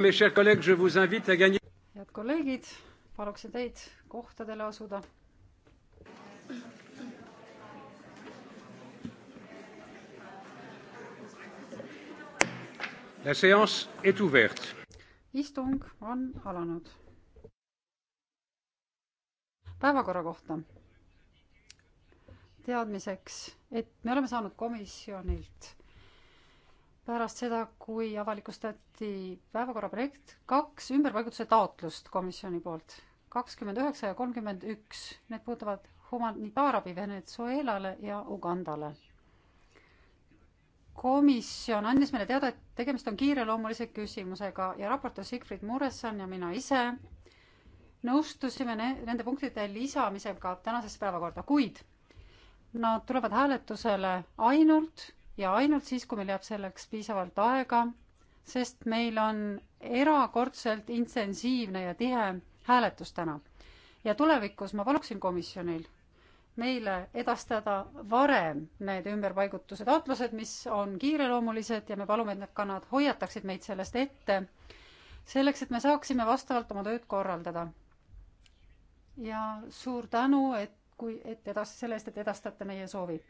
head kolleegid, paluksin teid kohtadele asuda. istung on alanud. päevakorra kohta. teadmiseks, et me oleme saanud komisjonilt pärast seda, kui avalikustati päevakorra projekt, kaks ümberpaigutuse taotlust komisjoni poolt, kakskümmend üheksa ja kolmkümmend üks, need puudutavad humanitaarabi Venezuelale ja Ugandale. komisjon andis meile teada, et tegemist on kiireloomulise küsimusega ja raportöör Sigfrid Muresson ja mina ise nõustusime ne-, nende punktide lisamisega tänasesse päevakorda, kuid nad tulevad hääletusele ainult ja ainult siis, kui meil jääb selleks piisavalt aega, sest meil on erakordselt intensiivne ja tihe hääletus täna. ja tulevikus ma paluksin komisjonil meile edastada varem need ümberpaigutuse taotlused, mis on kiireloomulised ja me palume, et ka nad hoiataksid meid sellest ette, selleks et me saaksime vastavalt oma tööd korraldada. ja suur tänu, et kui, et edas-, selle eest, et edastate meie soovi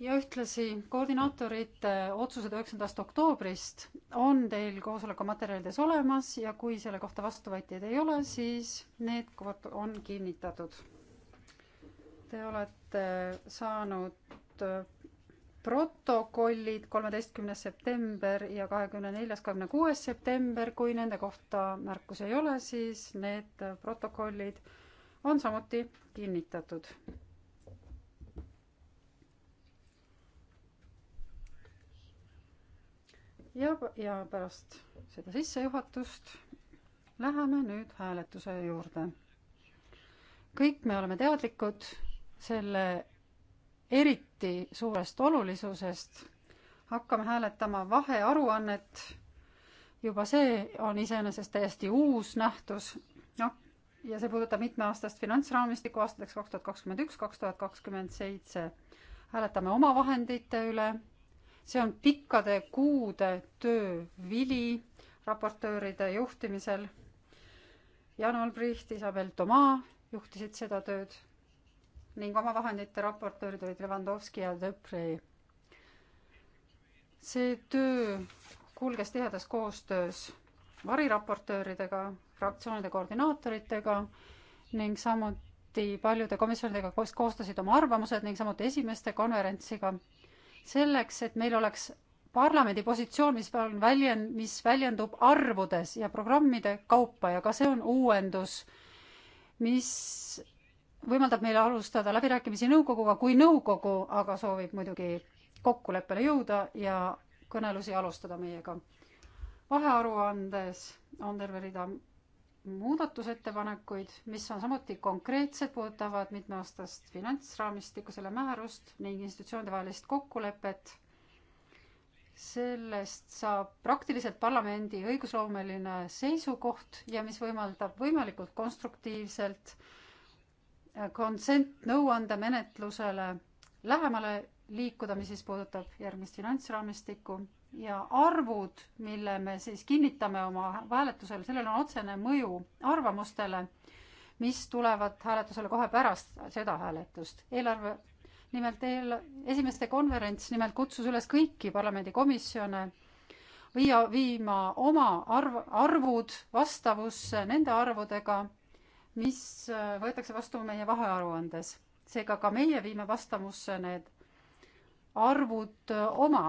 ja ühtlasi koordinaatorite otsused üheksandast oktoobrist on teil koosoleku materjalides olemas ja kui selle kohta vastuvõtjaid ei ole, siis need on kinnitatud. Te olete saanud protokollid kolmeteistkümnes september ja kahekümne neljas, kahekümne kuues september, kui nende kohta märkusi ei ole, siis need protokollid on samuti kinnitatud. ja, ja pärast seda sissejuhatust läheme nüüd hääletuse juurde. kõik me oleme teadlikud selle eriti suurest olulisusest. hakkame hääletama vahearuannet. juba see on iseenesest täiesti uus nähtus. noh, ja see puudutab mitmeaastast finantsraamistikku aastateks kaks tuhat kakskümmend üks, kaks tuhat kakskümmend seitse. hääletame omavahendite üle see on pikkade kuude töö vili raportööride juhtimisel. Jan Albrecht, Isabel Tomaa juhtisid seda tööd ning omavahendite raportöörid olid Levandovski ja Depree. see töö kulges tihedas koostöös variraportööridega, fraktsioonide koordinaatoritega ning samuti paljude komisjonidega, kes koostasid oma arvamused ning samuti esimeste konverentsiga selleks, et meil oleks parlamendi positsioon, mis on väljend, mis väljendub arvudes ja programmide kaupa ja ka see on uuendus, mis võimaldab meile alustada läbirääkimisi nõukoguga, kui nõukogu aga soovib muidugi kokkuleppele jõuda ja kõnelusi alustada meiega. vahearuandes on terve rida muudatusettepanekuid, mis on samuti konkreetsed, puudutavad mitmeaastast finantsraamistikku, selle määrust ning institutsioonide vahelist kokkulepet. sellest saab praktiliselt parlamendi õigusloomeline seisukoht ja mis võimaldab võimalikult konstruktiivselt konsent nõuandemenetlusele lähemale liikuda, mis siis puudutab järgmist finantsraamistikku ja arvud, mille me siis kinnitame oma hääletusel, sellel on otsene mõju arvamustele, mis tulevad hääletusele kohe pärast seda hääletust. eelarve, nimelt eel-, esimeste konverents nimelt kutsus üles kõiki parlamendikomisjone viia, viima oma arv, arvud vastavusse nende arvudega, mis äh, võetakse vastu meie vahearuandes. seega ka meie viime vastavusse need arvud äh, oma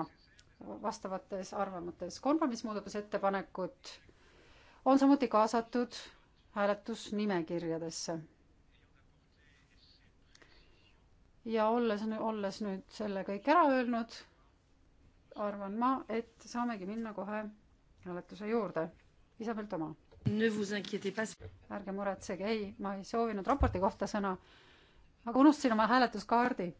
vastavates arvamustes. kompromissmuudatusettepanekud on samuti kaasatud hääletusnimekirjadesse. ja olles, olles nüüd selle kõik ära öelnud, arvan ma, et saamegi minna kohe hääletuse juurde. Isabel Toma. ärge muretsege, ei, ma ei soovinud raporti kohta sõna, aga unustasin oma hääletuskaardi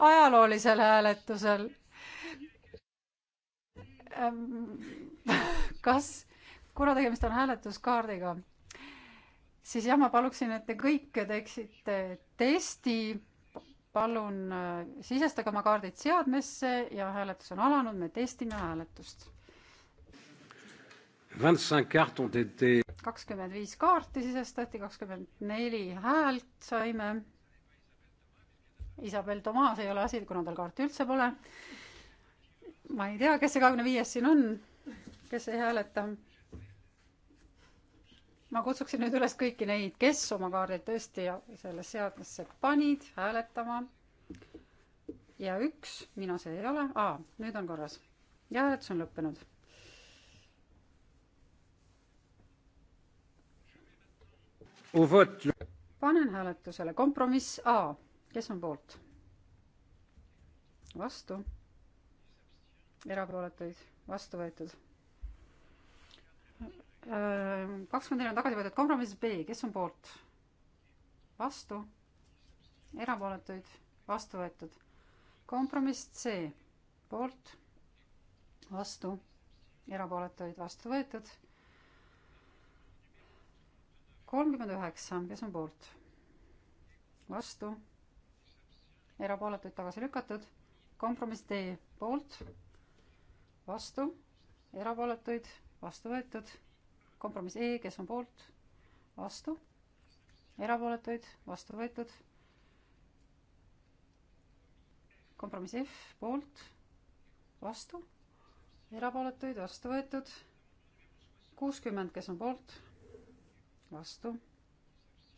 ajaloolisel hääletusel. Ähm, kas, kuna tegemist on hääletuskaardiga, siis jah, ma paluksin, et te kõik teeksite testi. palun äh, sisestage oma kaardid seadmesse ja hääletus on alanud, me testime hääletust. kakskümmend viis kaarti sisestati, kakskümmend neli häält saime Isabel Tomas ei ole asi, kuna tal kaarti üldse pole. ma ei tea, kes see kahekümne viies siin on, kes ei hääleta. ma kutsuksin nüüd üles kõiki neid, kes oma kaardid tõesti sellesse seadmesse panid, hääletama. ja üks, mina see ei ole, aa, nüüd on korras. ja hääletus on lõppenud panen hääletusele kompromiss A kes on poolt? vastu. erapooletuid, vastu võetud. Äh, kakskümmend neli on tagasi võetud, kompromiss B, kes on poolt? vastu. erapooletuid, vastu võetud. kompromiss C, poolt, vastu, erapooletuid, vastu võetud kolmkümmend üheksa, kes on poolt? vastu, erapooletuid tagasi lükatud, kompromiss D poolt, vastu, erapooletuid vastu võetud, kompromiss E, kes on poolt, vastu, erapooletuid vastu võetud, kompromiss F poolt, vastu, erapooletuid vastu võetud, kuuskümmend, kes on poolt, vastu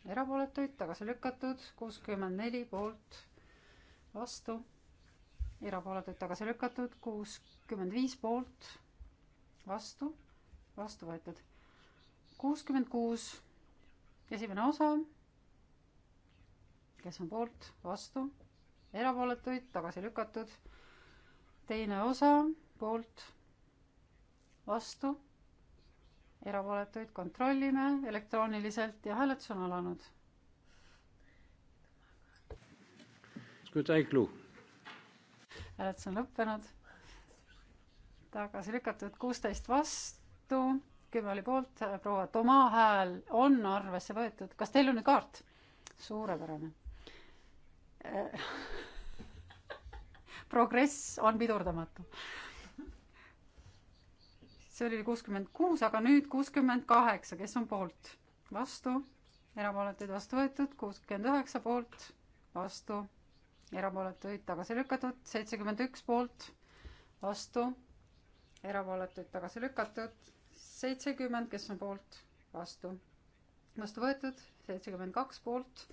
erapooletuid, tagasi lükatud, kuuskümmend neli poolt, vastu, erapooletuid tagasi lükatud, kuuskümmend viis poolt, vastu, vastu võetud. kuuskümmend kuus, esimene osa, kes on poolt, vastu, erapooletuid tagasi lükatud, teine osa, poolt, vastu, erapooletuid kontrollime elektrooniliselt ja hääletus on alanud hääletus on lõppenud. tagasi lükatud kuusteist vastu, kümme oli poolt, proua Toma hääl on arvesse võetud. kas teil on nüüd kaart? suurepärane progress on pidurdamatu. see oli kuuskümmend kuus, aga nüüd kuuskümmend kaheksa, kes on poolt? vastu, erapooletuid vastu võetud, kuuskümmend üheksa poolt, vastu, erapooletuid tagasi lükatud, seitsekümmend üks poolt, vastu, erapooletuid tagasi lükatud, seitsekümmend, kes on poolt, vastu, vastu võetud, seitsekümmend kaks poolt,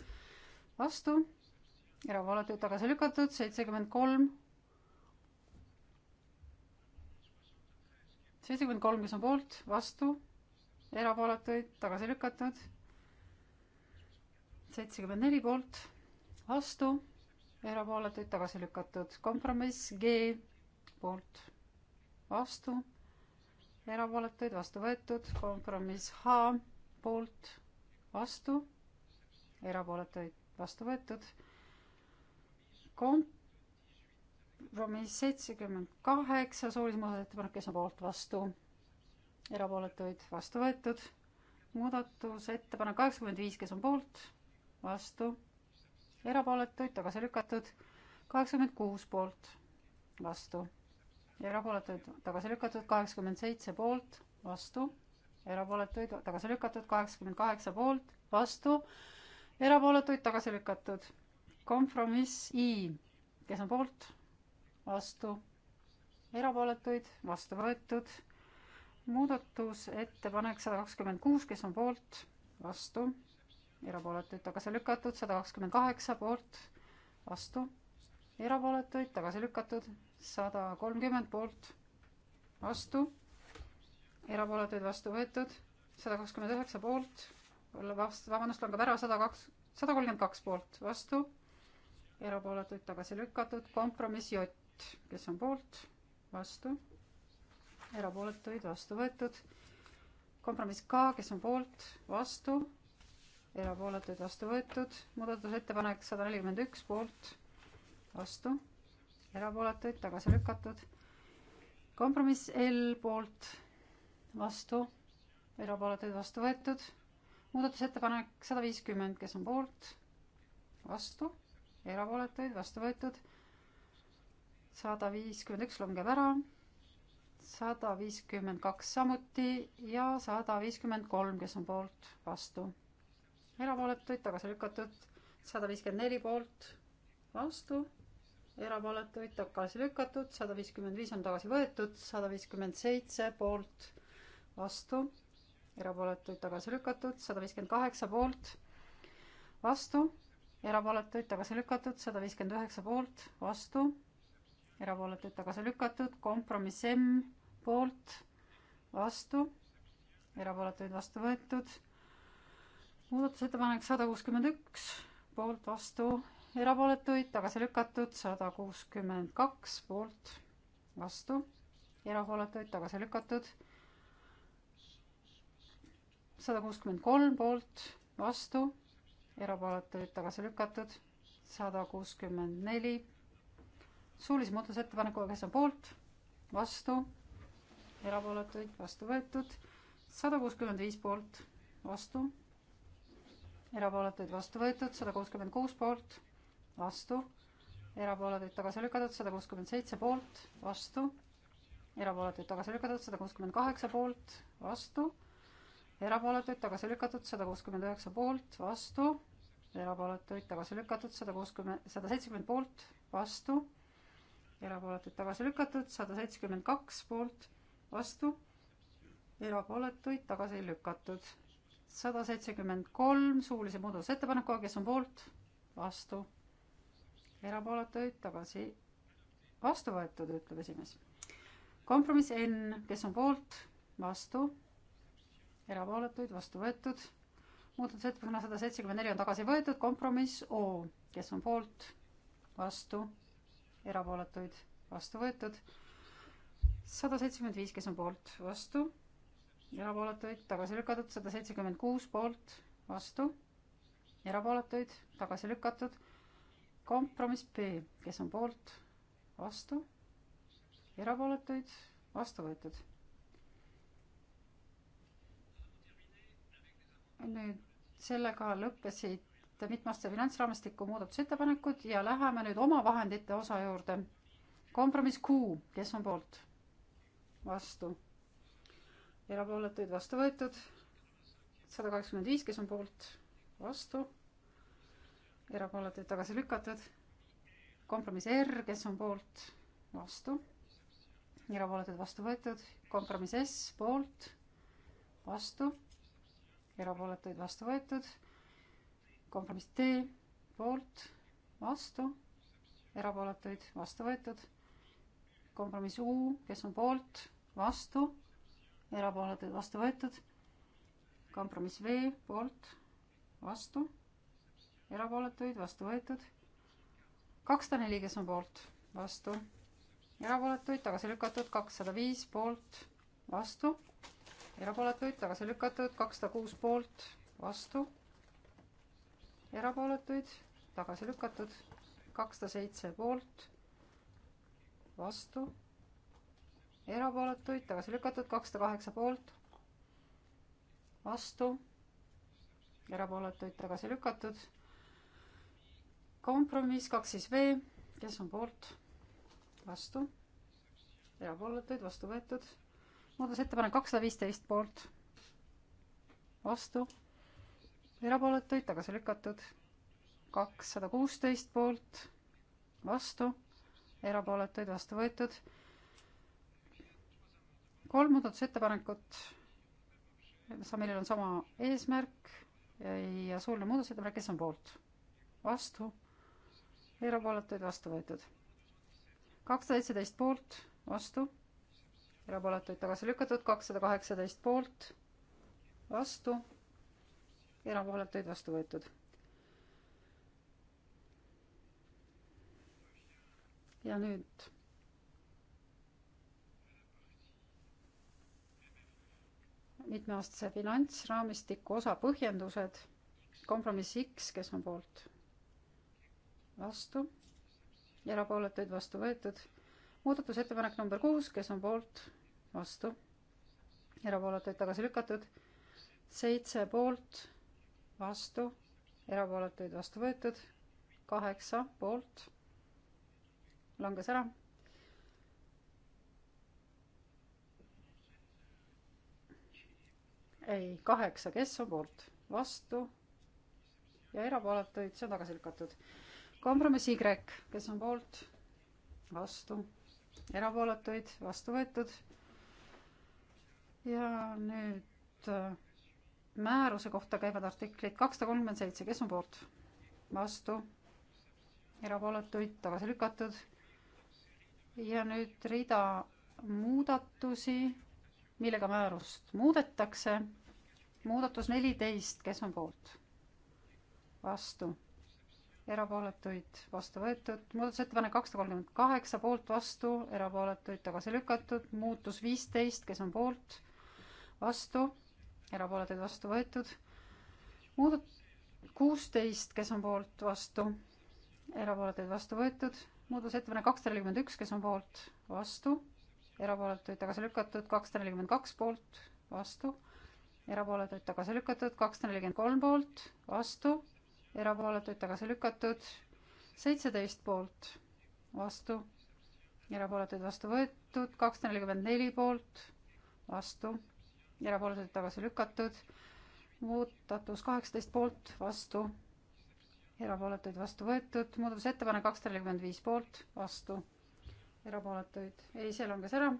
vastu, erapooletuid tagasi lükatud, seitsekümmend kolm, seitsekümmend kolm, kes on poolt, vastu, erapooletuid tagasi lükatud, seitsekümmend neli poolt, vastu erapooletuid tagasi lükatud. kompromiss G poolt vastu, erapooletuid vastu võetud. kompromiss H poolt vastu, erapooletuid vastu võetud. kompromiss seitsekümmend kaheksa, soolise muudatusettepanek, kes on poolt vastu, erapooletuid vastu võetud. muudatusettepanek kaheksakümmend viis, kes on poolt vastu erapooletuid tagasi lükatud, kaheksakümmend kuus poolt, vastu, erapooletuid tagasi lükatud, kaheksakümmend seitse poolt, vastu, erapooletuid tagasi lükatud, kaheksakümmend kaheksa poolt, vastu, erapooletuid tagasi lükatud, kompromiss I, kes on poolt, vastu, erapooletuid, vastu võetud, muudatusettepanek sada kakskümmend kuus, kes on poolt, vastu erapooletuid tagasi lükatud, sada kakskümmend kaheksa poolt, vastu, erapooletuid tagasi lükatud, sada kolmkümmend poolt, vastu, erapooletuid vastu võetud, sada kakskümmend üheksa poolt, vast-, vabandust, langeb ära, sada kaks, sada kolmkümmend kaks poolt, vastu, erapooletuid tagasi lükatud, kompromiss J, kes on poolt, vastu, erapooletuid vastu võetud, kompromiss K, kes on poolt, vastu erapooletuid vastu võetud, muudatusettepanek sada nelikümmend üks poolt, vastu, erapooletuid tagasi lükatud, kompromiss L poolt, vastu, erapooletuid vastu võetud, muudatusettepanek sada viiskümmend, kes on poolt, vastu, erapooletuid vastu võetud, sada viiskümmend üks langeb ära sada viiskümmend kaks samuti ja sada viiskümmend kolm, kes on poolt, vastu, erapooletuid tagasi lükatud, sada viiskümmend neli poolt, vastu, erapooletuid tagasi lükatud, sada viiskümmend viis on tagasi võetud, sada viiskümmend seitse poolt, vastu, erapooletuid tagasi lükatud, sada viiskümmend kaheksa poolt, vastu, erapooletuid tagasi lükatud, sada viiskümmend üheksa poolt, vastu, erapooletuid tagasi lükatud, kompromiss M poolt, vastu, erapooletuid vastu võetud muudatusettepanek sada kuuskümmend üks, poolt, vastu, erapooletuid, tagasi lükatud, sada kuuskümmend kaks, poolt, vastu, erapooletuid, tagasi lükatud, sada kuuskümmend kolm, poolt, vastu, erapooletuid, tagasi lükatud, sada kuuskümmend neli, suulise muudatusettepanekuga, kes on poolt, vastu, erapooletuid, vastu võetud, sada kuuskümmend viis poolt, vastu erapooletuid vastu võetud, sada kuuskümmend kuus poolt, vastu, erapooletuid tagasi lükatud, sada kuuskümmend seitse poolt, vastu, erapooletuid tagasi lükatud, sada kuuskümmend kaheksa poolt, vastu, erapooletuid tagasi lükatud, sada kuuskümmend üheksa poolt, vastu, erapooletuid tagasi lükatud, sada kuuskümmend, sada seitsekümmend poolt, vastu, erapooletuid tagasi lükatud, sada seitsekümmend kaks poolt, vastu, erapooletuid tagasi lükatud sada seitsekümmend kolm suulise muudatusettepanekuga, kes on poolt, vastu, erapooletuid tagasi, vastu võetud, ütleb esimees. kompromiss N, kes on poolt, vastu, erapooletuid, vastu võetud, muudatusettepanekuna sada seitsekümmend neli on tagasi võetud, kompromiss O, kes on poolt, vastu, erapooletuid, vastu võetud, sada seitsekümmend viis, kes on poolt, vastu erapooletuid tagasi lükatud, sada seitsekümmend kuus poolt, vastu, erapooletuid tagasi lükatud, kompromiss B, kes on poolt, vastu, erapooletuid vastu võetud. nüüd sellega lõppesid mitmeaastase finantsraamistiku muudatusettepanekud ja läheme nüüd omavahendite osa juurde. kompromiss Q, kes on poolt? vastu erapooletuid vastu võetud, sada kaheksakümmend viis, kes on poolt, vastu, erapooletuid tagasi lükatud, kompromiss R, kes on poolt, vastu, erapooletuid vastu võetud, kompromiss S, poolt, vastu, erapooletuid vastu võetud, kompromiss T, poolt, vastu, erapooletuid vastu võetud, kompromiss U, kes on poolt, vastu erapooletud, vastu võetud. kompromiss V poolt, vastu, erapooletuid, vastu võetud. kakssada neli, kes on poolt, vastu, erapooletuid, tagasi lükatud, kakssada viis poolt, vastu, erapooletuid, tagasi lükatud, kakssada kuus poolt, vastu, erapooletuid, tagasi lükatud, kakssada seitse poolt, vastu erapooletuid tagasi lükatud, kakssada kaheksa poolt, vastu, erapooletuid tagasi lükatud. kompromiss kaks siis V, kes on poolt, vastu, erapooletuid vastu võetud. muudatusettepanek kakssada viisteist poolt, vastu, erapooletuid tagasi lükatud. kakssada kuusteist poolt, vastu, erapooletuid vastu võetud kolm muudatusettepanekut, millel on sama eesmärk ja suuline muudatusettepanek, kes on poolt? vastu, erapooletuid vastu võetud. kakssada seitseteist poolt, vastu, erapooletuid tagasi lükatud, kakssada kaheksateist poolt, vastu, erapooletuid vastu võetud. ja nüüd mitmeaastase finantsraamistiku osa põhjendused, kompromiss X, kes on poolt? vastu, erapooletuid vastu võetud. muudatusettepanek number kuus, kes on poolt? vastu, erapooletuid tagasi lükatud. seitse poolt, vastu, erapooletuid vastu võetud. kaheksa poolt, langes ära ei, kaheksa, kes on poolt, vastu ja erapooletuid, see on tagasi lükatud. kompromiss Y, kes on poolt, vastu, erapooletuid, vastu võetud. ja nüüd äh, määruse kohta käivad artiklid kakssada kolmkümmend seitse, kes on poolt, vastu, erapooletuid, tagasi lükatud. ja nüüd rida muudatusi millega määrust muudetakse. muudatus neliteist, kes on poolt? vastu. erapooletuid vastu võetud, muudatusettepanek kakssada kolmkümmend kaheksa, poolt vastu, erapooletuid tagasi lükatud, muutus viisteist, kes on poolt? vastu, erapooletuid vastu võetud. muudat-, kuusteist, kes on poolt, vastu, erapooletuid vastu võetud, muudatusettepanek kakssada nelikümmend üks, kes on poolt, vastu erapooletuid tagasi lükatud kakssada nelikümmend kaks poolt, vastu, erapooletuid tagasi lükatud kakssada nelikümmend kolm poolt, vastu, erapooletuid tagasi lükatud seitseteist poolt, vastu, erapooletuid vastu võetud kakssada nelikümmend neli poolt, vastu, erapooletuid tagasi lükatud, muudatus kaheksateist poolt, vastu, erapooletuid vastu võetud, muudatusettepanek kakssada nelikümmend viis poolt, vastu erapooletuid ei, see langes ära.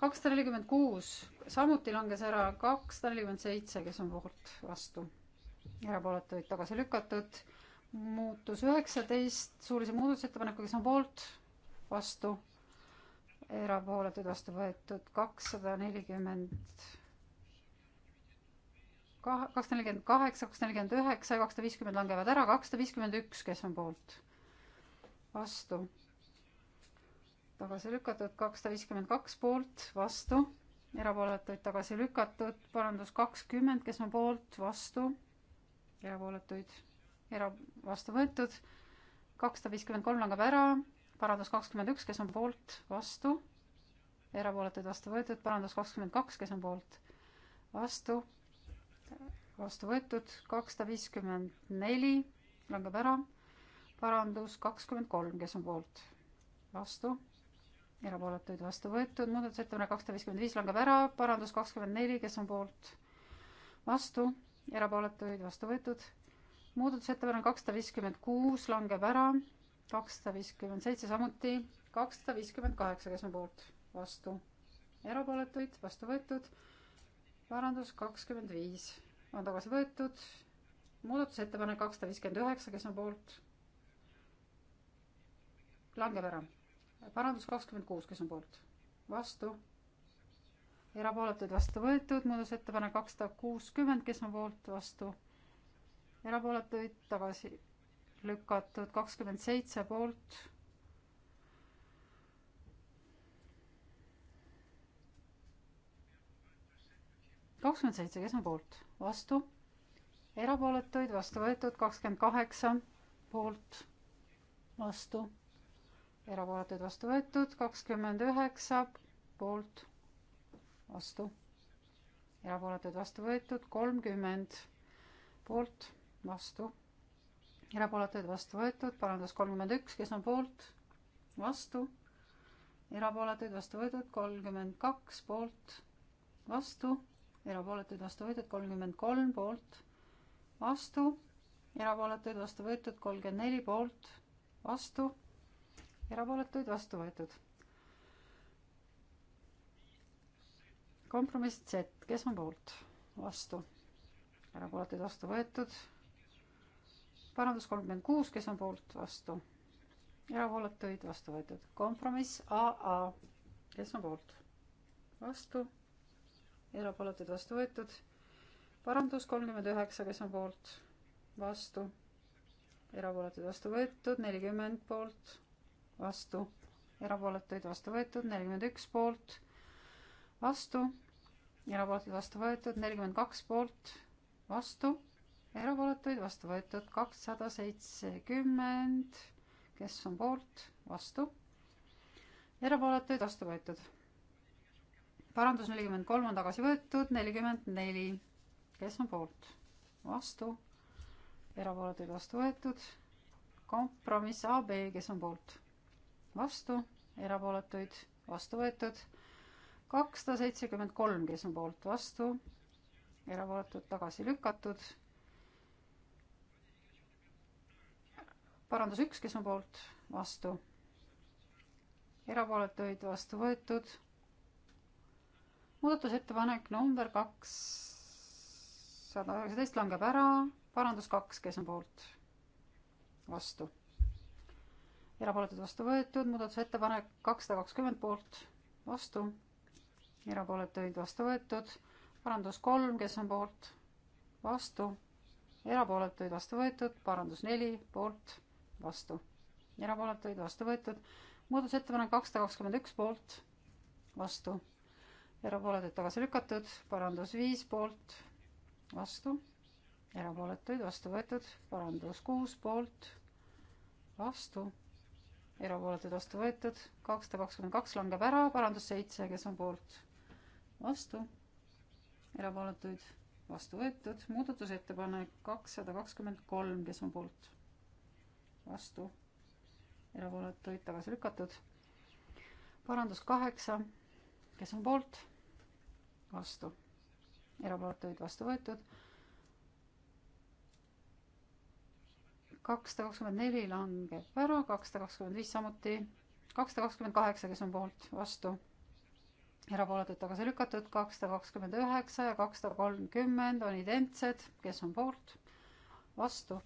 kakssada nelikümmend kuus samuti langes ära, kakssada nelikümmend seitse, kes on poolt, vastu, erapooletuid tagasi lükatud. muutus üheksateist suulise muudatusettepanekuga, kes on poolt, vastu, erapooletuid vastu võetud kakssada nelikümmend kakssada nelikümmend kaheksa, kakssada nelikümmend üheksa ja kakssada viiskümmend langevad ära, kakssada viiskümmend üks, kes on poolt, vastu tagasi lükatud, kakssada viiskümmend kaks poolt, vastu, erapooletuid tagasi lükatud, parandus kakskümmend, kes on poolt, vastu, erapooletuid era-, vastu võetud, kakssada viiskümmend kolm langeb ära, parandus kakskümmend üks, kes on poolt, vastu, erapooletuid vastu võetud, parandus kakskümmend kaks, kes on poolt, vastu, vastu võetud, kakssada viiskümmend neli langeb ära, parandus kakskümmend kolm, kes on poolt, vastu erapooletuid vastu võetud, muudatusettepanek kakssada viiskümmend viis langeb ära, parandus kakskümmend neli, kes on poolt, vastu, erapooletuid vastu võetud, muudatusettepanek kakssada viiskümmend kuus langeb ära, kakssada viiskümmend seitse samuti, kakssada viiskümmend kaheksa, kes on poolt, vastu, erapooletuid vastu võetud, parandus kakskümmend viis on tagasi võetud, muudatusettepanek kakssada viiskümmend üheksa, kes on poolt, langeb ära parandus kakskümmend kuus, kes on poolt? vastu? erapooletuid vastu võetud, muudatusettepanek kakssada kuuskümmend, kes on poolt, vastu? erapooletuid tagasi lükatud, kakskümmend seitse poolt. kakskümmend seitse, kes on poolt, vastu? erapooletuid vastu võetud, kakskümmend kaheksa poolt, vastu erapooletuid vastu võetud, kakskümmend üheksa poolt, vastu, erapooletuid vastu võetud, kolmkümmend poolt, vastu, erapooletuid vastu võetud, parandus kolmkümmend üks, kes on poolt, vastu, erapooletuid vastu võetud, kolmkümmend kaks poolt, vastu, erapooletuid vastu võetud, kolmkümmend kolm poolt, vastu, erapooletuid vastu võetud, kolmkümmend neli poolt, vastu erapooletuid vastu võetud. kompromiss Z, kes on poolt, vastu, erapooletuid vastu võetud. parandus kolmkümmend kuus, kes on poolt, vastu, erapooletuid vastu võetud. kompromiss AA, kes on poolt, vastu, erapooletuid vastu võetud. parandus kolmkümmend üheksa, kes on poolt, vastu erapooletud vastu võetud, nelikümmend poolt, vastu, erapooletuid vastu võetud, nelikümmend üks poolt, vastu, erapooletuid vastu võetud, nelikümmend kaks poolt, vastu, erapooletuid vastu võetud, kakssada seitsekümmend, kes on poolt, vastu, erapooletuid vastu võetud. parandus nelikümmend kolm on tagasi võetud, nelikümmend neli, kes on poolt, vastu, erapooletuid vastu võetud kompromiss AB, kes on poolt? vastu, erapooletuid, vastu võetud. kakssada seitsekümmend kolm, kes on poolt, vastu, erapooletud, tagasi lükatud. parandus üks, kes on poolt, vastu, erapooletuid, vastu võetud. muudatusettepanek number kaks, sada üheksateist langeb ära, parandus kaks, kes on poolt, vastu erapooletud vastu võetud, muudatusettepanek kakssada kakskümmend poolt vastu, erapooletuid vastu võetud, parandus kolm, kes on poolt, vastu, erapooletuid vastu võetud, parandus neli, poolt, vastu, erapooletuid vastu võetud, muudatusettepanek kakssada kakskümmend üks poolt, vastu, erapooletuid tagasi lükatud, parandus viis poolt, vastu, erapooletuid vastu võetud, parandus kuus poolt, vastu erapooletud vastu võetud, kakssada kakskümmend kaks langeb ära, parandus seitse, kes on poolt, vastu, erapooletuid vastu võetud, muudatusettepanek kakssada kakskümmend kolm, kes on poolt, vastu, erapooletuid tagasi lükatud, parandus kaheksa, kes on poolt, vastu, erapooletuid vastu võetud kakssada kakskümmend neli langeb ära, kakssada kakskümmend viis samuti, kakssada kakskümmend kaheksa, kes on poolt, vastu, erapooletud tagasi lükatud, kakssada kakskümmend üheksa ja kakssada kolmkümmend on identsed, kes on poolt, vastu,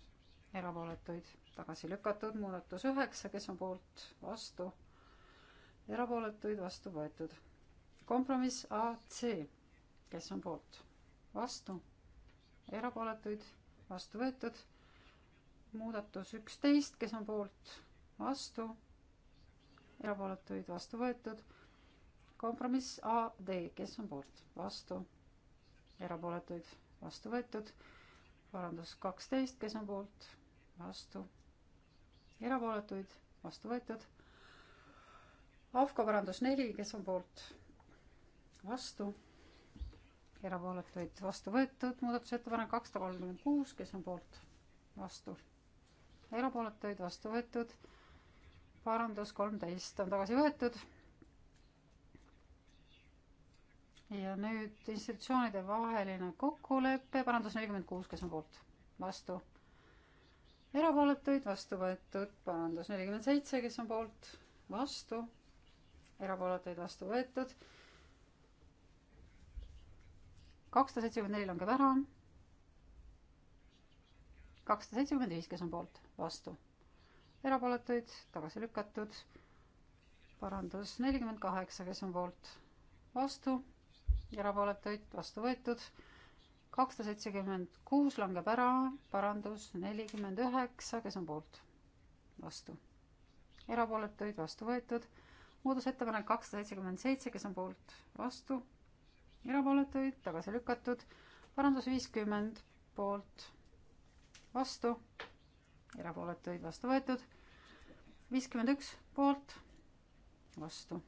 erapooletuid tagasi lükatud, muudatus üheksa, kes on poolt, vastu, erapooletuid vastu võetud. kompromiss AC, kes on poolt, vastu, erapooletuid vastu võetud muudatus üksteist, kes on poolt, vastu, erapooletuid vastu võetud. kompromiss AD, kes on poolt, vastu, erapooletuid vastu võetud. parandus kaksteist, kes on poolt, vastu, erapooletuid vastu võetud. AFCO parandus neli, kes on poolt, vastu erapooletuid vastu võetud, muudatusettepanek kakssada kolmkümmend kuus, kes on poolt, vastu, erapooletuid vastu võetud. parandus kolmteist on tagasi võetud. ja nüüd institutsioonide vaheline kokkulepe, parandus nelikümmend kuus, kes on poolt, vastu. erapooletuid vastu võetud, parandus nelikümmend seitse, kes on poolt, vastu. erapooletuid vastu võetud. kakssada seitsekümmend neli langeb ära kakssada seitsekümmend viis, kes on poolt vastu. erapooletuid tagasi lükatud. parandus nelikümmend kaheksa, kes on poolt, vastu, erapooletuid vastu võetud. kakssada seitsekümmend kuus langeb ära, parandus nelikümmend üheksa, kes on poolt, vastu, erapooletuid vastu võetud. muudatusettepanek kakssada seitsekümmend seitse, kes on poolt, vastu, erapooletuid tagasi lükatud. parandus viiskümmend poolt, vastu erapooletuid vastu võetud. viiskümmend üks poolt, vastu,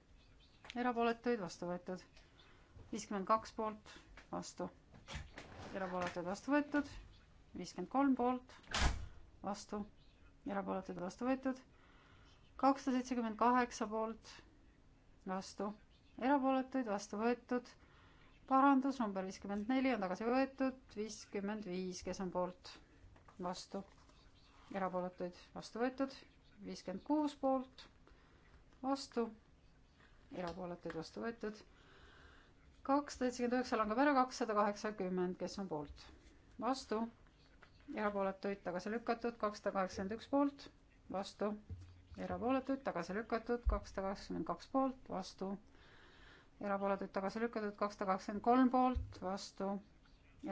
erapooletuid vastu võetud. viiskümmend kaks poolt, vastu, erapooletuid vastu võetud. viiskümmend kolm poolt, vastu, erapooletuid vastu võetud. kakssada seitsekümmend kaheksa poolt, vastu, erapooletuid vastu võetud parandus number viiskümmend neli on tagasi võetud, viiskümmend viis, kes on poolt, vastu, erapooletuid vastu võetud, viiskümmend kuus poolt, vastu, erapooletuid vastu võetud, kakssada seitsekümmend üheksa langeb ära, kakssada kaheksakümmend, kes on poolt, vastu, erapooletuid tagasi lükatud, kakssada kaheksakümmend üks poolt, vastu, erapooletuid tagasi lükatud, kakssada kaheksakümmend kaks poolt, vastu, erapooletuid tagasi lükatud, kakssada kaheksakümmend kolm poolt, vastu,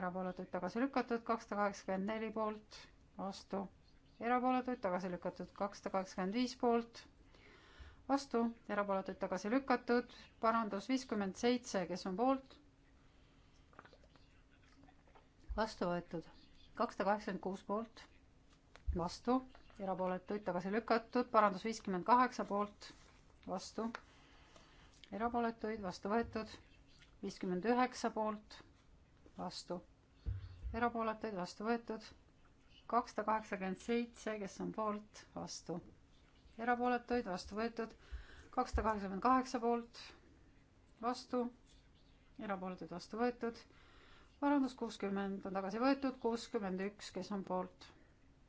erapooletuid tagasi lükatud, kakssada kaheksakümmend neli poolt, vastu erapooletuid tagasi lükatud, kakssada kaheksakümmend viis poolt, vastu, erapooletuid tagasi lükatud, parandus viiskümmend seitse, kes on poolt, vastu võetud, kakssada kaheksakümmend kuus poolt, vastu, erapooletuid tagasi lükatud, parandus viiskümmend kaheksa poolt, vastu, erapooletuid vastu võetud, viiskümmend üheksa poolt, vastu, erapooletuid vastu võetud kakssada kaheksakümmend seitse, kes on poolt, vastu. erapooletuid, vastu võetud. kakssada kaheksakümmend kaheksa poolt, vastu. erapooletuid, vastu võetud. parandus kuuskümmend on tagasi võetud, kuuskümmend üks, kes on poolt,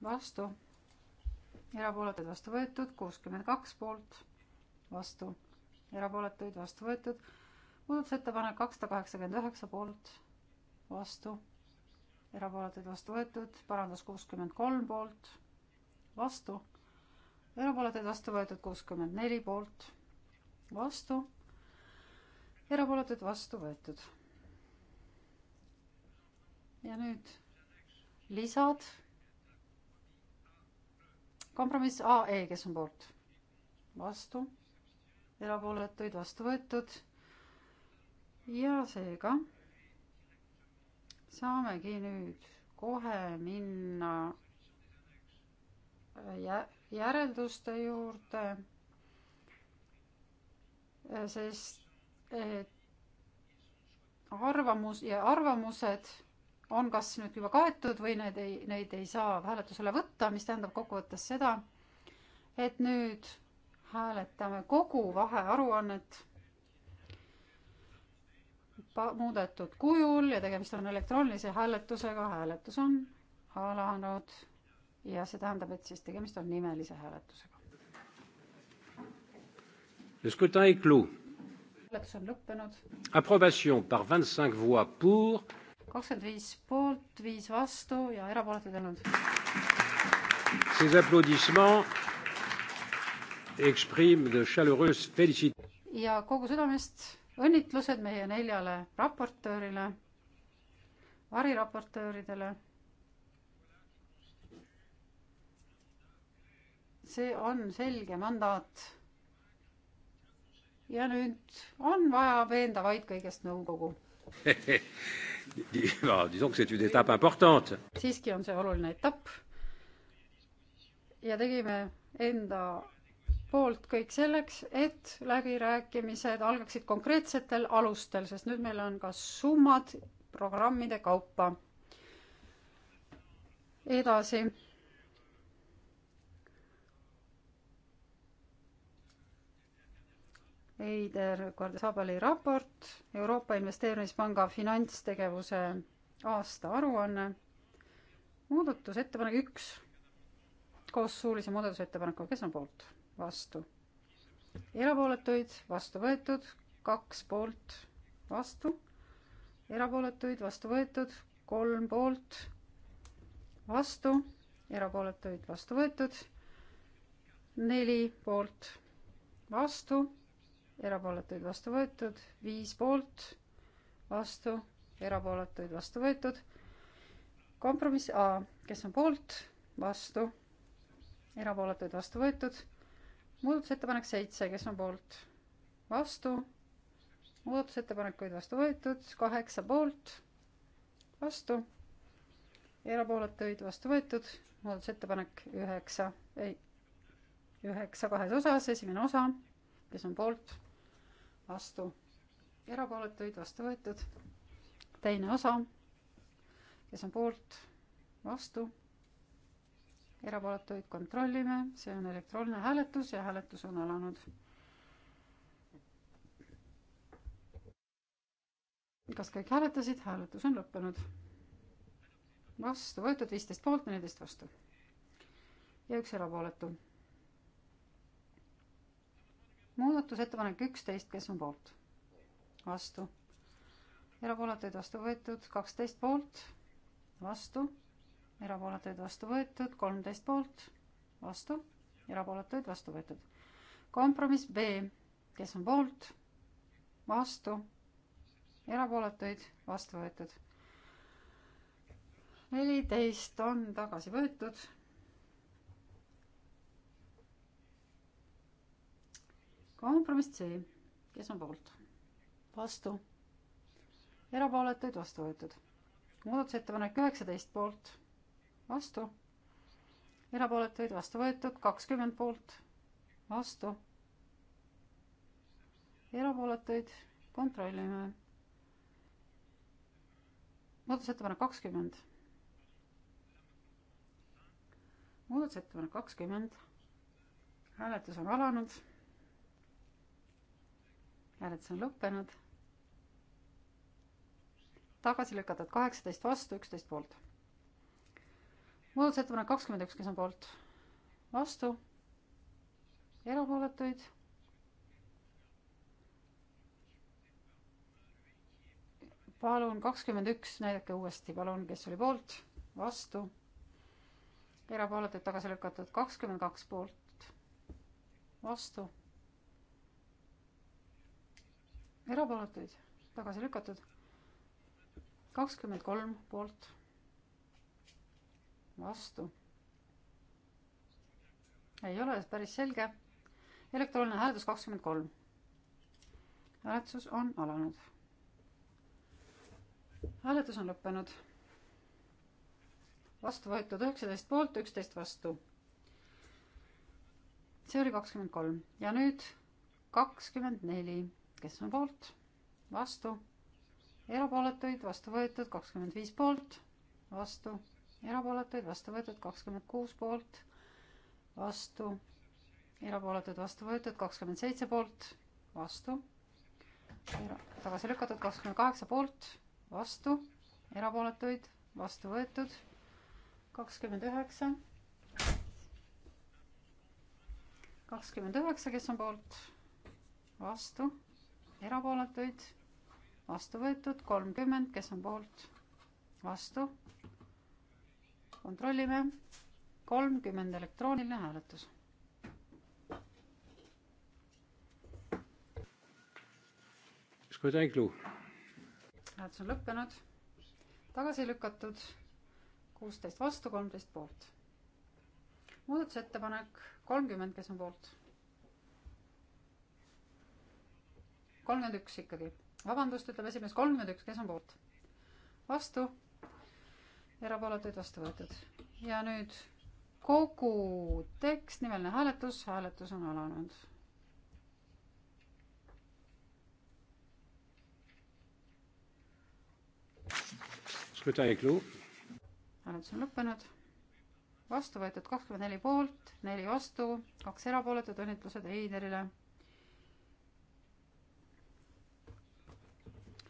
vastu. erapooletuid, vastu võetud, kuuskümmend kaks poolt, vastu. erapooletuid, vastu võetud. muudatusettepanek kakssada kaheksakümmend üheksa poolt, vastu erapooletuid vastu võetud, parandus kuuskümmend kolm poolt, vastu, erapooletuid vastu võetud kuuskümmend neli poolt, vastu, erapooletuid vastu võetud. ja nüüd lisad. kompromiss AE, kes on poolt, vastu, erapooletuid vastu võetud ja seega saamegi nüüd kohe minna äh, järelduste juurde, äh, sest et arvamus ja arvamused on kas nüüd juba kaetud või need ei, neid ei saa hääletusele võtta, mis tähendab kokkuvõttes seda, et nüüd hääletame kogu vahearuannet muudetud kujul ja tegemist on elektroonilise hääletusega, hääletus on alanud ja see tähendab, et siis tegemist on nimelise hääletusega. hääletus on lõppenud. Approbation par vingt-cinq voix pour. kakskümmend viis poolt, viis vastu ja erapooletuid ei olnud. Ces applaudissements expriment de chaleureuses félicitations. ja kogu südamest õnnitlused meie neljale raportöörile, variraportööridele. see on selge mandaat. ja nüüd on vaja veenda vaid kõigest nõukogu disons que c'est une étape importante. siiski on see oluline etapp. ja tegime enda poolt kõik selleks, et läbirääkimised algaksid konkreetsetel alustel, sest nüüd meil on ka summad programmide kaupa. edasi. Eider Kordesabali raport, Euroopa Investeerimispanga finantstegevuse aastaaruanne, muudatusettepanek üks koos suulise muudatusettepanekuga, kes on poolt? vastu. erapooletuid vastu võetud, kaks poolt vastu, erapooletuid vastu võetud, kolm poolt vastu, erapooletuid vastu võetud, neli poolt vastu, erapooletuid vastu võetud, viis poolt vastu, erapooletuid vastu võetud. kompromiss A, kes on poolt, vastu, erapooletuid vastu võetud muudatusettepanek seitse, kes on poolt? vastu. muudatusettepanekuid vastu võetud, kaheksa poolt, vastu. erapooletuid vastu võetud, muudatusettepanek üheksa, ei, üheksa kahes osas, esimene osa, kes on poolt? vastu. erapooletuid vastu võetud, teine osa, kes on poolt? vastu erapooletuid kontrollime, see on elektrooniline hääletus ja hääletus on alanud. kas kõik hääletasid, hääletus on lõppenud. vastu võetud viisteist poolt, neliteist vastu ja üks erapooletu. muudatusettepanek üksteist, kes on poolt? vastu. erapooletuid vastu võetud kaksteist poolt, vastu erapooletuid vastu võetud, kolmteist poolt, vastu, erapooletuid vastu võetud. kompromiss B, kes on poolt, vastu, erapooletuid vastu võetud. neliteist on tagasi võetud. kompromiss C, kes on poolt, vastu, erapooletuid vastu võetud. muudatusettepanek üheksateist poolt vastu, erapooletuid vastu võetud, kakskümmend poolt, vastu, erapooletuid kontrollime. muudatusettepanek kakskümmend. muudatusettepanek kakskümmend. hääletus on alanud. hääletus on lõppenud tagasi lükatud kaheksateist vastu, üksteist poolt muudatusettepanek kakskümmend üks, kes on poolt? vastu? erapooletuid? palun kakskümmend üks, näidake uuesti, palun, kes oli poolt, vastu, erapooletuid tagasi lükatud, kakskümmend kaks poolt, vastu, erapooletuid tagasi lükatud, kakskümmend kolm poolt vastu. ei ole päris selge. elektrooniline hääletus kakskümmend kolm. hääletus on alanud. hääletus on lõppenud. vastu võetud üheksateist poolt, üksteist vastu. see oli kakskümmend kolm ja nüüd kakskümmend neli, kes on poolt, vastu, erapooletuid vastu võetud kakskümmend viis poolt, vastu erapooletuid vastu võetud kakskümmend kuus poolt, vastu, erapooletuid vastu võetud kakskümmend seitse poolt, vastu, tagasi lükatud kakskümmend kaheksa poolt, vastu, erapooletuid vastu võetud kakskümmend üheksa, kakskümmend üheksa, kes on poolt, vastu, erapooletuid vastu võetud kolmkümmend, kes on poolt, vastu kontrollime. kolmkümmend elektrooniline hääletus. hääletus on lõppenud, tagasi lükatud, kuusteist vastu, kolmteist poolt. muudatusettepanek kolmkümmend, kes on poolt? kolmkümmend üks ikkagi, vabandust, ütleb esimees, kolmkümmend üks, kes on poolt? vastu erapooletuid vastu võetud. ja nüüd kogu tekst, nimeline hääletus, hääletus on alanud. hääletus on lõppenud. vastu võetud kakskümmend neli poolt, neli vastu, kaks erapooletut, õnnitlused Heiderile.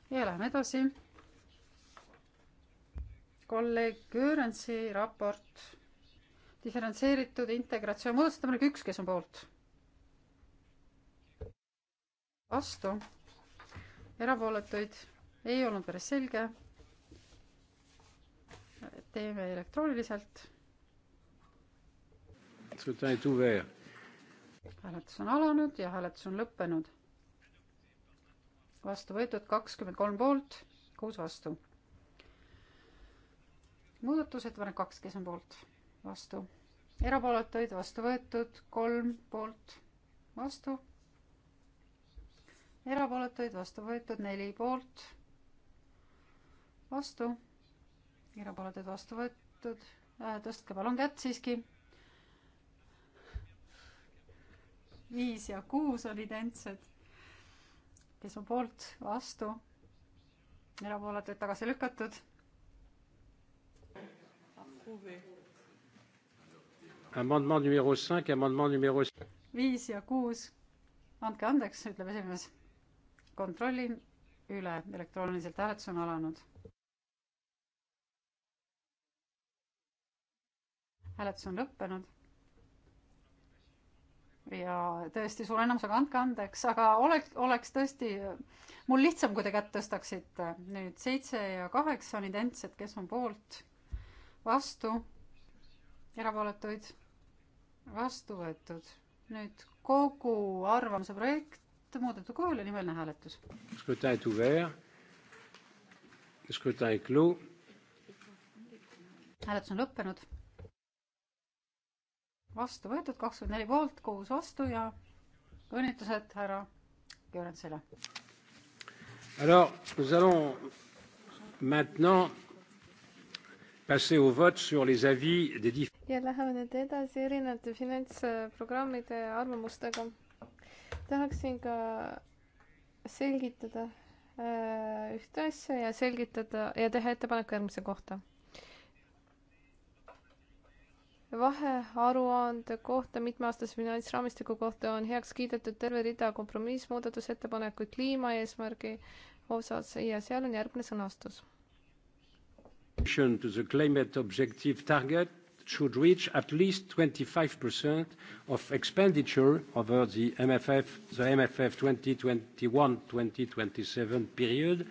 ja läheme edasi kolleeg Göransi raport, diferentseeritud integratsioon, muudatusettepanek üks, kes on poolt? vastu, erapooletuid ei olnud päris selge. teeme elektrooniliselt. hääletus on alanud ja hääletus on lõppenud. vastu võetud kakskümmend kolm poolt, kuus vastu muudatusettepanek kaks, kes on poolt, vastu, erapooletuid vastu võetud, kolm poolt, vastu, erapooletuid vastu võetud, neli poolt, vastu, erapooletuid vastu võetud, äh, tõstke palun kätt siiski. viis ja kuus on identsed. kes on poolt, vastu, erapooletuid tagasi lükatud approuvé. Amendement numéro 5, amendement numéro... viis ja kuus, andke andeks, ütleb esimees. kontrollin üle, elektrooniliselt hääletus on alanud. hääletus on lõppenud ja tõesti suure enamusega andke andeks, aga oleks, oleks tõesti mul lihtsam, kui te kätt tõstaksite. nüüd seitse ja kaheksa on identsed, kes on poolt, vastu, erapooletuid, vastu võetud. nüüd kogu arvamuse projekt muudetud kujul ja nimeline hääletus. hääletus on lõppenud. vastu võetud kakskümmend neli poolt, kuus vastu ja õnnitlused härra Görantsile. Alors, nous allons maintenant ja läheme nüüd edasi erinevate finantsprogrammide arvamustega. tahaksin ka selgitada äh, ühte asja ja selgitada ja teha ettepaneku järgmise kohta. vahearuande kohta mitmeaastase finantsraamistiku kohta on heaks kiidetud terve rida kompromissmuudatusettepanekuid kliimaeesmärgi osas ja seal on järgmine sõnastus contribution to the climate objective target should reach at least 25% of expenditure over the MFF, the MFF 2021-2027 period,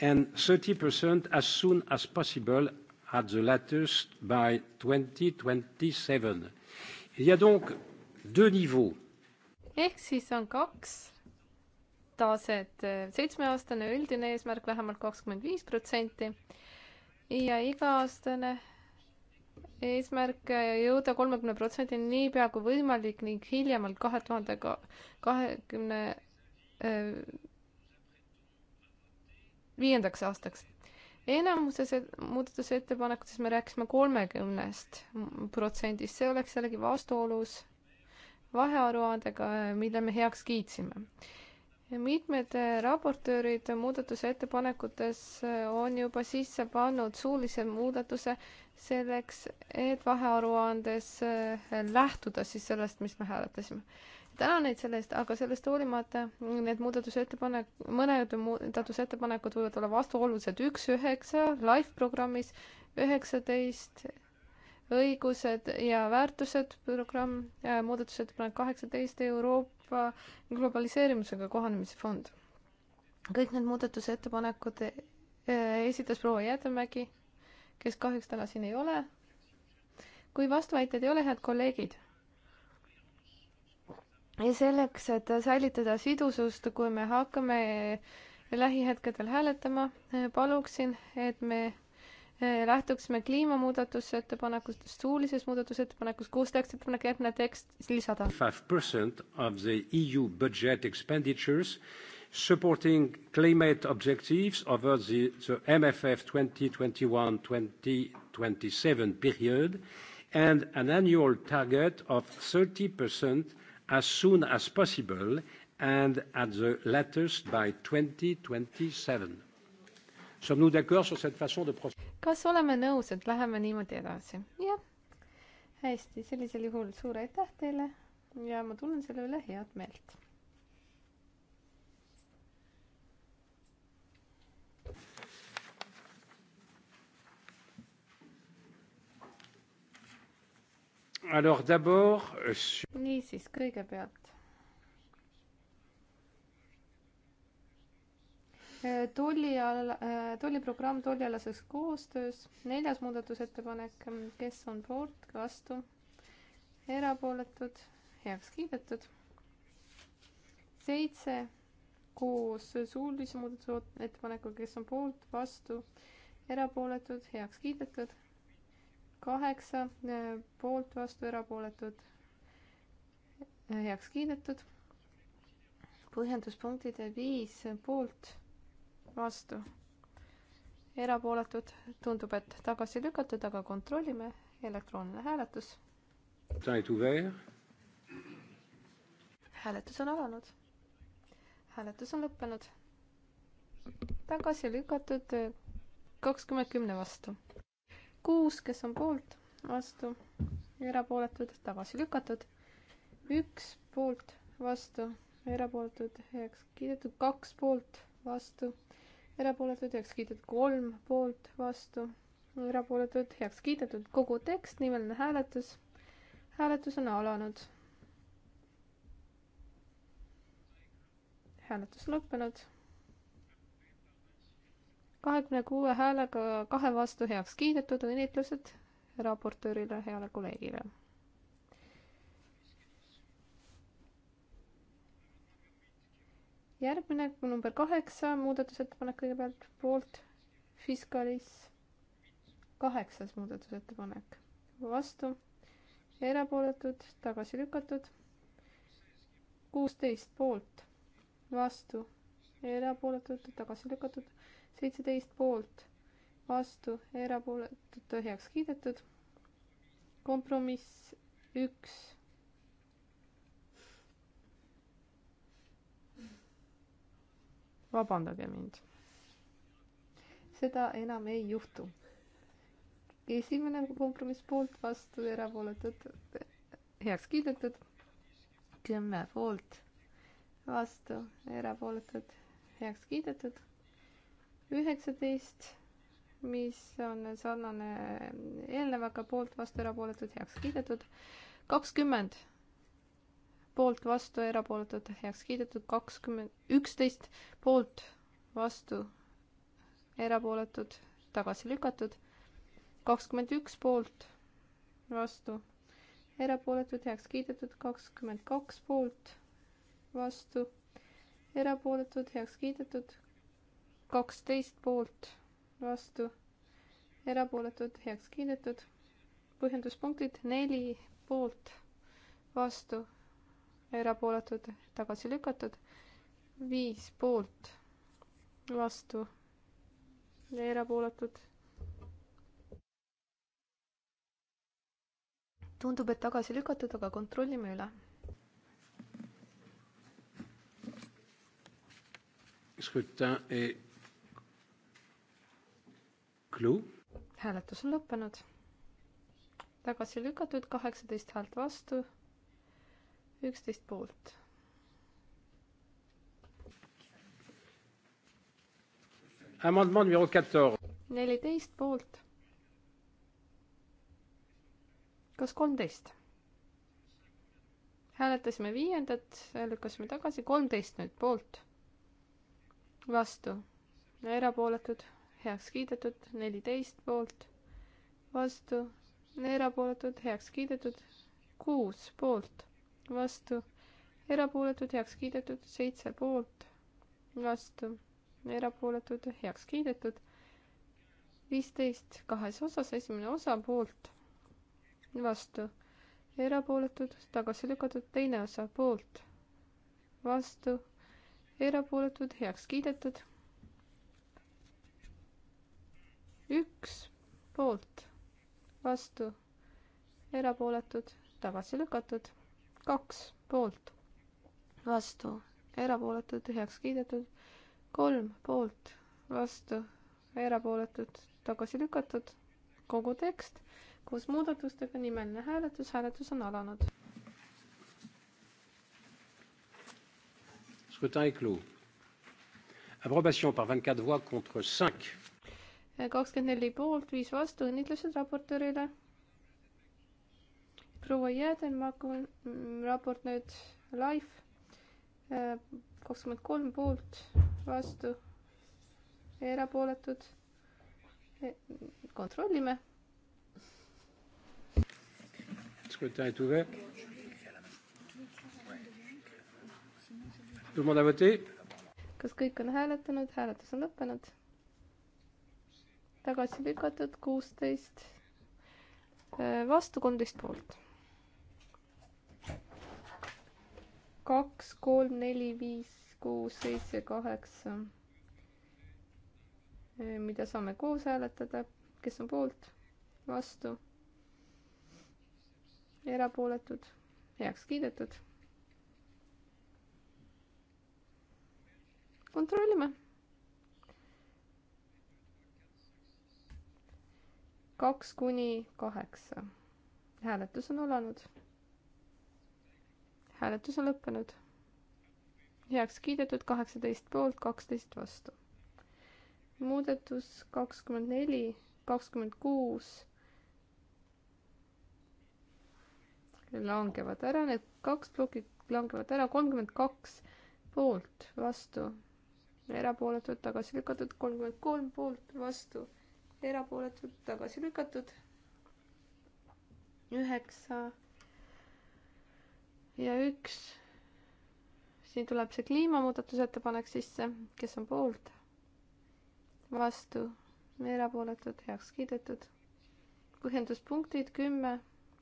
and 30% as soon as possible, at the latest by 2027. Il y a donc deux niveaux. Ehk siis on kaks taset, seitsmeaastane üldine eesmärk vähemalt kakskümmend viis protsenti ja iga-aastane eesmärk äh, jõuda kolmekümne protsendini niipea kui võimalik ning hiljemalt kahe tuhande kahekümne äh, viiendaks aastaks. enamuses muudatusettepanekutes me rääkisime kolmekümnest protsendist, see oleks jällegi vastuolus vahearuandega, äh, mille me heaks kiitsime mitmed äh, raportöörid muudatusettepanekutes äh, on juba sisse pannud suulise muudatuse selleks, et vahearuandes äh, lähtuda siis sellest, mis me hääletasime. tänan neid selle eest, aga sellest hoolimata need muudatusettepanek, mõned muudatusettepanekud võivad olla vastuolulised, üks üheksa live programmis, üheksateist õigused ja väärtused programm, muudatusettepanek kaheksateist Euroopa Euroopa globaliseerimisega kohanemise fond. kõik need muudatusettepanekud e, e, esitas proua Jäätemägi, kes kahjuks täna siin ei ole. kui vastuväited ei ole, head kolleegid ja selleks, et säilitada sidusust, kui me hakkame lähihetkedel hääletama, paluksin, et me Eh, lähtuksime kliimamuudatuse ettepanekust, suulises muudatusettepanekus, kus tehakse ettepanek järgmine tekst lisada. Five percent of the EU budget expenditures supporting climate objectives over the, the MFF twenty twenty one, twenty twenty seven period and an annual target of thirty percent as soon as possible and at the latest by twenty twenty seven. Sommes-nous d'accord sur cette façon de procéder? kas oleme nõus, et läheme niimoodi edasi? jah. hästi, sellisel juhul suur aitäh teile ja ma tunnen selle üle head meelt. Euh, niisiis, kõigepealt tolli all, tolliprogramm tollialases koostöös, neljas muudatusettepanek, kes on poolt, vastu, erapooletud, heaks kiidetud. seitse koos suulise muudatusettepanekuga, kes on poolt, vastu, erapooletud, heaks kiidetud. kaheksa eh, poolt, vastu, erapooletud, eh, heaks kiidetud. põhjenduspunktide viis poolt vastu, erapooletud, tundub, et tagasi lükatud, aga kontrollime, elektrooniline hääletus. hääletus on alanud. hääletus on lõppenud. tagasi lükatud eh, kakskümmend kümne vastu. kuus, kes on poolt, vastu, erapooletud, tagasi lükatud. üks poolt, vastu erapooletud heaks kiidetud, kaks poolt, vastu, erapooletud, heaks kiidetud kolm poolt, vastu, erapooletud, heaks kiidetud, kogu tekst, nimeline hääletus. hääletus on alanud. hääletus lõppenud. kahekümne kuue häälega kahe vastu heaks kiidetud õnnitlused raportöörile, heale kolleegile järgmine number kaheksa muudatusettepanek kõigepealt poolt fiskalis kaheksas muudatusettepanek vastu erapooletud tagasi lükatud kuusteist poolt vastu erapooletud tagasi lükatud seitseteist poolt vastu erapooletud heaks kiidetud kompromiss üks vabandage mind. seda enam ei juhtu. esimene kompromiss poolt, vastu, erapooletud, heaks kiidetud. kümme poolt, vastu, erapooletud, heaks kiidetud. üheksateist, mis on sarnane eelnevaga, poolt, vastu, erapooletud, heaks kiidetud. kakskümmend poolt, vastu, erapooletud, heaks kiidetud, kakskümmend, üksteist poolt, vastu, erapooletud, tagasi lükatud, kakskümmend üks poolt, vastu, erapooletud, heaks kiidetud, kakskümmend kaks poolt, vastu, erapooletud, heaks kiidetud, kaksteist poolt, vastu, erapooletud, heaks kiidetud, põhjenduspunktid neli poolt, vastu erapooletud, tagasi lükatud. viis poolt, vastu, erapooletud. tundub, et tagasi lükatud, aga kontrollime üle. Scrutin est clos. hääletus on lõppenud. tagasi lükatud, kaheksateist häält vastu üksteist poolt. neliteist poolt. kas kolmteist? hääletasime viiendat, lükkasime tagasi, kolmteist nüüd poolt. vastu, erapooletud, heaks kiidetud, neliteist poolt, vastu, erapooletud, heaks kiidetud, kuus poolt vastu, erapooletud, heaks kiidetud, seitse poolt, vastu, erapooletud, heaks kiidetud, viisteist kahes osas, esimene osa poolt, vastu, erapooletud, tagasi lükatud, teine osa poolt, vastu, erapooletud, heaks kiidetud üks poolt, vastu, erapooletud, tagasi lükatud kaks poolt, vastu, erapooletud, heaks kiidetud, kolm poolt, vastu, erapooletud, tagasi lükatud, kogu tekst koos muudatustega, nimeline hääletus, hääletus on alanud. Scrutin est clos. Approbation par 24 voix contre 5. kakskümmend neli poolt, viis vastu, õnnitlused raportöörile proua Jäädenmaa mm, raport nüüd live äh, kakskümmend kolm poolt, vastu, erapooletud. E, kontrollime. kas kõik on hääletanud, hääletus on lõppenud? tagasi lükatud kuusteist, äh, vastu kolmteist poolt kaks, kolm, neli, viis, kuus, seitse, kaheksa, mida saame koos hääletada, kes on poolt, vastu, erapooletud, heaks kiidetud. kontrollime kaks kuni kaheksa. hääletus on alanud hääletus on lõppenud. heaks kiidetud kaheksateist poolt, kaksteist vastu. muudatus kakskümmend neli, kakskümmend kuus. langevad ära, need kaks plokki langevad ära, kolmkümmend kaks poolt, vastu, erapooletud, tagasi lükatud, kolmkümmend kolm poolt, vastu, erapooletud, tagasi lükatud, üheksa ja üks. siin tuleb see kliimamuudatusettepanek sisse, kes on poolt? vastu, erapooletud, heaks kiidetud. põhjenduspunktid kümme,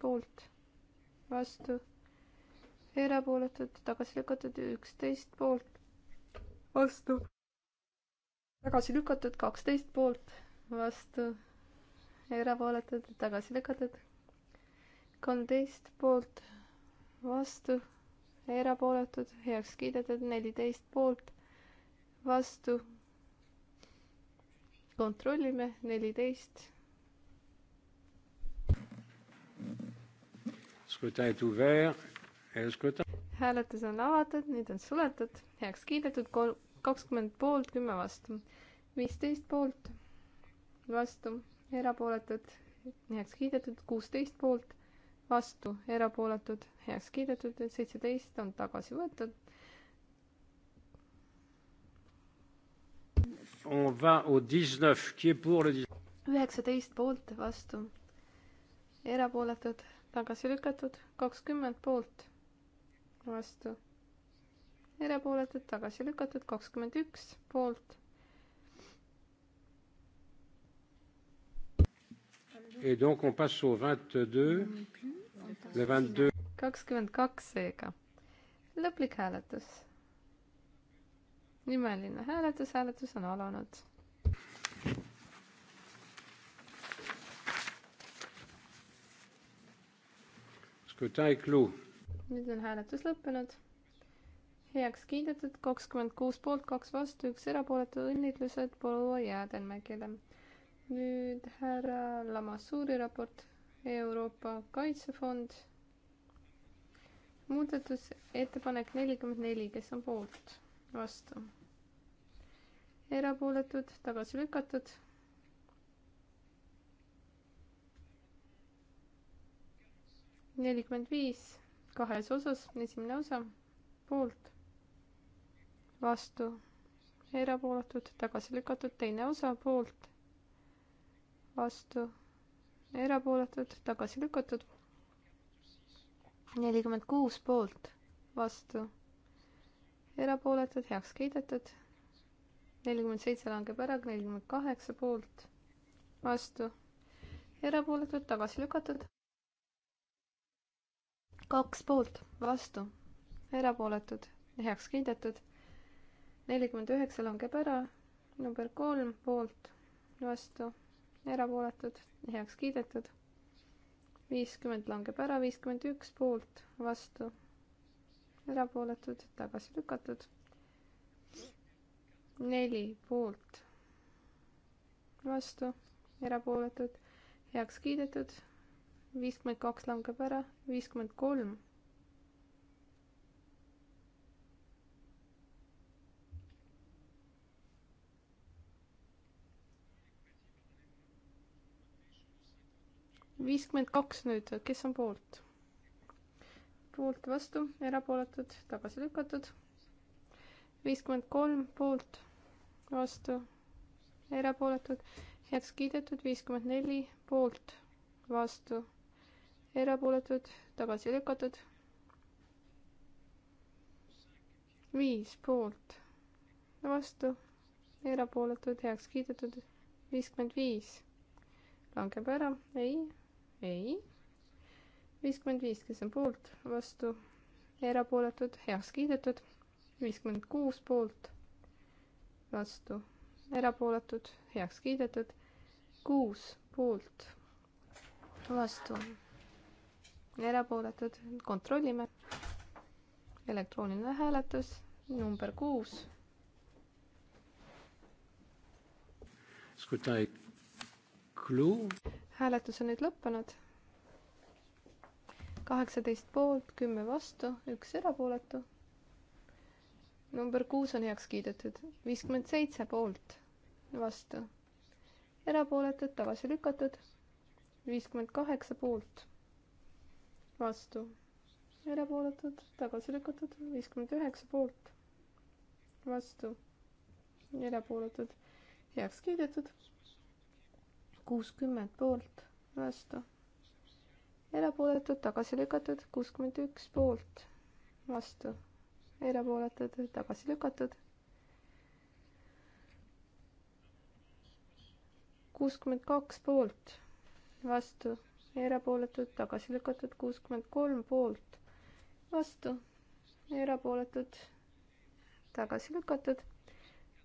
poolt, vastu, erapooletud, tagasi lükatud, üksteist poolt, vastu, tagasi lükatud, kaksteist poolt, vastu, erapooletud, tagasi lükatud, kolmteist poolt, vastu, erapooletud, heaks kiidetud, neliteist poolt, vastu. kontrollime, neliteist. hääletus on avatud, nüüd on suletud, heaks kiidetud, kolm, kakskümmend poolt, kümme vastu, viisteist poolt, vastu, erapooletud, heaks kiidetud, kuusteist poolt vastu, erapooletud, heaks kiidetud, seitseteist on tagasi võetud. üheksateist poolt, vastu, erapooletud, tagasi lükatud, kakskümmend poolt, vastu, erapooletud, tagasi lükatud, kakskümmend üks poolt Et donc on passe au 22. Le 22. kakskümmend kaks seega. lõplik hääletus. nimeline hääletus, hääletus on alanud. nüüd on hääletus lõppenud. heaks kiidetud kakskümmend kuus poolt, kaks vastu, üks erapooletu, õnnitlused proua Jäädenmägile nüüd härra Lamassuuri raport, Euroopa Kaitsefond. muudatusettepanek nelikümmend neli, kes on poolt, vastu? erapooletud, tagasi lükatud. nelikümmend viis, kahes osas, esimene osa, poolt, vastu, erapooletud, tagasi lükatud, teine osa, poolt vastu, erapooletud, tagasi lükatud. nelikümmend kuus poolt, vastu, erapooletud, heaks kiidetud. nelikümmend seitse langeb ära, nelikümmend kaheksa poolt, vastu, erapooletud, tagasi lükatud. kaks poolt, vastu, erapooletud, heaks kiidetud. nelikümmend üheksa langeb ära, number kolm poolt, vastu erapooletud, heaks kiidetud. viiskümmend langeb ära, viiskümmend üks poolt, vastu, erapooletud, tagasi lükatud. neli poolt, vastu, erapooletud, heaks kiidetud. viiskümmend kaks langeb ära, viiskümmend kolm viiskümmend kaks nüüd, kes on poolt? poolt, vastu, erapooletud, tagasi lükatud. viiskümmend kolm poolt, vastu, erapooletud, heaks kiidetud, viiskümmend neli poolt, vastu, erapooletud, tagasi lükatud. viis poolt, vastu, erapooletud, heaks kiidetud, viiskümmend viis langeb ära, ei ei. viiskümmend viis, kes on poolt, vastu, erapooletud, heaks kiidetud. viiskümmend kuus poolt, vastu, erapooletud, heaks kiidetud. kuus poolt, vastu, erapooletud, kontrollime. elektrooniline hääletus, number kuus. Scrutin est clos hääletus on nüüd lõppenud. kaheksateist poolt, kümme vastu, üks erapooletu. number kuus on heaks kiidetud, viiskümmend seitse poolt, vastu, erapooletud, tagasi lükatud, viiskümmend kaheksa poolt, vastu erapooletud, tagasi lükatud, viiskümmend üheksa poolt, vastu, erapooletud, heaks kiidetud, kuuskümmend poolt, vastu. erapooletud, tagasi lükatud, kuuskümmend üks poolt, vastu. erapooletud, tagasi lükatud. kuuskümmend kaks poolt, vastu. erapooletud, tagasi lükatud, kuuskümmend kolm poolt, vastu. erapooletud, tagasi lükatud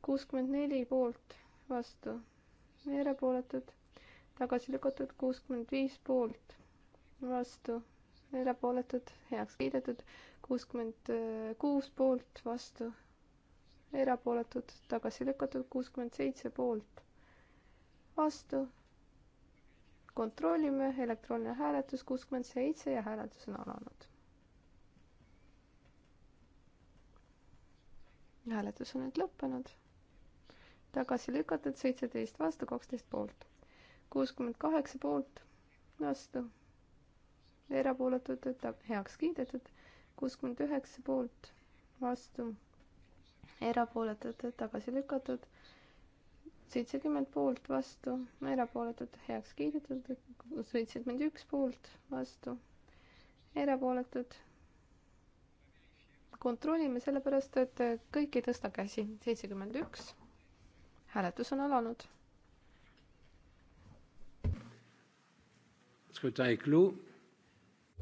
kuuskümmend neli poolt, vastu, erapooletud, tagasi lükatud kuuskümmend viis poolt, vastu, erapooletud, heaks kiidetud, kuuskümmend kuus poolt, vastu, erapooletud, tagasi lükatud, kuuskümmend seitse poolt, vastu. kontrollime, elektrooniline hääletus kuuskümmend seitse ja hääletus on alanud. hääletus on nüüd lõppenud tagasi lükatud, seitseteist vastu, kaksteist poolt kuuskümmend kaheksa poolt, vastu, erapooletud, heaks kiidetud, kuuskümmend üheksa poolt, vastu, erapooletud, tagasi lükatud, seitsekümmend poolt, vastu, erapooletud, heaks kiidetud, seitsekümmend üks poolt, vastu, erapooletud. kontrollime sellepärast, et kõik ei tõsta käsi, seitsekümmend üks, hääletus on alanud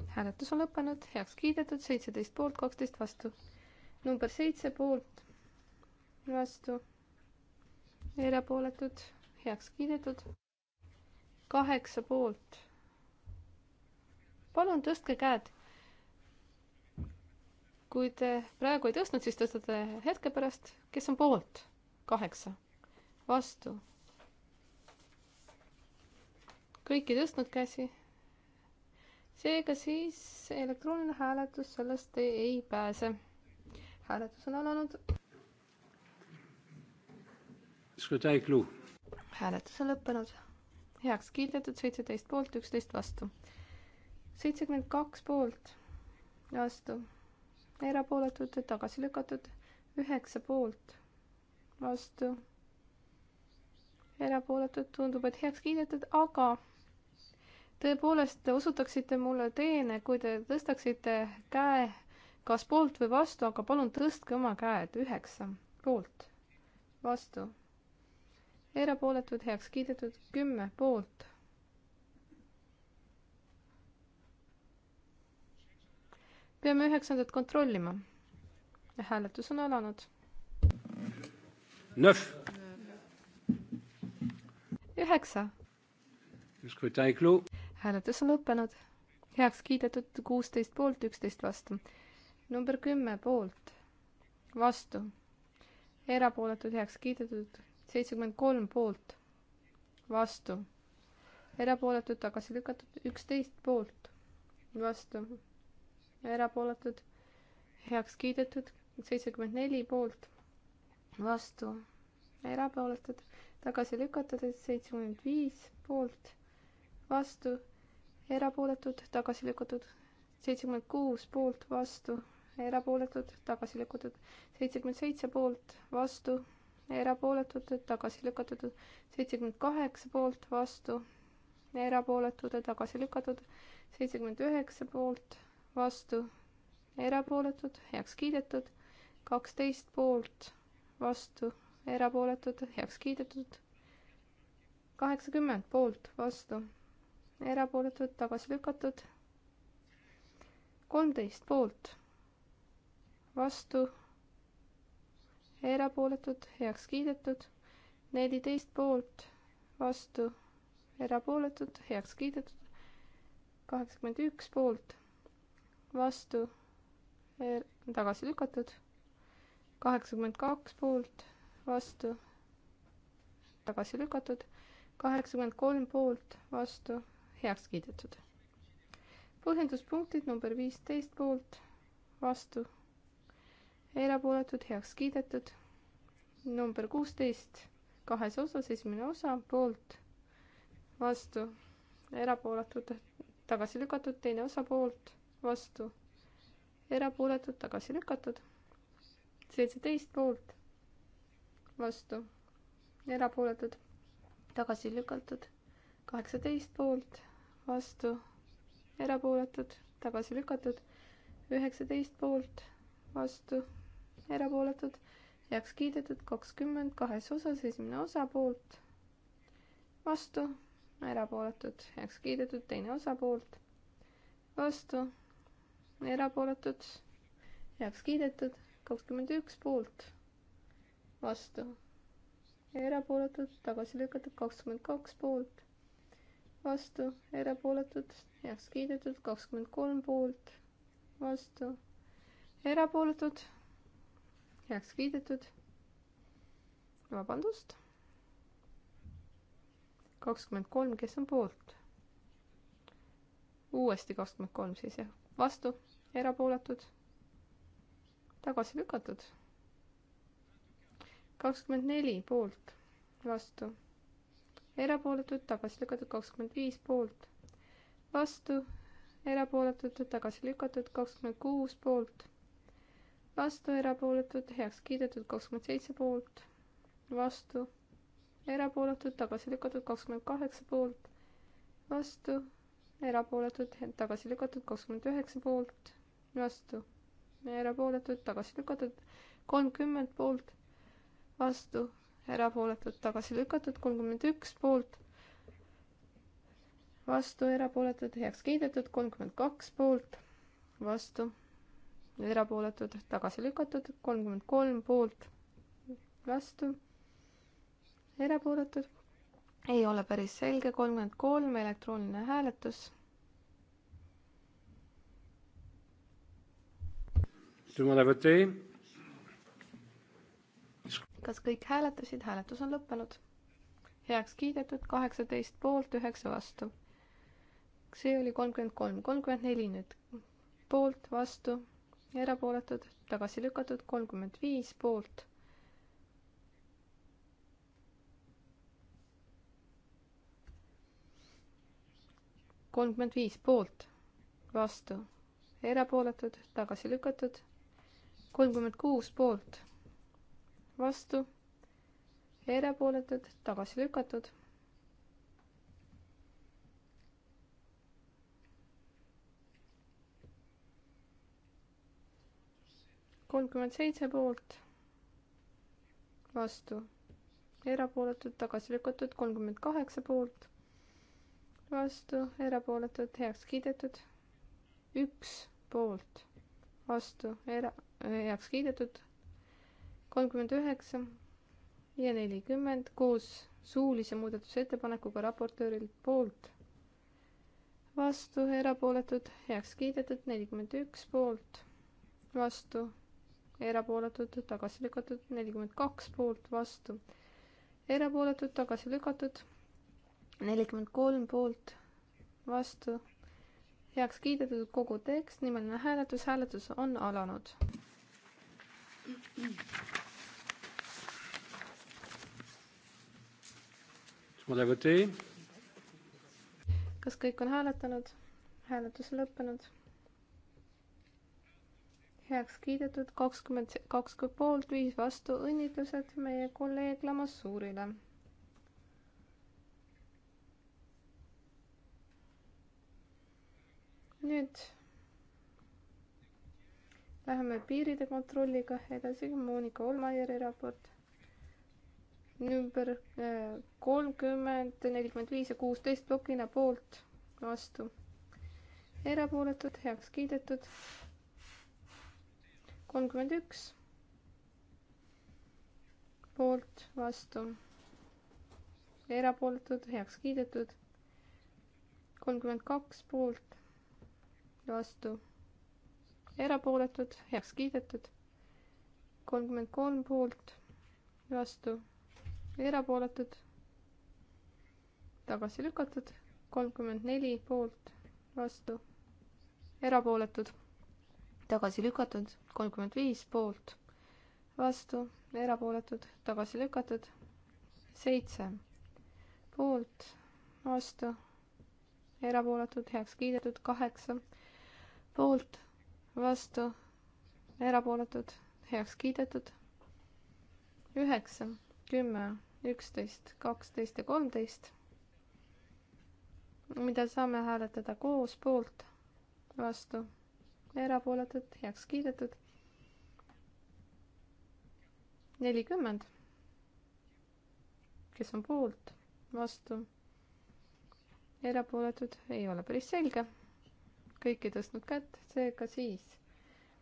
hääletus on lõppenud, heaks kiidetud, seitseteist poolt, kaksteist vastu. number seitse poolt, vastu, erapooletud, heaks kiidetud. kaheksa poolt. palun tõstke käed. kui te praegu ei tõstnud, siis tõstate hetke pärast, kes on poolt? kaheksa, vastu. kõik ei tõstnud käsi seega siis elektrooniline hääletus sellest ei pääse. hääletus on alanud. hääletus on lõppenud. heaks kiidetud seitseteist poolt, üksteist vastu. seitsekümmend kaks poolt, vastu, erapooletud, tagasi lükatud, üheksa poolt, vastu erapooletud tundub, et heaks kiidetud, aga tõepoolest te osutaksite mulle teene, kui te tõstaksite käe kas poolt või vastu, aga palun tõstke oma käed, üheksa, poolt, vastu. erapooletud, heaks kiidetud, kümme, poolt. peame üheksandat kontrollima. hääletus on alanud. üheksa hääletus on lõppenud. heaks kiidetud kuusteist poolt, üksteist vastu. number kümme poolt, vastu, erapooletud heaks kiidetud, seitsekümmend kolm poolt, vastu, erapooletud tagasi lükatud, üksteist poolt, vastu, erapooletud heaks kiidetud, seitsekümmend neli poolt, vastu, erapooletud, tagasi lükatud, seitsekümmend viis poolt, vastu, erapooletud, tagasi lükatud. seitsekümmend kuus poolt, vastu, erapooletud, tagasi lükatud. seitsekümmend seitse poolt, vastu, erapooletud, tagasi lükatud. seitsekümmend kaheksa poolt, vastu, erapooletud, tagasi lükatud. seitsekümmend üheksa poolt, vastu, erapooletud, heaks kiidetud. kaksteist poolt, vastu, erapooletud, heaks kiidetud. kaheksakümmend poolt, vastu, erapooletud, tagasi lükatud. kolmteist poolt, vastu, erapooletud, heaks kiidetud. neliteist poolt, vastu, erapooletud, heaks kiidetud. kaheksakümmend üks poolt, vastu er,, tagasi lükatud. kaheksakümmend kaks poolt, vastu, tagasi lükatud kaheksakümmend kolm poolt, vastu, heaks kiidetud. põhjenduspunktid number viisteist poolt, vastu, erapooletud, heaks kiidetud. number kuusteist kahes osas, esimene osa poolt, vastu, erapooletud, tagasi lükatud, teine osa poolt, vastu, erapooletud, tagasi lükatud. seitseteist poolt, vastu, erapooletud, tagasi lükatud kaheksateist poolt, vastu, erapooletud, tagasi lükatud, üheksateist poolt, vastu, erapooletud, heaks kiidetud, kakskümmend kahes osas, esimene osa poolt, vastu, erapooletud, heaks kiidetud, teine osa poolt, vastu, erapooletud, heaks kiidetud, kakskümmend üks poolt, vastu, erapooletud, tagasi lükatud, kakskümmend kaks poolt vastu, erapooletud, heaks kiidetud, kakskümmend kolm poolt, vastu, erapooletud, heaks kiidetud. vabandust. kakskümmend kolm, kes on poolt? uuesti kakskümmend kolm siis jah, vastu, erapooletud, tagasi lükatud. kakskümmend neli poolt, vastu erapooletud, tagasi lükatud kakskümmend viis poolt, vastu, erapooletud, tagasi lükatud kakskümmend kuus poolt, vastu, erapooletud, heaks kiidetud kakskümmend seitse poolt, vastu, erapooletud, tagasi lükatud kakskümmend kaheksa poolt, vastu, erapooletud, tagasi lükatud kakskümmend üheksa poolt, vastu, erapooletud, tagasi lükatud kolmkümmend poolt, vastu erapooletud tagasi lükatud, kolmkümmend üks poolt, vastu, erapooletud, heaks kiidetud, kolmkümmend kaks poolt, vastu, erapooletud, tagasi lükatud, kolmkümmend kolm poolt, vastu, erapooletud, ei ole päris selge, kolmkümmend kolm, elektrooniline hääletus Tout le monde a voté kas kõik hääletasid, hääletus on lõppenud. heaks kiidetud, kaheksateist poolt, üheksa vastu. see oli kolmkümmend kolm, kolmkümmend neli nüüd. poolt, vastu, erapooletud, tagasi lükatud, kolmkümmend viis poolt. kolmkümmend viis poolt, vastu, erapooletud, tagasi lükatud, kolmkümmend kuus poolt vastu, erapooletud, tagasi lükatud. kolmkümmend seitse poolt, vastu, erapooletud, tagasi lükatud, kolmkümmend kaheksa poolt, vastu, erapooletud, heaks kiidetud, üks poolt, vastu, era-, heaks kiidetud kolmkümmend üheksa ja nelikümmend koos suulise muudatusettepanekuga raportöörilt poolt, vastu, erapooletud, heaks kiidetud, nelikümmend üks poolt, vastu, erapooletud, tagasi lükatud, nelikümmend kaks poolt, vastu, erapooletud, tagasi lükatud, nelikümmend kolm poolt, vastu, heaks kiidetud kogu tekst, nimeline hääletus, hääletus on alanud. Mm-hmm. kas kõik on hääletanud? hääletus lõppenud. heaks kiidetud kakskümmend kaks poolt, viis vastu, õnnitlused meie kolleeg Lamassuurile nüüd läheme piiride kontrolliga edasi, Monika Olmajärvi raport ümber äh, kolmkümmend, nelikümmend viis ja kuusteist plokina poolt, vastu, erapooletud, heaks kiidetud. kolmkümmend üks, poolt, vastu, erapooletud, heaks kiidetud. kolmkümmend kaks poolt, vastu, erapooletud, heaks kiidetud. kolmkümmend kolm poolt, vastu erapooletud, tagasi lükatud, kolmkümmend neli poolt, vastu, erapooletud, tagasi lükatud, kolmkümmend viis poolt, vastu, erapooletud, tagasi lükatud, seitse poolt, vastu, erapooletud, heaks kiidetud, kaheksa poolt, vastu, erapooletud, heaks kiidetud, üheksa, kümme üksteist, kaksteist ja kolmteist, mida saame hääletada koos poolt, vastu, erapooletud, heaks kiidetud. nelikümmend, kes on poolt, vastu, erapooletud, ei ole päris selge. kõik ei tõstnud kätt, seega siis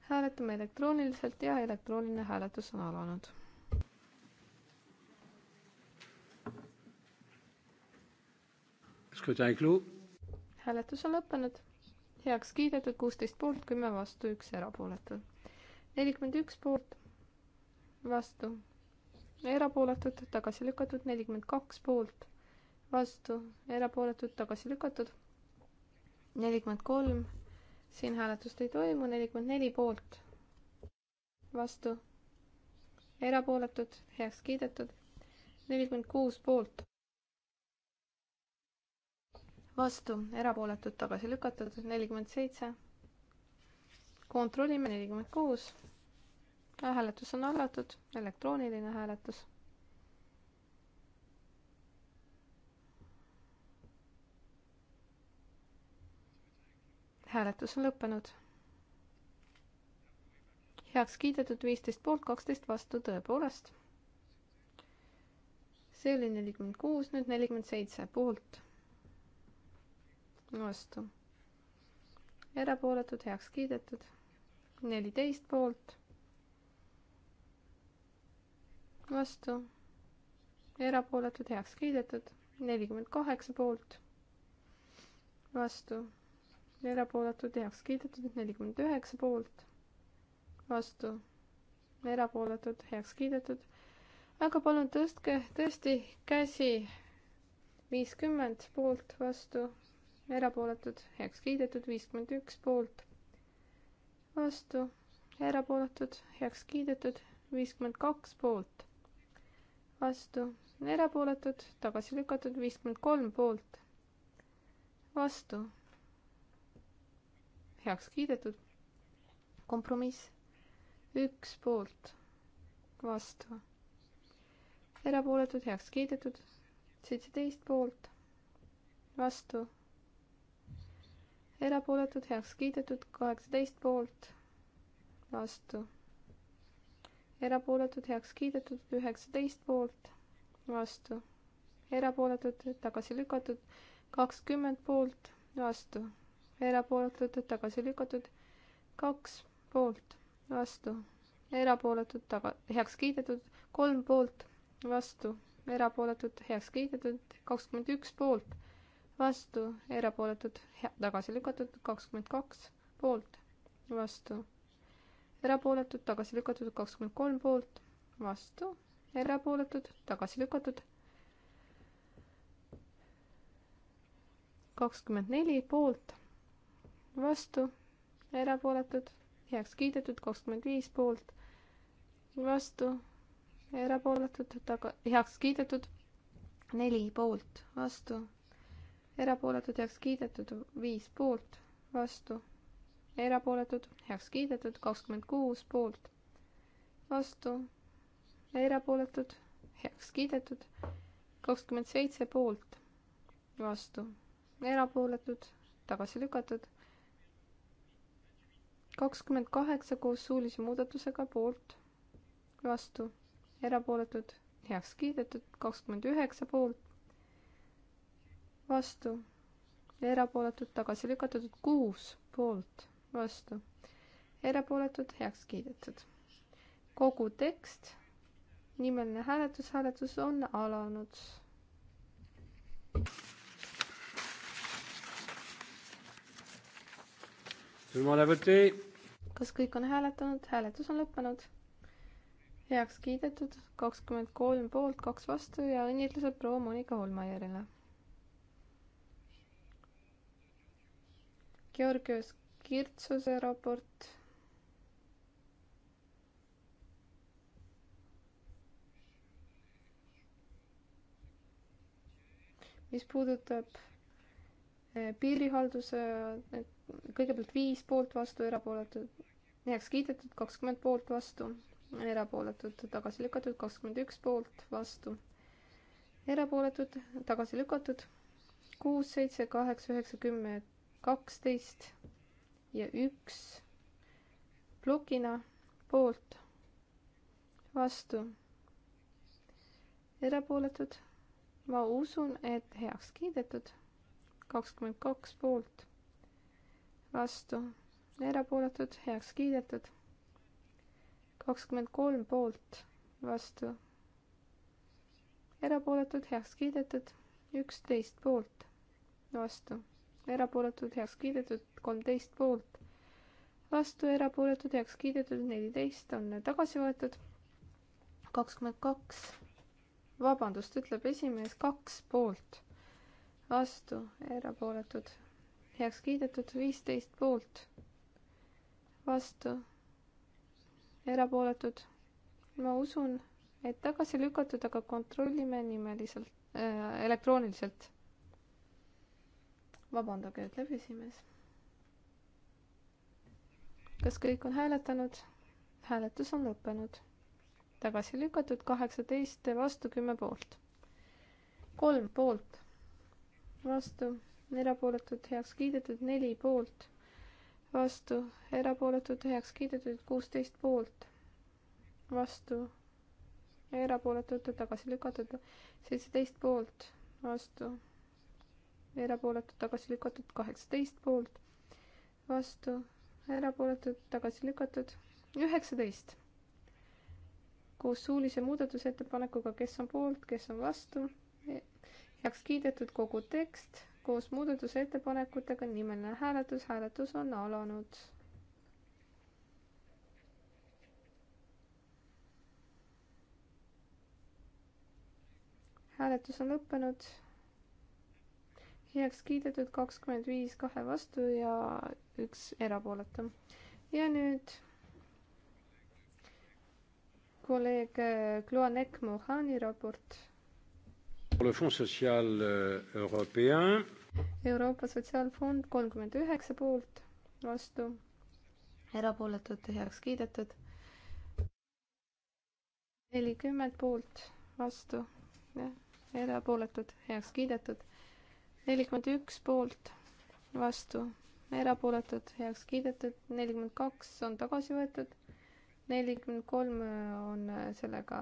hääletame elektrooniliselt ja elektrooniline hääletus on alanud hääletus on lõppenud. heaks kiidetud kuusteist poolt, kümme vastu, üks erapooletu. nelikümmend üks poolt, vastu, erapooletud, tagasi lükatud, nelikümmend kaks poolt, vastu, erapooletud, tagasi lükatud. nelikümmend kolm, siin hääletust ei toimu, nelikümmend neli poolt, vastu, erapooletud, heaks kiidetud, nelikümmend kuus poolt vastu, erapooletud tagasi lükatud, nelikümmend seitse. kontrollime nelikümmend kuus. hääletus on avatud, elektrooniline hääletus. hääletus on lõppenud. heaks kiidetud viisteist poolt, kaksteist vastu, tõepoolest see oli nelikümmend kuus, nüüd nelikümmend seitse poolt, vastu. erapooletud, heaks kiidetud. neliteist poolt. vastu. erapooletud, heaks kiidetud. nelikümmend kaheksa poolt. vastu. erapooletud, heaks kiidetud. nelikümmend üheksa poolt. vastu. erapooletud, heaks kiidetud. aga palun tõstke tõesti käsi viiskümmend poolt, vastu, erapooletud, heaks kiidetud, viiskümmend üks poolt, vastu, erapooletud, heaks kiidetud, viiskümmend kaks poolt, vastu, erapooletud, tagasi lükatud, viiskümmend kolm poolt, vastu, heaks kiidetud, kompromiss, üks poolt, vastu, erapooletud, heaks kiidetud, seitseteist poolt, vastu erapooletud, heaks kiidetud, kaheksateist poolt, vastu. erapooletud, heaks kiidetud, üheksateist poolt, vastu. erapooletud, tagasi lükatud, kakskümmend poolt, vastu. erapooletud, tagasi lükatud, kaks poolt, vastu. erapooletud, taga, heaks kiidetud, kolm poolt, vastu. erapooletud, heaks kiidetud, kakskümmend üks poolt vastu, erapooletud, tagasi lükatud, kakskümmend kaks poolt, vastu, erapooletud, tagasi lükatud, kakskümmend kolm poolt, vastu, erapooletud, tagasi lükatud, kakskümmend neli poolt, vastu, erapooletud, heaks kiidetud, kakskümmend viis poolt, vastu, erapooletud, taga, heaks kiidetud, neli poolt, vastu erapooletud, heaks kiidetud, viis poolt, vastu, erapooletud, heaks kiidetud, kakskümmend kuus poolt, vastu, erapooletud, heaks kiidetud, kakskümmend seitse poolt, vastu, erapooletud, tagasi lükatud, kakskümmend kaheksa koos suulise muudatusega poolt, vastu, erapooletud, heaks kiidetud, kakskümmend üheksa poolt, vastu, erapooletud, tagasi lükatud, kuus poolt, vastu, erapooletud, heaks kiidetud. kogu tekst, nimeline hääletus, hääletus on alanud. kas kõik on hääletanud, hääletus on lõppenud heaks kiidetud, kakskümmend kolm poolt, kaks vastu ja õnnitlused proua Monika Holmajärile. Georgios Kirtsuse raport. mis puudutab eh, piirihalduse, eh, kõigepealt viis poolt vastu, erapooletud, heaks kiidetud, kakskümmend poolt vastu, erapooletud, tagasi lükatud, kakskümmend üks poolt vastu, erapooletud, tagasi lükatud, kuus, seitse, kaheksa, üheksa, kümme kaksteist ja üks plokina poolt, vastu, erapooletud. ma usun, et heaks kiidetud. kakskümmend kaks poolt, vastu, erapooletud, heaks kiidetud. kakskümmend kolm poolt, vastu, erapooletud, heaks kiidetud. üksteist poolt, vastu erapooletud, heaks kiidetud, kolmteist poolt, vastu, erapooletud, heaks kiidetud, neliteist on tagasi võetud, kakskümmend kaks, vabandust, ütleb esimees, kaks poolt, vastu, erapooletud, heaks kiidetud, viisteist poolt, vastu, erapooletud, ma usun, et tagasi lükatud, aga kontrollime nimeliselt äh,, elektrooniliselt vabandage, ütleb esimees. kas kõik on hääletanud? hääletus on lõppenud. tagasi lükatud kaheksateist vastu kümme poolt. kolm poolt, vastu, erapooletud, heaks kiidetud, neli poolt, vastu, erapooletud, heaks kiidetud, kuusteist poolt, vastu, erapooletud, tagasi lükatud, seitseteist poolt, vastu erapooletud, tagasi lükatud, kaheksateist poolt, vastu, erapooletud, tagasi lükatud, üheksateist. koos suulise muudatusettepanekuga, kes on poolt, kes on vastu, e-, heaks kiidetud kogu tekst koos muudatusettepanekutega, nimeline hääletus, hääletus on alanud. hääletus on lõppenud heaks kiidetud, kakskümmend viis kahe vastu ja üks erapooletu. ja nüüd kolleeg Kloanek Mohani raport. Euh, Euroopa Sotsiaalfond kolmkümmend üheksa poolt, vastu, erapooletud, heaks kiidetud. nelikümmend poolt, vastu, erapooletud, heaks kiidetud nelikümmend üks poolt, vastu, erapooletud, heaks kiidetud, nelikümmend kaks on tagasi võetud, nelikümmend kolm on sellega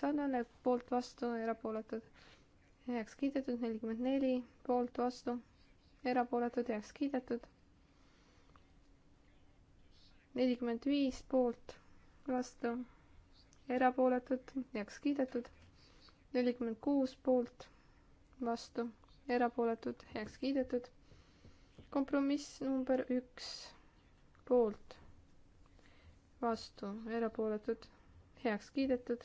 sarnane, poolt, vastu, erapooletud, heaks kiidetud, nelikümmend neli poolt, vastu, erapooletud, heaks kiidetud, nelikümmend viis poolt, vastu, erapooletud, heaks kiidetud, nelikümmend kuus poolt, vastu erapooletud, heaks kiidetud. kompromiss number üks, poolt, vastu, erapooletud, heaks kiidetud.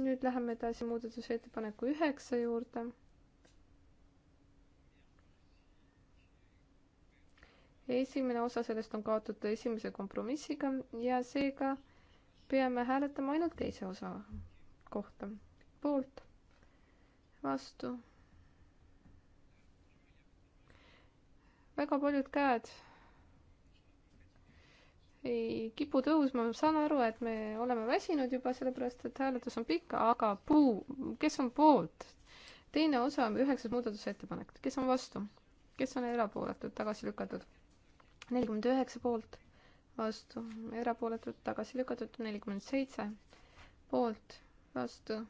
nüüd läheme edasi muudatusettepaneku üheksa juurde. esimene osa sellest on kaotatud esimese kompromissiga ja seega peame hääletama ainult teise osa kohta. poolt vastu. väga paljud käed ei kipu tõusma, ma saan aru, et me oleme väsinud juba sellepärast, et hääletus on pikk, aga puu, kes on poolt? teine osa, üheksas muudatusettepanek, kes on vastu? kes on erapooletud, tagasi lükatud? nelikümmend üheksa poolt, vastu, erapooletud, tagasi lükatud, nelikümmend seitse poolt, vastu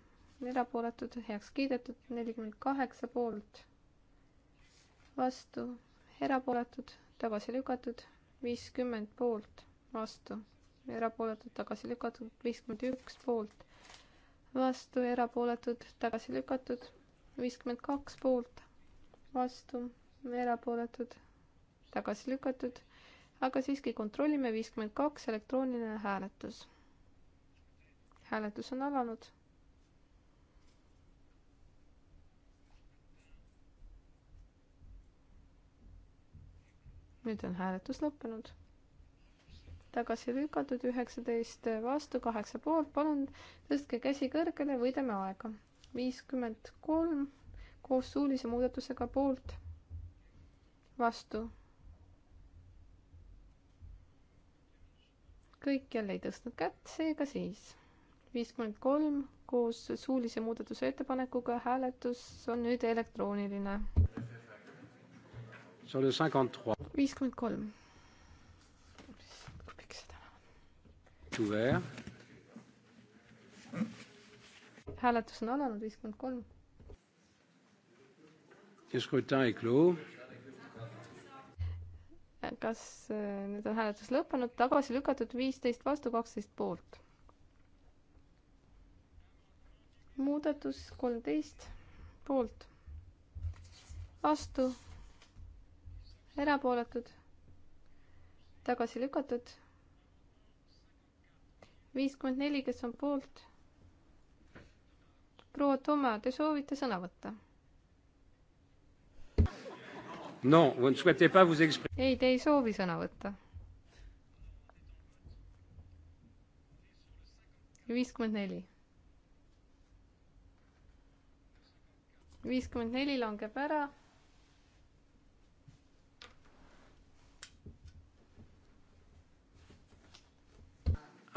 erapooletud, heaks kiidetud, nelikümmend kaheksa poolt, vastu, erapooletud, tagasi lükatud, viiskümmend poolt, vastu, erapooletud, tagasi lükatud, viiskümmend üks poolt, vastu, erapooletud, tagasi lükatud, viiskümmend kaks poolt, vastu, erapooletud, tagasi lükatud, aga siiski kontrollime, viiskümmend kaks, elektrooniline hääletus hääletus on alanud. nüüd on hääletus lõppenud. tagasi lükatud üheksateist vastu, kaheksa poolt, palun tõstke käsi kõrgele, võidame aega. viiskümmend kolm koos suulise muudatusega poolt, vastu. kõik jälle ei tõstnud kätt, seega siis viiskümmend kolm koos suulise muudatuse ettepanekuga hääletus on nüüd elektrooniline viiskümmend kolm. hääletus on alanud, viiskümmend kolm. kas äh, nüüd on hääletus lõppenud, tagasi lükatud viisteist vastu, kaksteist poolt. muudatus kolmteist poolt, vastu erapooletud, tagasi lükatud. viiskümmend neli, kes on poolt. proua Toma, te soovite sõna võtta? Non, vous ne souhaitez pas vous exprimer. ei, te ei soovi sõna võtta. viiskümmend neli. viiskümmend neli langeb ära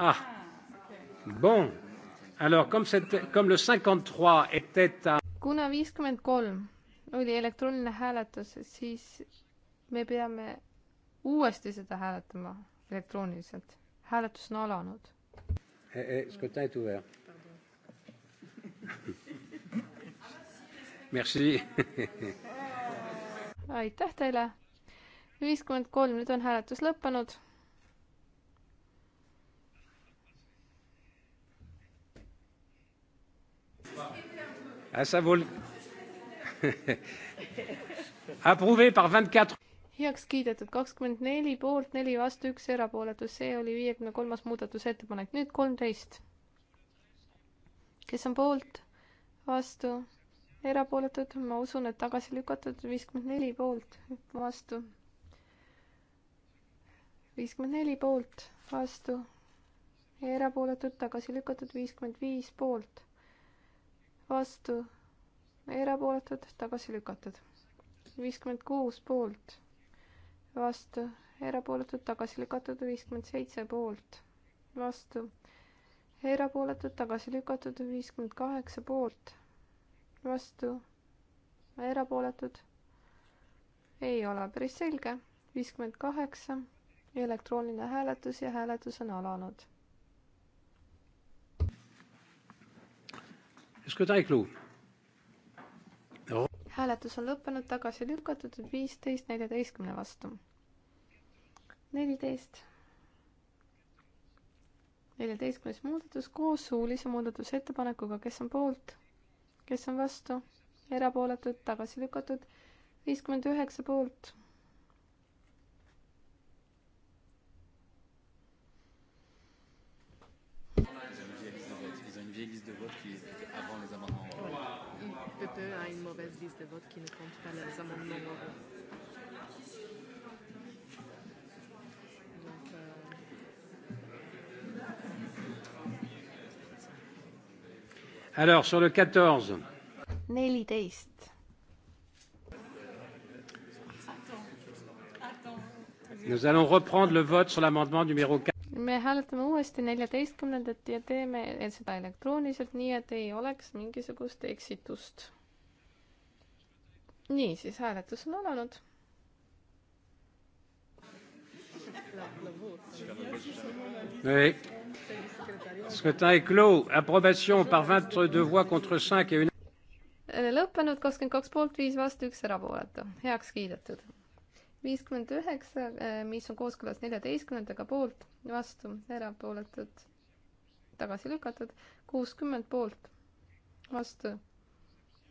Ah. Bon. Alors, comme, comme le 53 était à... kuna viiskümmend kolm oli elektrooniline hääletus, siis me peame uuesti seda hääletama elektrooniliselt. hääletus on alanud. Eh, eh, Merci. aitäh teile. viiskümmend kolm, nüüd on hääletus lõppenud À sa vol... Approuvé par 24 heaks kiidetud kakskümmend neli poolt, neli vastu, üks erapooletu, see oli viiekümne kolmas muudatusettepanek, nüüd kolmteist. kes on poolt, vastu, erapooletud, ma usun, et tagasi lükatud, viiskümmend neli poolt, vastu. viiskümmend neli poolt, vastu, erapooletud, tagasi lükatud, viiskümmend viis poolt, vastu, erapooletud, tagasi lükatud. viiskümmend kuus poolt, vastu, erapooletud, tagasi lükatud, viiskümmend seitse poolt, vastu, erapooletud, tagasi lükatud, viiskümmend kaheksa poolt, vastu, erapooletud, ei ole päris selge, viiskümmend kaheksa, elektrooniline hääletus ja hääletus on alanud hääletus on lõppenud, tagasi lükatud, viisteist neljateistkümne vastu. neliteist. neljateistkümnes muudatus koos suulise muudatusettepanekuga, kes on poolt, kes on vastu, erapooletud, tagasi lükatud, viiskümmend üheksa poolt mauvaise liste de vote qui ne compte pas les amendements oraux. Donc, euh... Alors, sur le 14. 14. Nous allons reprendre le vote sur l'amendement numéro 4 me hääletame uuesti neljateistkümnendat ja teeme seda elektrooniliselt, nii et ei oleks mingisugust eksitust niisiis, hääletus on alanud. Oui. Scrutin est clos. Approbation par 22 voix contre 5 et une. Äh, lõppenud kakskümmend kaks poolt, viis vastu, üks erapooletu, heaks kiidetud. viiskümmend üheksa, äh, mis on kooskõlas neljateistkümnendaga poolt, vastu, erapooletud, tagasi lükatud, kuuskümmend poolt, vastu,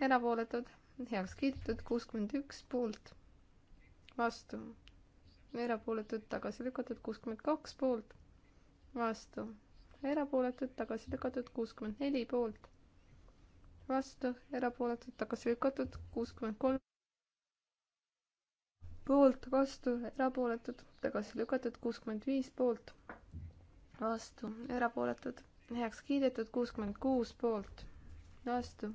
erapooletud heaks kiidetud, kuuskümmend üks poolt, vastu, erapooletud, tagasi lükatud, kuuskümmend kaks poolt, vastu, erapooletud, tagasi lükatud, kuuskümmend neli poolt, vastu, erapooletud, tagasi lükatud, kuuskümmend kolm poolt, vastu, erapooletud, tagasi lükatud, kuuskümmend viis poolt, vastu, erapooletud, heaks kiidetud, kuuskümmend kuus poolt, vastu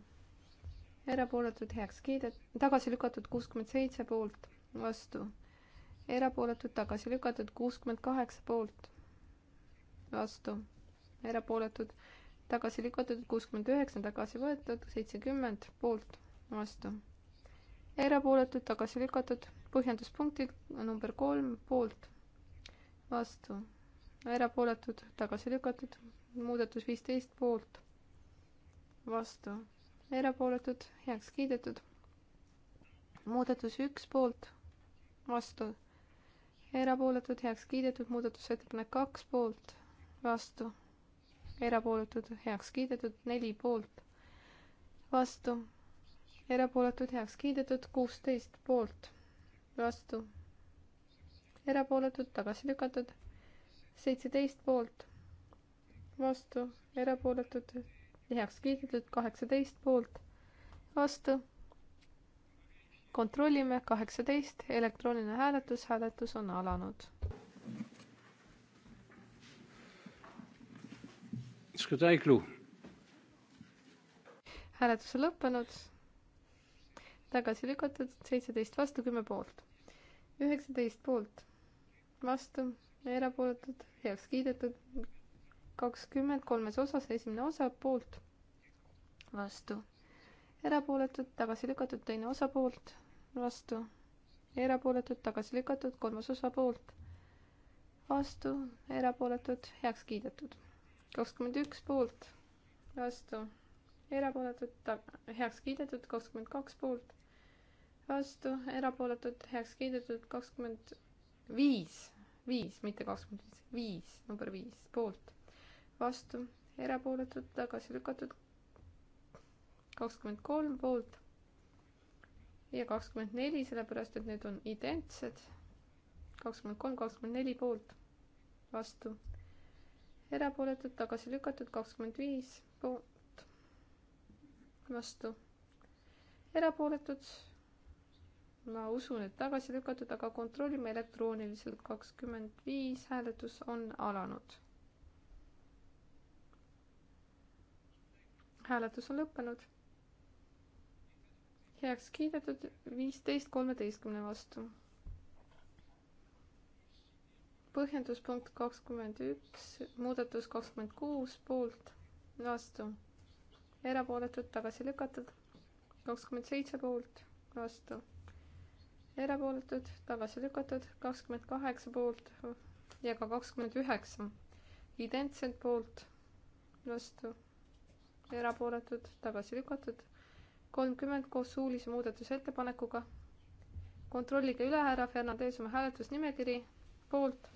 erapooletud heaks kiidet-, tagasi lükatud kuuskümmend seitse poolt, vastu. erapooletud tagasi lükatud kuuskümmend kaheksa poolt, vastu. erapooletud tagasi lükatud kuuskümmend üheksa, tagasi võetud seitsekümmend poolt, vastu. erapooletud tagasi lükatud põhjenduspunktid number kolm poolt, vastu. erapooletud tagasi lükatud muudatus viisteist poolt, vastu erapooletud, heaks kiidetud. muudatus üks poolt, vastu, erapooletud, heaks kiidetud, muudatusettepanek kaks poolt, vastu, erapooletud, heaks kiidetud, neli poolt, vastu, erapooletud, heaks kiidetud, kuusteist poolt, vastu, erapooletud, tagasi lükatud, seitseteist poolt, vastu, erapooletud heaks kiidetud, kaheksateist poolt, vastu. kontrollime, kaheksateist, elektrooniline hääletus, hääletus on alanud. hääletus on lõppenud. tagasi lükatud, seitseteist vastu, kümme poolt. üheksateist poolt, vastu, erapooletud, heaks kiidetud, kakskümmend kolmes osas, esimene osa poolt, vastu, erapooletud, tagasi lükatud, teine osa poolt, vastu, erapooletud, tagasi lükatud, kolmas osa poolt, vastu, erapooletud, heaks kiidetud. kakskümmend üks poolt, vastu, erapooletud, heaks kiidetud, kakskümmend kaks poolt, vastu, erapooletud, heaks kiidetud, kakskümmend viis, viis, mitte kakskümmend viis, viis, number viis, poolt vastu, erapooletud, tagasi lükatud. kakskümmend kolm poolt ja kakskümmend neli, sellepärast et need on identsed. kakskümmend kolm, kakskümmend neli poolt, vastu, erapooletud, tagasi lükatud, kakskümmend viis poolt, vastu, erapooletud. ma usun, et tagasi lükatud, aga kontrollime elektrooniliselt, kakskümmend viis hääletus on alanud hääletus on lõppenud. heaks kiidetud viisteist kolmeteistkümne vastu. põhjendus punkt kakskümmend üks, muudatus kakskümmend kuus poolt, vastu, erapooletud, tagasi lükatud, kakskümmend seitse poolt, vastu, erapooletud, tagasi lükatud, kakskümmend kaheksa poolt ja ka kakskümmend üheksa, identsed poolt, vastu erapooletud, tagasi lükatud. kolmkümmend koos suulise muudatusettepanekuga. kontrollige üle, härra Fernandes, oma hääletusnimekiri poolt,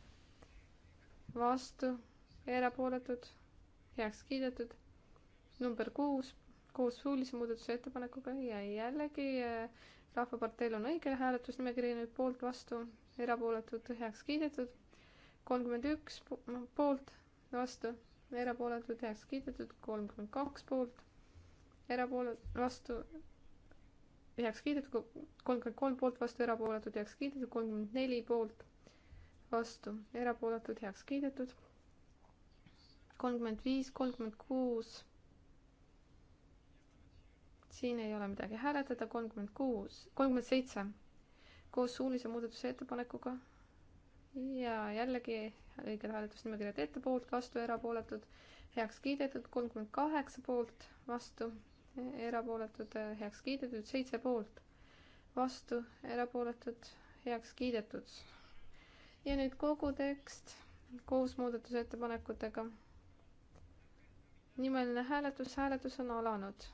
vastu, erapooletud, heaks kiidetud. number kuus koos suulise muudatusettepanekuga ja jällegi eh, Rahvaparteil on õige hääletusnimekiri nüüd poolt, vastu, erapooletud, heaks kiidetud. kolmkümmend üks poolt, vastu erapooletud, heaks kiidetud, kolmkümmend kaks poolt, erapoolet-, vastu, heaks kiidetud, kolmkümmend kolm poolt, vastu, erapooletud, heaks kiidetud, kolmkümmend neli poolt, vastu, erapooletud, heaks kiidetud, kolmkümmend viis, kolmkümmend kuus, siin ei ole midagi hääletada, kolmkümmend kuus, kolmkümmend seitse, koos suulise muudatusettepanekuga ja jällegi õiged hääletusnimekirjad ette poolt, vastu, erapooletud, heaks kiidetud, kolmkümmend kaheksa poolt, vastu, erapooletud, heaks kiidetud, seitse poolt, vastu, erapooletud, heaks kiidetud. ja nüüd kogu tekst koos muudatusettepanekutega. nimeline hääletus, hääletus on alanud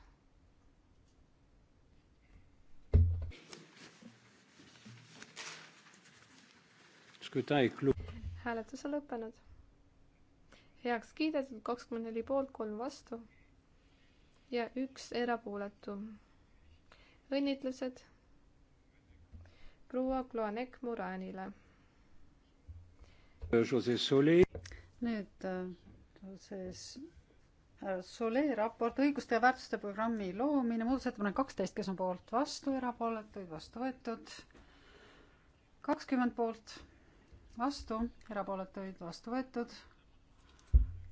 hääletus on lõppenud. heaks kiidetud kakskümmend neli poolt, kolm vastu ja üks erapooletu. õnnitlused proua Kloanek Muranile. Euh, nüüd äh, siis äh, Solee raport õiguste ja väärtuste programmi loomine, muudatusettepanek kaksteist, kes on poolt, vastu, erapooletuid, vastu võetud, kakskümmend poolt vastu, erapooletuid vastu võetud.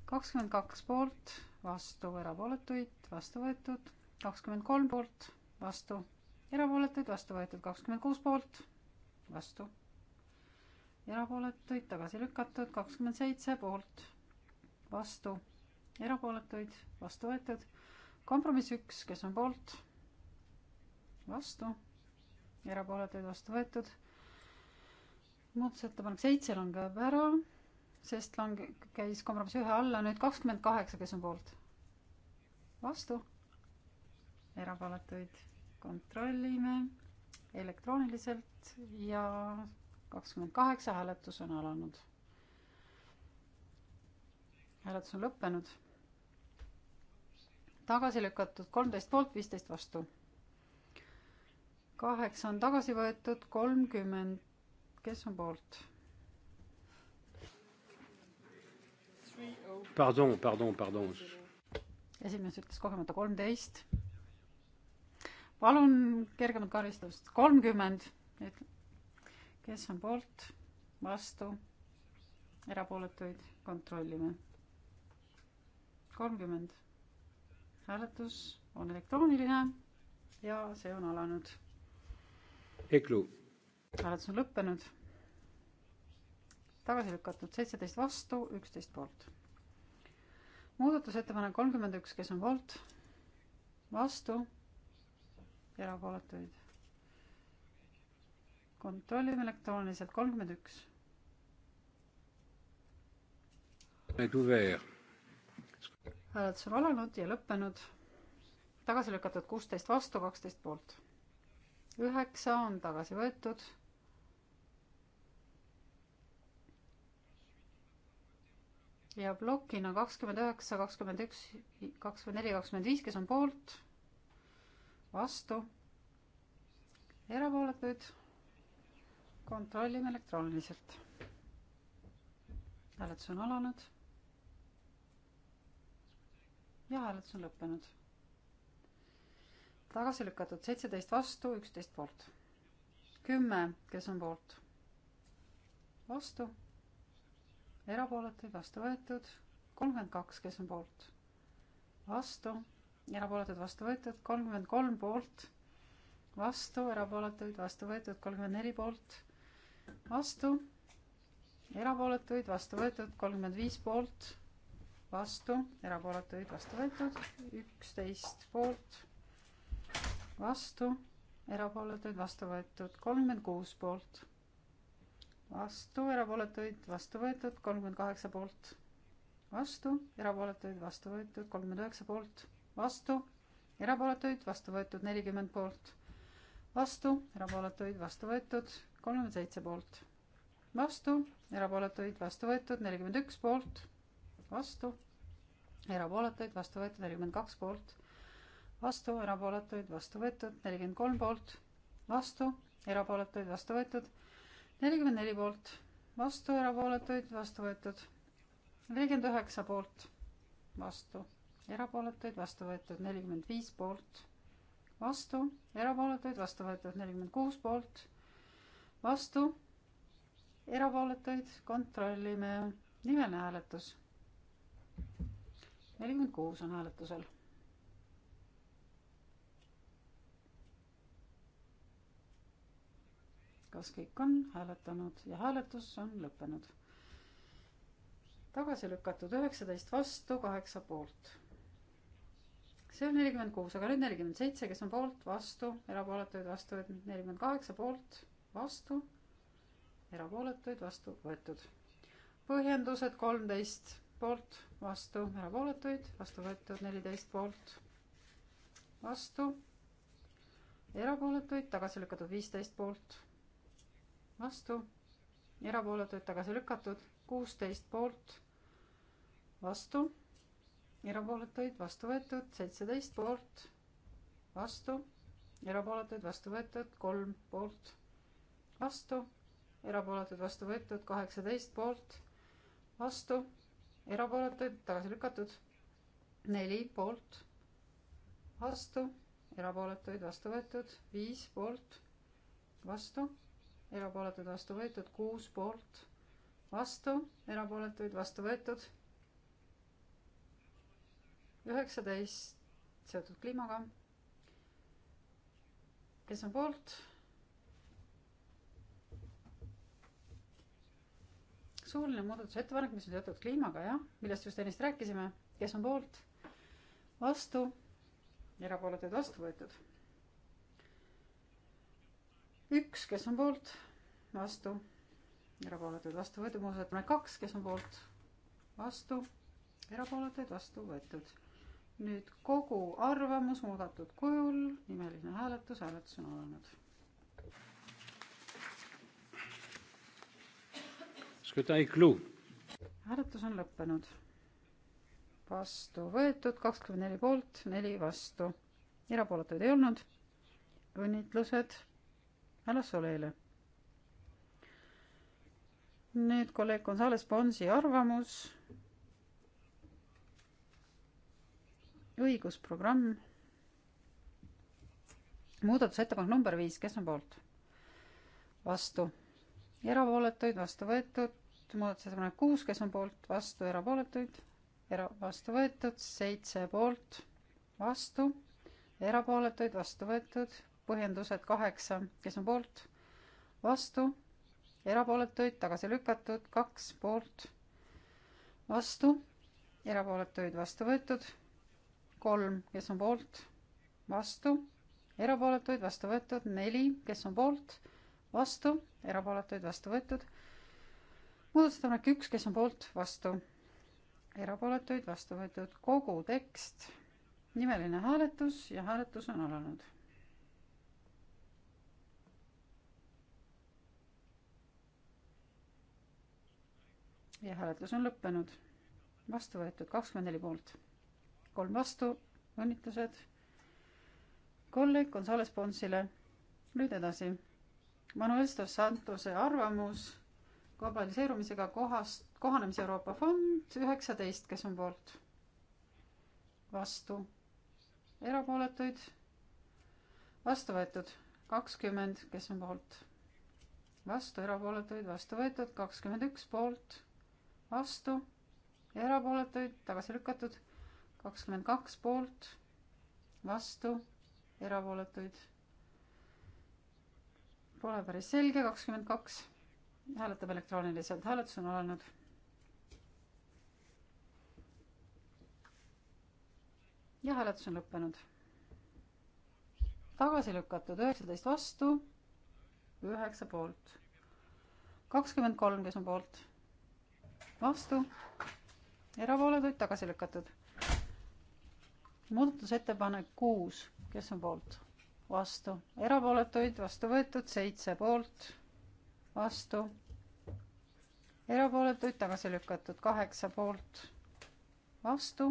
kakskümmend kaks poolt, vastu, erapooletuid vastu võetud. kakskümmend kolm poolt, vastu, erapooletuid vastu võetud. kakskümmend kuus poolt, vastu, erapooletuid tagasi lükatud. kakskümmend seitse poolt, vastu, erapooletuid vastu võetud. kompromiss üks, kes on poolt, vastu, erapooletuid vastu võetud muudatusettepanek seitse langeb ära, sest lange-, käis kompromiss ühe alla, nüüd kakskümmend kaheksa, kes on poolt? vastu. erapooletuid kontrollime elektrooniliselt ja kakskümmend kaheksa hääletus on alanud. hääletus on lõppenud. tagasi lükatud kolmteist poolt, viisteist vastu. kaheksa on tagasi võetud, kolmkümmend kes on poolt? Pardon, pardon, pardon. esimees ütles kogemata kolmteist. palun kergemat karistust, kolmkümmend. kes on poolt, vastu, erapooletuid kontrollime. kolmkümmend. hääletus on elektrooniline ja see on alanud. Eklu. hääletus on lõppenud tagasi lükatud, seitseteist vastu, üksteist poolt. muudatusettepanek kolmkümmend üks, kes on poolt, vastu, erapooletuid. kontrollime elektrooniliselt, kolmkümmend üks. hääletus on alanud ja lõppenud. tagasi lükatud kuusteist vastu, kaksteist poolt. üheksa on tagasi võetud ja plokina kakskümmend üheksa, kakskümmend üks, kakskümmend neli, kakskümmend viis, kes on poolt, vastu, erapooletuid, kontrollime elektrooniliselt. hääletus on alanud. ja hääletus on lõppenud. tagasi lükatud seitseteist vastu, üksteist poolt. kümme, kes on poolt, vastu erapooletuid, vastu võetud, kolmkümmend kaks, kes on poolt, vastu, erapooletuid, vastu võetud, kolmkümmend kolm poolt, vastu, erapooletuid, vastu võetud, kolmkümmend neli poolt, vastu, erapooletuid, vastu võetud, kolmkümmend viis poolt, vastu, erapooletuid, vastu võetud, üksteist poolt, vastu, erapooletuid, vastu võetud, kolmkümmend kuus poolt vastu, erapooletuid vastu võetud, kolmkümmend kaheksa poolt vastu, erapooletuid vastu võetud, kolmkümmend üheksa poolt vastu, erapooletuid vastu võetud, nelikümmend poolt vastu, erapooletuid vastu võetud, kolmkümmend seitse poolt vastu, erapooletuid vastu võetud, nelikümmend üks poolt vastu, erapooletuid vastu võetud, nelikümmend kaks poolt vastu, erapooletuid vastu võetud, nelikümmend kolm poolt vastu, erapooletuid vastu võetud nelikümmend neli poolt, vastu, erapooletuid, vastu võetud. nelikümmend üheksa poolt, vastu, erapooletuid, vastu võetud, nelikümmend viis poolt, vastu, erapooletuid, vastu võetud, nelikümmend kuus poolt, vastu, erapooletuid, kontrollime, nimeline hääletus. nelikümmend kuus on hääletusel kas kõik on hääletanud ja hääletus on lõppenud. tagasi lükatud üheksateist vastu, kaheksa poolt. see on nelikümmend kuus, aga nüüd nelikümmend seitse, kes on poolt, vastu, erapooletuid, vastu võetud, nelikümmend kaheksa poolt, vastu, erapooletuid, vastu võetud. põhjendused kolmteist poolt, vastu, erapooletuid, vastu võetud, neliteist poolt, vastu erapooletuid, tagasi lükatud viisteist poolt, vastu, erapooletuid tagasi lükatud, kuusteist poolt, vastu, erapooletuid vastu võetud, seitseteist poolt, vastu, erapooletuid vastu võetud, kolm poolt, vastu, erapooletuid vastu võetud, kaheksateist poolt, vastu, erapooletuid tagasi lükatud, neli poolt, vastu, erapooletuid vastu võetud, viis poolt, vastu erapooletuid vastu võetud, kuus poolt vastu, erapooletuid vastu võetud. üheksateist seotud kliimaga. kes on poolt? suuline muudatusettepanek, mis on seotud kliimaga, jah, millest just ennist rääkisime, kes on poolt, vastu, erapooletuid vastu võetud üks, kes on poolt, vastu, erapooletuid vastu võetud, muudatusettepanek kaks, kes on poolt, vastu, erapooletuid vastu võetud. nüüd kogu arvamus muudetud kujul, nimeline hääletus, hääletus on alanud. hääletus on lõppenud. vastu võetud kakskümmend neli poolt, neli vastu, erapooletuid ei olnud. õnnitlused härra Soleile. nüüd kolleeg Gonzales Bonsi arvamus. õigusprogramm. muudatusettepanek number viis, kes on poolt? vastu. erapooletuid, vastu võetud. muudatusettepanek kuus, kes on poolt, vastu, erapooletuid era-, vastu võetud, seitse poolt, vastu, erapooletuid vastu võetud, põhjendused kaheksa, kes on poolt, vastu, erapooletuid tagasi lükatud, kaks poolt, vastu, erapooletuid vastu võetud, kolm, kes on poolt, vastu, erapooletuid vastu võetud, neli, kes on poolt, vastu, erapooletuid vastu võetud, muudatusettepanek üks, kes on poolt, vastu, erapooletuid vastu võetud, kogu tekst, nimeline hääletus ja hääletus on alanud ja hääletus on lõppenud. vastu võetud kakskümmend neli poolt, kolm vastu, õnnitlused kolleeg Gonzales Ponsile. nüüd edasi. Manuel Stos Santose arvamus globaliseerumisega kohast, kohanemise Euroopa fond üheksateist, kes on poolt? vastu. erapooletuid? vastu võetud kakskümmend, kes on poolt? vastu erapooletuid, vastu võetud kakskümmend üks poolt vastu, erapooletuid tagasi lükatud, kakskümmend kaks poolt, vastu, erapooletuid. Pole päris selge, kakskümmend kaks, hääletab elektrooniliselt, hääletus on alanud. ja hääletus on lõppenud. tagasi lükatud, üheksateist vastu, üheksa poolt, kakskümmend kolm, kes on poolt vastu, erapooletuid tagasi lükatud. muudatusettepanek kuus, kes on poolt? vastu, erapooletuid vastu võetud, seitse poolt, vastu, erapooletuid tagasi lükatud, kaheksa poolt, vastu,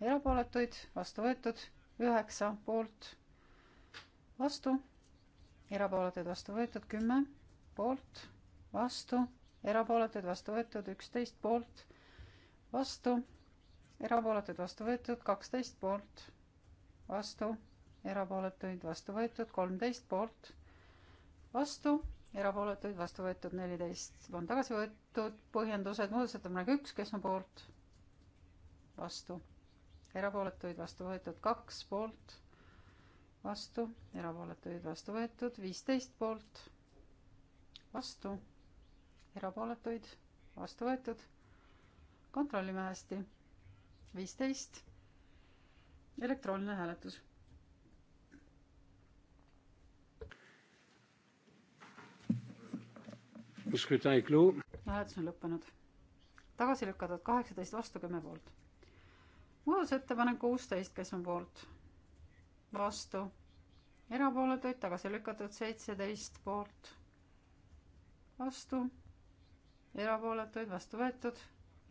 erapooletuid vastu võetud, üheksa poolt, vastu, erapooletuid vastu võetud, kümme poolt, vastu erapooletud, vastu võetud, üksteist poolt, vastu, erapooletud, vastu võetud, kaksteist poolt, vastu, erapooletuid, vastu võetud, kolmteist poolt, vastu, erapooletuid, vastu võetud, neliteist on tagasi võetud, põhjendused, muudatusettepanek üks, kes on poolt, vastu, erapooletuid, vastu võetud, kaks poolt, vastu, erapooletuid, vastu võetud, viisteist poolt, vastu erapooletuid, vastu võetud. kontrollime hästi. viisteist, elektrooniline hääletus. hääletus on lõppenud. tagasi lükatud kaheksateist vastu kümme poolt. muudatusettepanek kuusteist, kes on poolt? vastu erapooletuid tagasi lükatud seitseteist poolt, vastu erapooletuid, vastu võetud,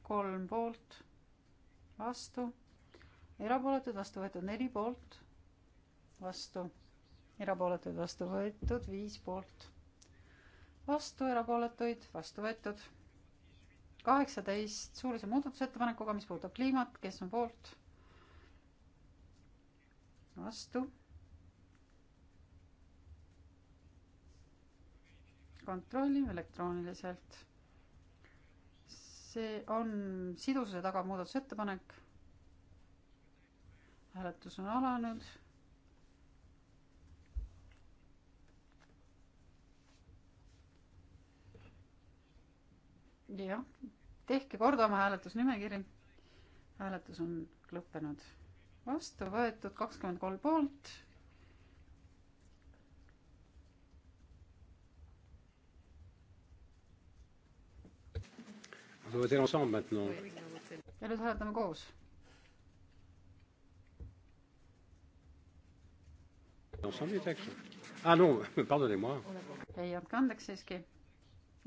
kolm poolt, vastu, erapooletuid, vastu võetud, neli poolt, vastu, erapooletuid, vastu võetud, viis poolt, vastu, erapooletuid, vastu võetud, kaheksateist suulise muudatusettepanekuga, mis puudutab kliimat, kes on poolt, vastu kontrollime elektrooniliselt see on sidususe tagav muudatusettepanek. hääletus on alanud. jah, tehke korda oma hääletusnimekiri. hääletus on lõppenud. vastu võetud kakskümmend kolm poolt ja nüüd hääletame koos. ei, andke andeks siiski.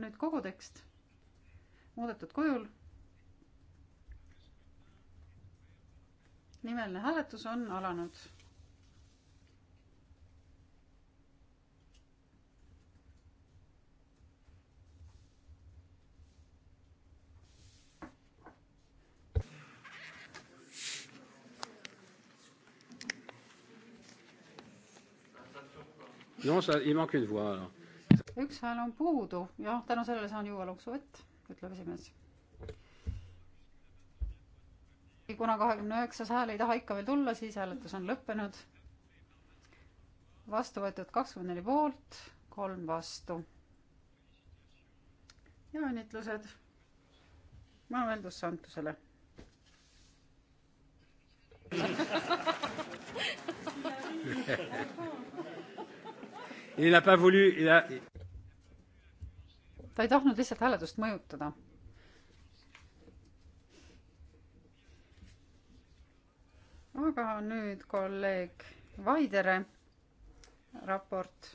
nüüd kogu tekst muudetud kujul. nimeline hääletus on alanud no sa, ei ma küll voa ära. üks hääl on puudu, jah, tänu sellele saan juua loksu vett, ütleb esimees. kuna kahekümne üheksas hääl ei taha ikka veel tulla, siis hääletus on lõppenud. vastu võetud kakskümmend neli poolt, kolm vastu. ja õnnitlused Manuel dos Santosele ta ei tahtnud lihtsalt hääletust mõjutada. aga nüüd kolleeg Vaidere raport.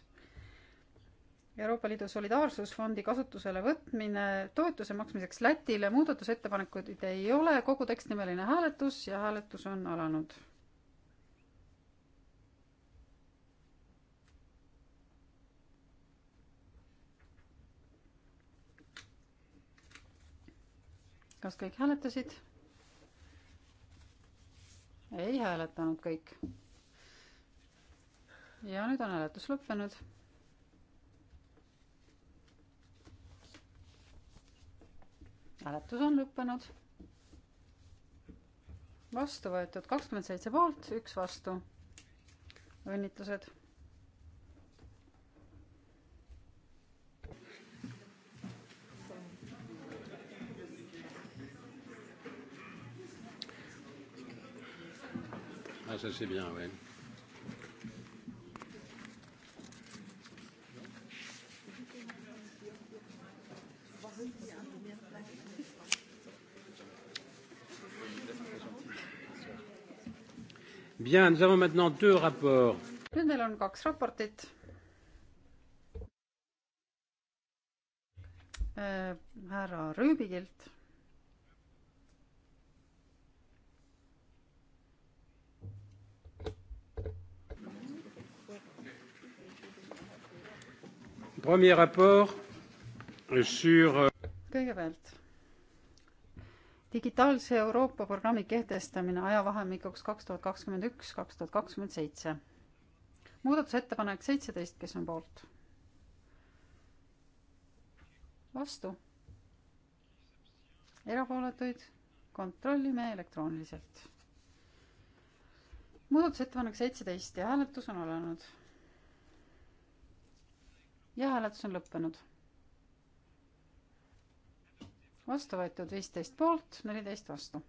Euroopa Liidu Solidaarsusfondi kasutusele võtmine toetuse maksmiseks Lätile, muudatusettepanekuid ei ole, kogu tekstnimeline hääletus ja hääletus on alanud kas kõik hääletasid? ei hääletanud kõik. ja nüüd on hääletus lõppenud. hääletus on lõppenud. vastu võetud kakskümmend seitse poolt, üks vastu. õnnitlused Ah, ça c'est bien, oui. Bien, nous avons maintenant deux rapports. Nüüd meil on kaks raportit. Äh, härra Rüübigilt Euh, kõigepealt digitaalse Euroopa programmi kehtestamine ajavahemikuks kaks tuhat kakskümmend üks, kaks tuhat kakskümmend seitse. muudatusettepanek seitseteist, kes on poolt? vastu? erapooletuid kontrollime elektrooniliselt. muudatusettepanek seitseteist ja hääletus on alanud ja hääletus on lõppenud. vastu võetud viisteist poolt, neliteist vastu.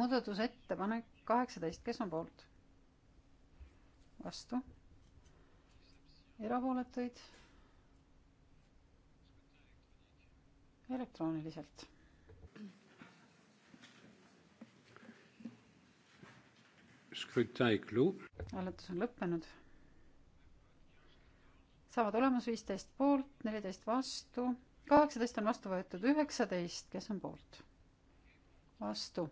muudatusettepanek kaheksateist, kes on poolt? vastu. erapooletuid? elektrooniliselt. hääletus on lõppenud sama tulemus, viisteist poolt, neliteist vastu, kaheksateist on vastu võetud, üheksateist, kes on poolt? vastu.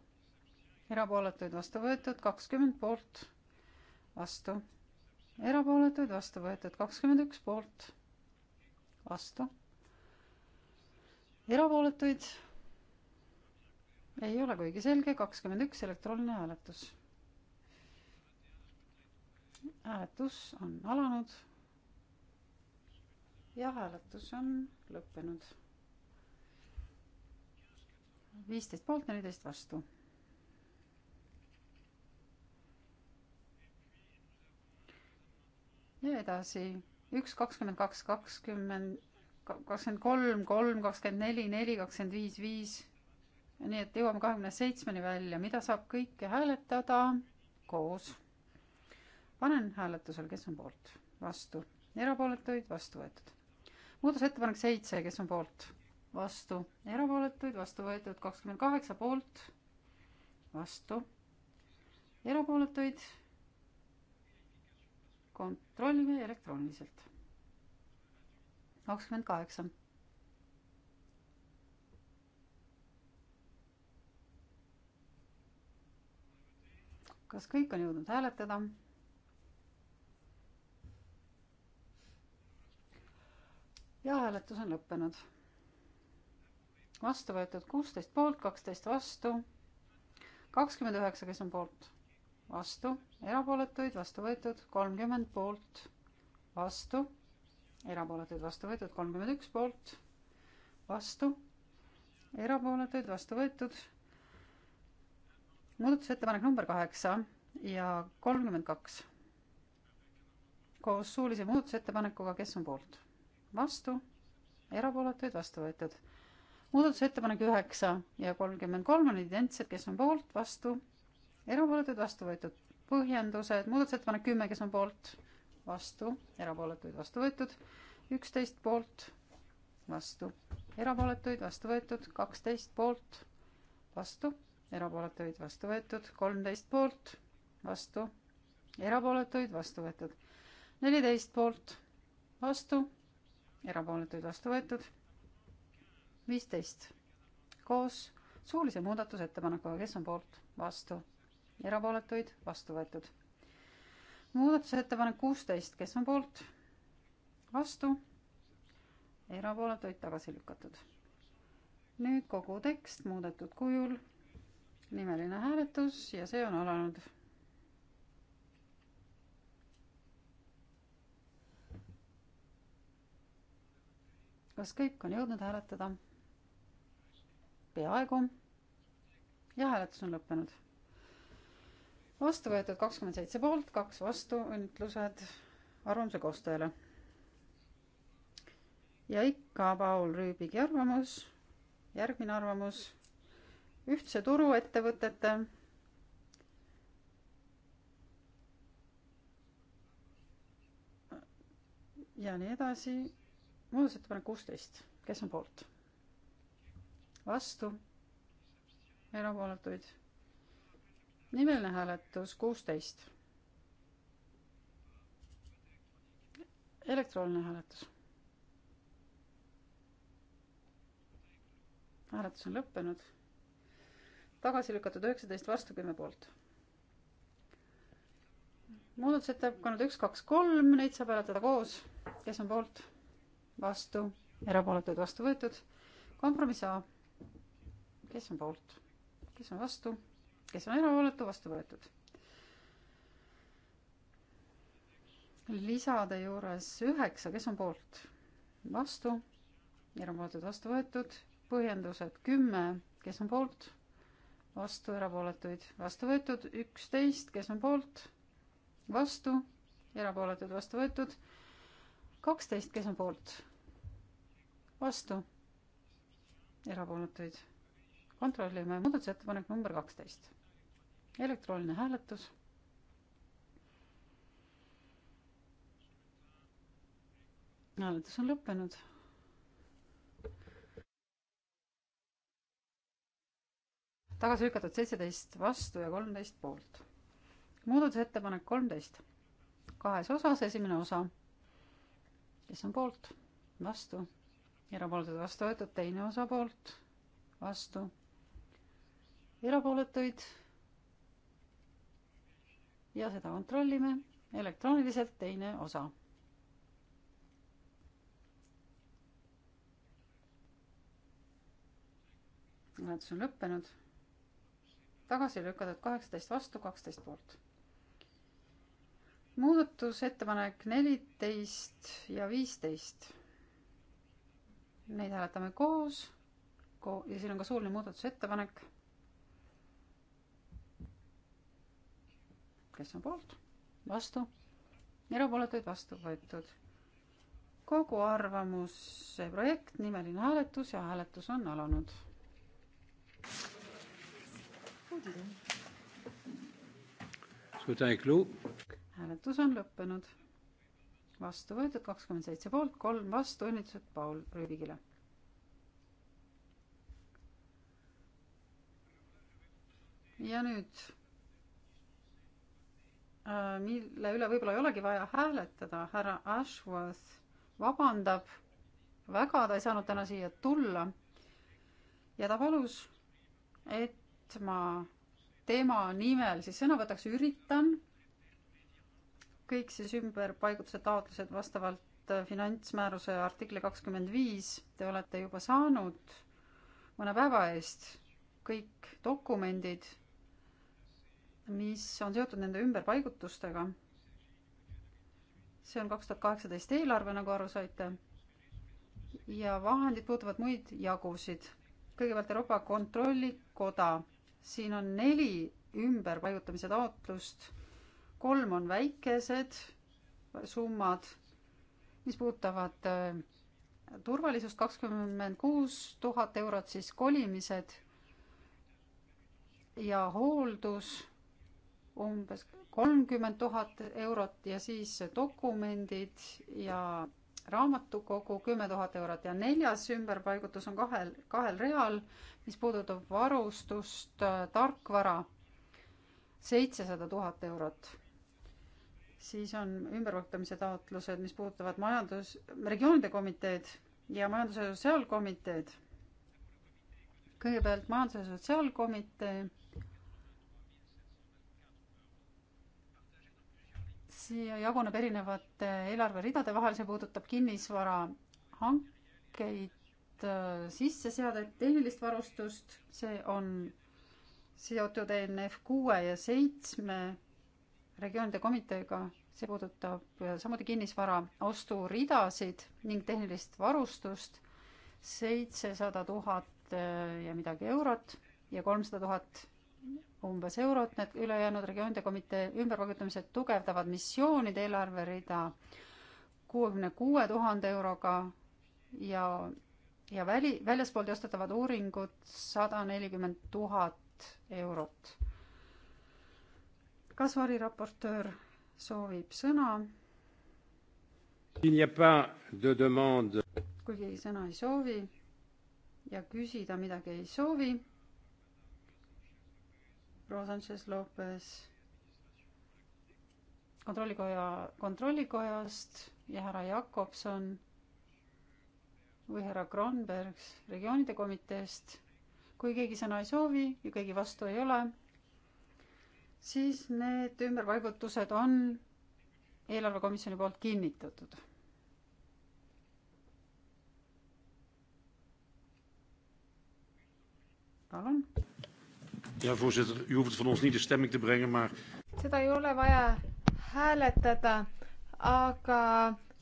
erapooletuid vastu võetud, kakskümmend poolt, vastu. erapooletuid vastu võetud, kakskümmend üks poolt, vastu. erapooletuid ei ole kuigi selge, kakskümmend üks elektrooniline hääletus. hääletus on alanud ja hääletus on lõppenud. viisteist poolt, neliteist vastu. ja edasi üks, kakskümmend kaks, kakskümmend, kakskümmend kolm, kolm, kakskümmend neli, neli, kakskümmend viis, viis. nii et jõuame kahekümne seitsmeni välja, mida saab kõike hääletada koos. panen hääletusele, kes on poolt, vastu, erapooletuid, vastu võetud muudatusettepanek seitse, kes on poolt? vastu, erapooletuid, vastu võetud kakskümmend kaheksa poolt, vastu, erapooletuid. kontrollime elektrooniliselt. kakskümmend kaheksa. kas kõik on jõudnud hääletada? ja hääletus on lõppenud. vastu võetud kuusteist poolt, kaksteist vastu, kakskümmend üheksa, kes on poolt, vastu, erapooletuid vastu võetud, kolmkümmend poolt, vastu, erapooletuid vastu võetud, kolmkümmend üks poolt, vastu, erapooletuid vastu võetud. muudatusettepanek number kaheksa ja kolmkümmend kaks koos suulise muudatusettepanekuga, kes on poolt vastu, erapooletuid vastu võetud. muudatusettepanek üheksa ja kolmkümmend kolm on identsed, kes on poolt, vastu, erapooletuid vastu võetud. põhjendused, muudatusettepanek kümme, kes on poolt, vastu, erapooletuid vastu võetud, üksteist poolt, vastu, erapooletuid vastu võetud, kaksteist poolt, vastu, erapooletuid vastu võetud, kolmteist poolt, vastu, erapooletuid vastu võetud neliteist poolt, vastu, erapooletuid vastu võetud viisteist koos suulise muudatusettepanekuga, kes on poolt, vastu, erapooletuid vastu võetud. muudatusettepanek kuusteist, kes on poolt, vastu, erapooletuid tagasi lükatud. nüüd kogu tekst muudetud kujul, nimeline hääletus ja see on alanud kas kõik on jõudnud hääletada? peaaegu. ja hääletus on lõppenud. vastu võetud kakskümmend seitse poolt, kaks vastu, õnnitlused arvamuse koostajale. ja ikka Paul Rüübigi arvamus, järgmine arvamus, ühtse turu ettevõtete ja nii edasi muudatusettepanek kuusteist, kes on poolt? vastu? erapooletuid? nimeline hääletus kuusteist. elektrooniline hääletus. hääletus on lõppenud. tagasi lükatud üheksateist, vastu kümme poolt. muudatusettepanekud üks, kaks, kolm, neid saab hääletada koos. kes on poolt? vastu, erapooletud, vastu võetud. kompromiss A. kes on poolt, kes on vastu, kes on erapooletu, vastu võetud. lisade juures üheksa, kes on poolt, vastu, erapooletud, vastu võetud. põhjendused kümme, kes on poolt, vastu, erapooletuid, vastu võetud. üksteist, kes on poolt, vastu, erapooletud, vastu võetud. kaksteist, kes on poolt vastu, erapooletuid. kontrollime muudatusettepanek number kaksteist. elektrooniline hääletus. hääletus on lõppenud tagasi lükatud seitseteist vastu ja kolmteist poolt. muudatusettepanek kolmteist, kahes osas, esimene osa. kes on poolt, vastu, erapooletud vastu võetud, teine osapoolt vastu, erapooletuid. ja seda kontrollime elektrooniliselt, teine osa. hääletus on lõppenud. tagasi lükatud kaheksateist vastu, kaksteist poolt muudatusettepanek neliteist ja viisteist Neid hääletame koos ko- ja siin on ka suuline muudatusettepanek. kes on poolt, vastu, erapooletuid vastu võetud. kogu arvamuse projekt, nimeline hääletus ja hääletus on alanud. hääletus on lõppenud vastu võetud, kakskümmend seitse poolt, kolm vastu, õnnitlused Paul Rüübigile. ja nüüd, äh, mille üle võib-olla ei olegi vaja hääletada, härra Ashworth vabandab väga, ta ei saanud täna siia tulla. ja ta palus, et ma tema nimel siis sõna võtaks, üritan kõik siis ümberpaigutuse taotlused vastavalt äh, finantsmääruse artikli kakskümmend viis te olete juba saanud mõne päeva eest kõik dokumendid, mis on seotud nende ümberpaigutustega. see on kaks tuhat kaheksateist eelarve, nagu aru saite. ja vahendid puutuvad muid jagusid. kõigepealt Euroopa Kontrollikoda, siin on neli ümberpaigutamise taotlust kolm on väikesed summad, mis puudutavad äh, turvalisust, kakskümmend kuus tuhat eurot siis kolimised ja hooldus umbes kolmkümmend tuhat eurot ja siis dokumendid ja raamatukogu kümme tuhat eurot ja neljas ümberpaigutus on kahel, kahel real, mis puudutab varustust, äh, tarkvara seitsesada tuhat eurot siis on ümberpaikutamise taotlused, mis puudutavad majandus, regioonide komiteed ja majanduse ja sotsiaalkomiteed. kõigepealt majanduse ja sotsiaalkomitee. siia jaguneb erinevate eelarveridade vahel, see puudutab kinnisvara hankeid, äh, sisseseadet, tehnilist varustust, see on seotud ENF kuue ja seitsme regioonide komiteega, see puudutab äh, samuti kinnisvara osturidasid ning tehnilist varustust, seitsesada tuhat äh, ja midagi eurot ja kolmsada tuhat umbes eurot, need ülejäänud regioonide komitee ümberpaigutamised tugevdavad missioonide eelarverida kuuekümne kuue tuhande euroga ja, ja väli, väljaspoolt ostetavad uuringud sada nelikümmend tuhat eurot kas variraportöör soovib sõna? kui keegi sõna ei soovi ja küsida midagi ei soovi, proua Sanchez Lopez kontrollikoja, kontrollikojast ja härra Jakobson või härra Kronbergs regioonide komiteest. kui keegi sõna ei soovi ja keegi vastu ei ole, siis need ümberpaigutused on eelarvekomisjoni poolt kinnitatud. palun. ja voorzitter, u hoeft van ons niet de stemming te brengen, maar. seda ei ole vaja hääletada, aga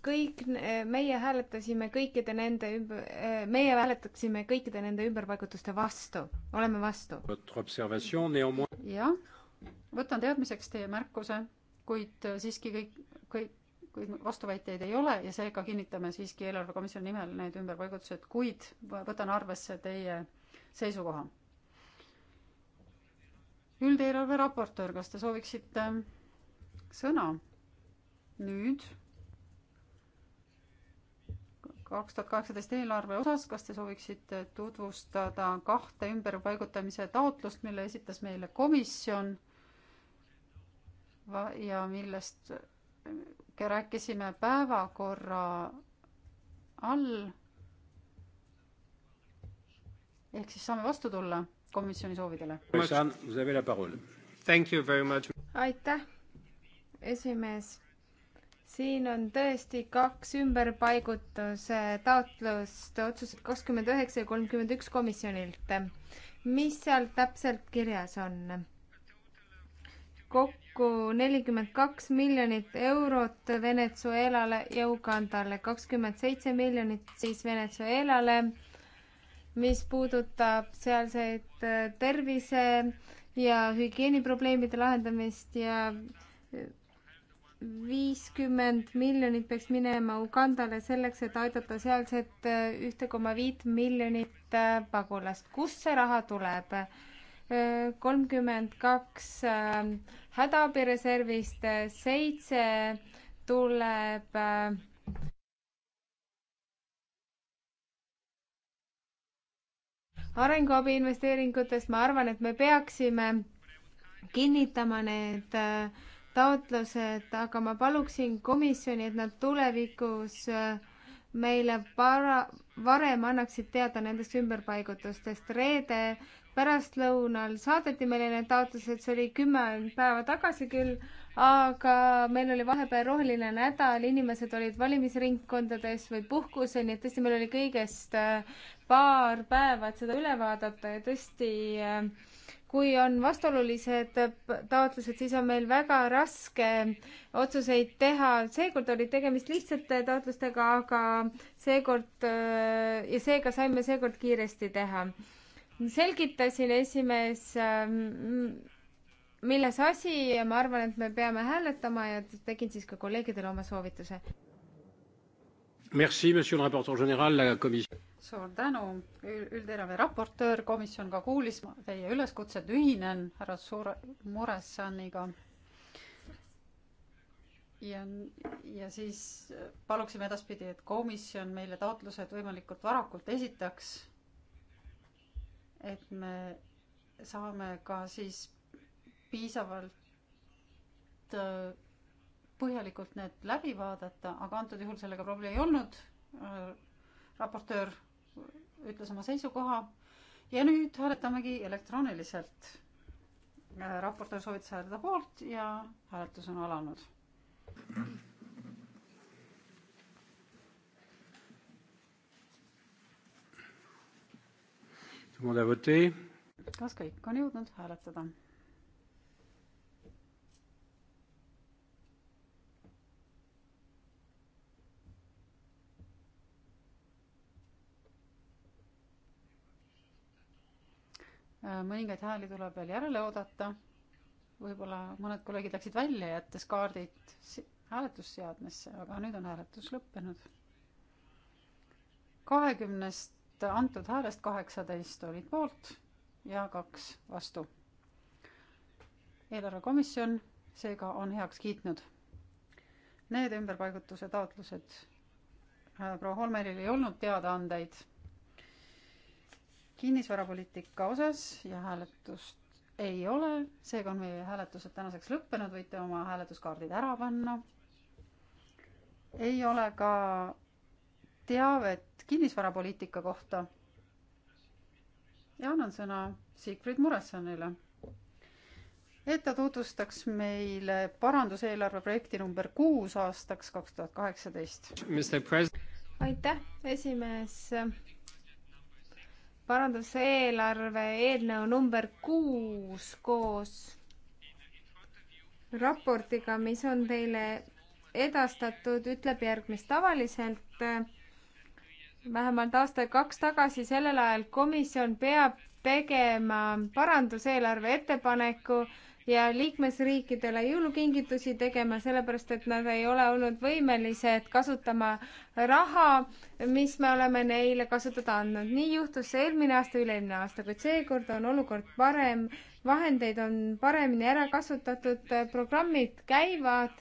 kõik, meie hääletasime kõikide nende ümber, eh, meie hääletaksime kõikide nende ümberpaigutuste vastu, oleme vastu. jah võtan teadmiseks teie märkuse, kuid siiski kõik, kõik, kuid vastuväiteid ei ole ja seega kinnitame siiski eelarvekomisjoni nimel need ümberpaigutused, kuid võtan arvesse teie seisukoha. üldeelarve raportöör, kas te sooviksite sõna nüüd? kaks tuhat kaheksateist eelarve osas, kas te sooviksite tutvustada kahte ümberpaigutamise taotlust, mille esitas meile komisjon ja millest rääkisime päevakorra all. ehk siis saame vastu tulla komisjoni soovidele. aitäh, esimees. siin on tõesti kaks ümberpaigutuse taotlust, otsused kakskümmend üheksa ja kolmkümmend üks komisjonilt. mis seal täpselt kirjas on? kokku nelikümmend kaks miljonit eurot Venezuelale ja Ugandale, kakskümmend seitse miljonit siis Venezuelale, mis puudutab sealseid äh, tervise ja hügieeniprobleemide lahendamist ja äh, viiskümmend miljonit peaks minema Ugandale selleks, et aidata sealset äh, ühte koma viit miljonit pagulast. kust see raha tuleb? kolmkümmend kaks äh, hädaabireservist, äh, seitse tuleb äh, arenguabi investeeringutest, ma arvan, et me peaksime kinnitama need taotlused, aga ma paluksin komisjoni, et nad tulevikus meile para-, varem annaksid teada nendest ümberpaigutustest. reede pärastlõunal saadeti meile need taotlused, see oli kümme päeva tagasi küll, aga meil oli vahepeal roheline nädal, inimesed olid valimisringkondades või puhkusel, nii et tõesti, meil oli kõigest äh, paar päeva, et seda üle vaadata ja tõesti äh, kui on vastuolulised äh, taotlused, siis on meil väga raske otsuseid teha. seekord oli tegemist lihtsate taotlustega, aga seekord ja seega saime seekord kiiresti teha selgitasin, esimees, ähm, milles asi ja ma arvan, et me peame hääletama ja tegin siis ka kolleegidele oma soovituse. Merci, monsieur le rapporteur général, la commission. suur tänu, üldeelarve raportöör, komisjon ka kuulis teie üleskutset, ühinen härra Suure Muressaniga. ja, ja siis paluksime edaspidi, et komisjon meile taotlused võimalikult varakult esitaks et me saame ka siis piisavalt äh, põhjalikult need läbi vaadata, aga antud juhul sellega probleemi ei olnud. Äh, raportöör ütles oma seisukoha ja nüüd hääletamegi elektrooniliselt. Äh, raportöör soovitas hääletada poolt ja hääletus on alanud. Mhm. kas kõik on jõudnud hääletada? Äh, mõningaid hääli tuleb veel järele oodata. võib-olla mõned kolleegid läksid välja, jättes kaardid hääletusseadmesse, aga nüüd on hääletus lõppenud. kahekümnest antud häälest kaheksateist olid poolt ja kaks vastu. eelarvekomisjon seega on heaks kiitnud need ümberpaigutuse taotlused. Äh, proua Holmeril ei olnud teadaandeid kinnisvarapoliitika osas ja hääletust ei ole, seega on meie hääletused tänaseks lõppenud, võite oma hääletuskaardid ära panna. ei ole ka teavet kinnisvarapoliitika kohta. ja annan sõna Siegfried Muressonile, et ta tutvustaks meile paranduseelarve projekti number kuus aastaks kaks tuhat kaheksateist. aitäh, esimees. paranduseelarve eelnõu number kuus koos raportiga, mis on teile edastatud, ütleb järgmist tavaliselt vähemalt aasta-kaks tagasi, sellel ajal komisjon peab tegema paranduseelarve ettepaneku ja liikmesriikidele jõulukingitusi tegema, sellepärast et nad ei ole olnud võimelised kasutama raha, mis me oleme neile kasutada andnud. nii juhtus see eelmine aasta, üle-eelmine aasta, kuid seekord on olukord parem, vahendeid on paremini ära kasutatud, programmid käivad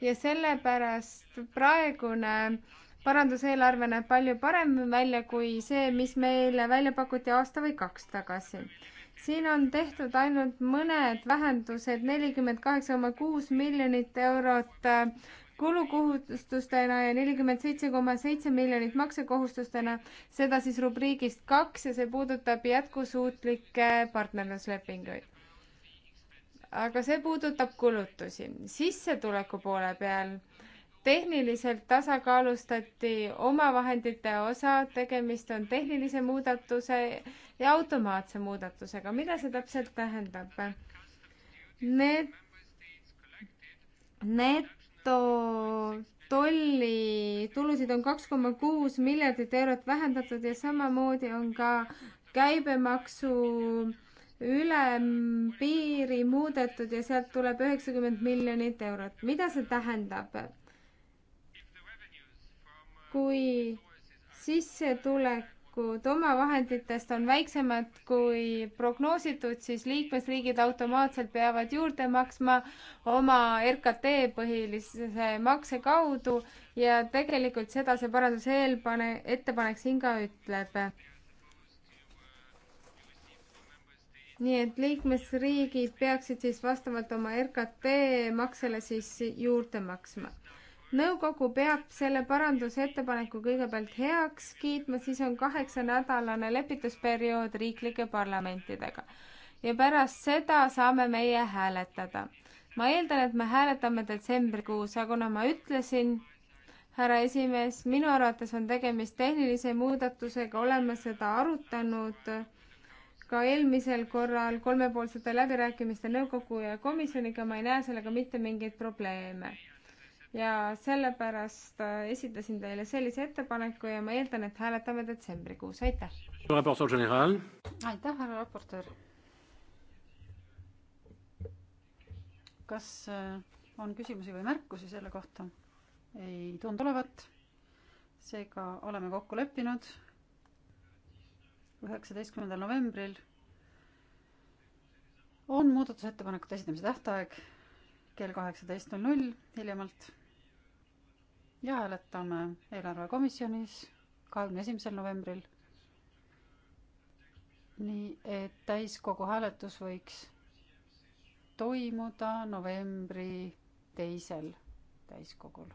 ja sellepärast praegune äh, paranduseelarve näeb palju parem välja kui see, mis meile välja pakuti aasta või kaks tagasi. siin on tehtud ainult mõned vähendused, nelikümmend kaheksa koma kuus miljonit eurot äh, kulukohustustena ja nelikümmend seitse koma seitse miljonit maksekohustustena, seda siis rubriigist kaks ja see puudutab jätkusuutlikke partnerluslepinguid. aga see puudutab kulutusi. sissetuleku poole peal tehniliselt tasakaalustati omavahendite osa, tegemist on tehnilise muudatuse ja automaatse muudatusega. mida see täpselt tähendab? Need, neto tollitulusid on kaks koma kuus miljardit eurot vähendatud ja samamoodi on ka käibemaksu ülempiiri muudetud ja sealt tuleb üheksakümmend miljonit eurot. mida see tähendab? kui sissetulekud omavahenditest on väiksemad kui prognoositud, siis liikmesriigid automaatselt peavad juurde maksma oma RKT põhilise makse kaudu ja tegelikult seda see paranduse eelpane, ettepanek siin ka ütleb. nii et liikmesriigid peaksid siis vastavalt oma RKT maksele siis juurde maksma nõukogu peab selle parandusettepaneku kõigepealt heaks kiitma, siis on kaheksanädalane lepitusperiood riiklike parlamentidega ja pärast seda saame meie hääletada. ma eeldan, et me hääletame detsembrikuus, aga kuna ma ütlesin, härra esimees, minu arvates on tegemist tehnilise muudatusega, oleme seda arutanud ka eelmisel korral kolmepoolsete läbirääkimiste nõukogu ja komisjoniga, ma ei näe sellega mitte mingeid probleeme ja sellepärast äh, esitasin teile sellise ettepaneku ja ma eeldan, et hääletame detsembrikuus, aitäh. aitäh, härra raportöör. kas äh, on küsimusi või märkusi selle kohta? ei tundu olevat. seega oleme kokku leppinud. üheksateistkümnendal novembril on muudatusettepanekute esitamise tähtaeg kell kaheksateist null null hiljemalt ja hääletame eelarvekomisjonis kahekümne esimesel novembril. nii et täiskogu hääletus võiks toimuda novembri teisel täiskogul.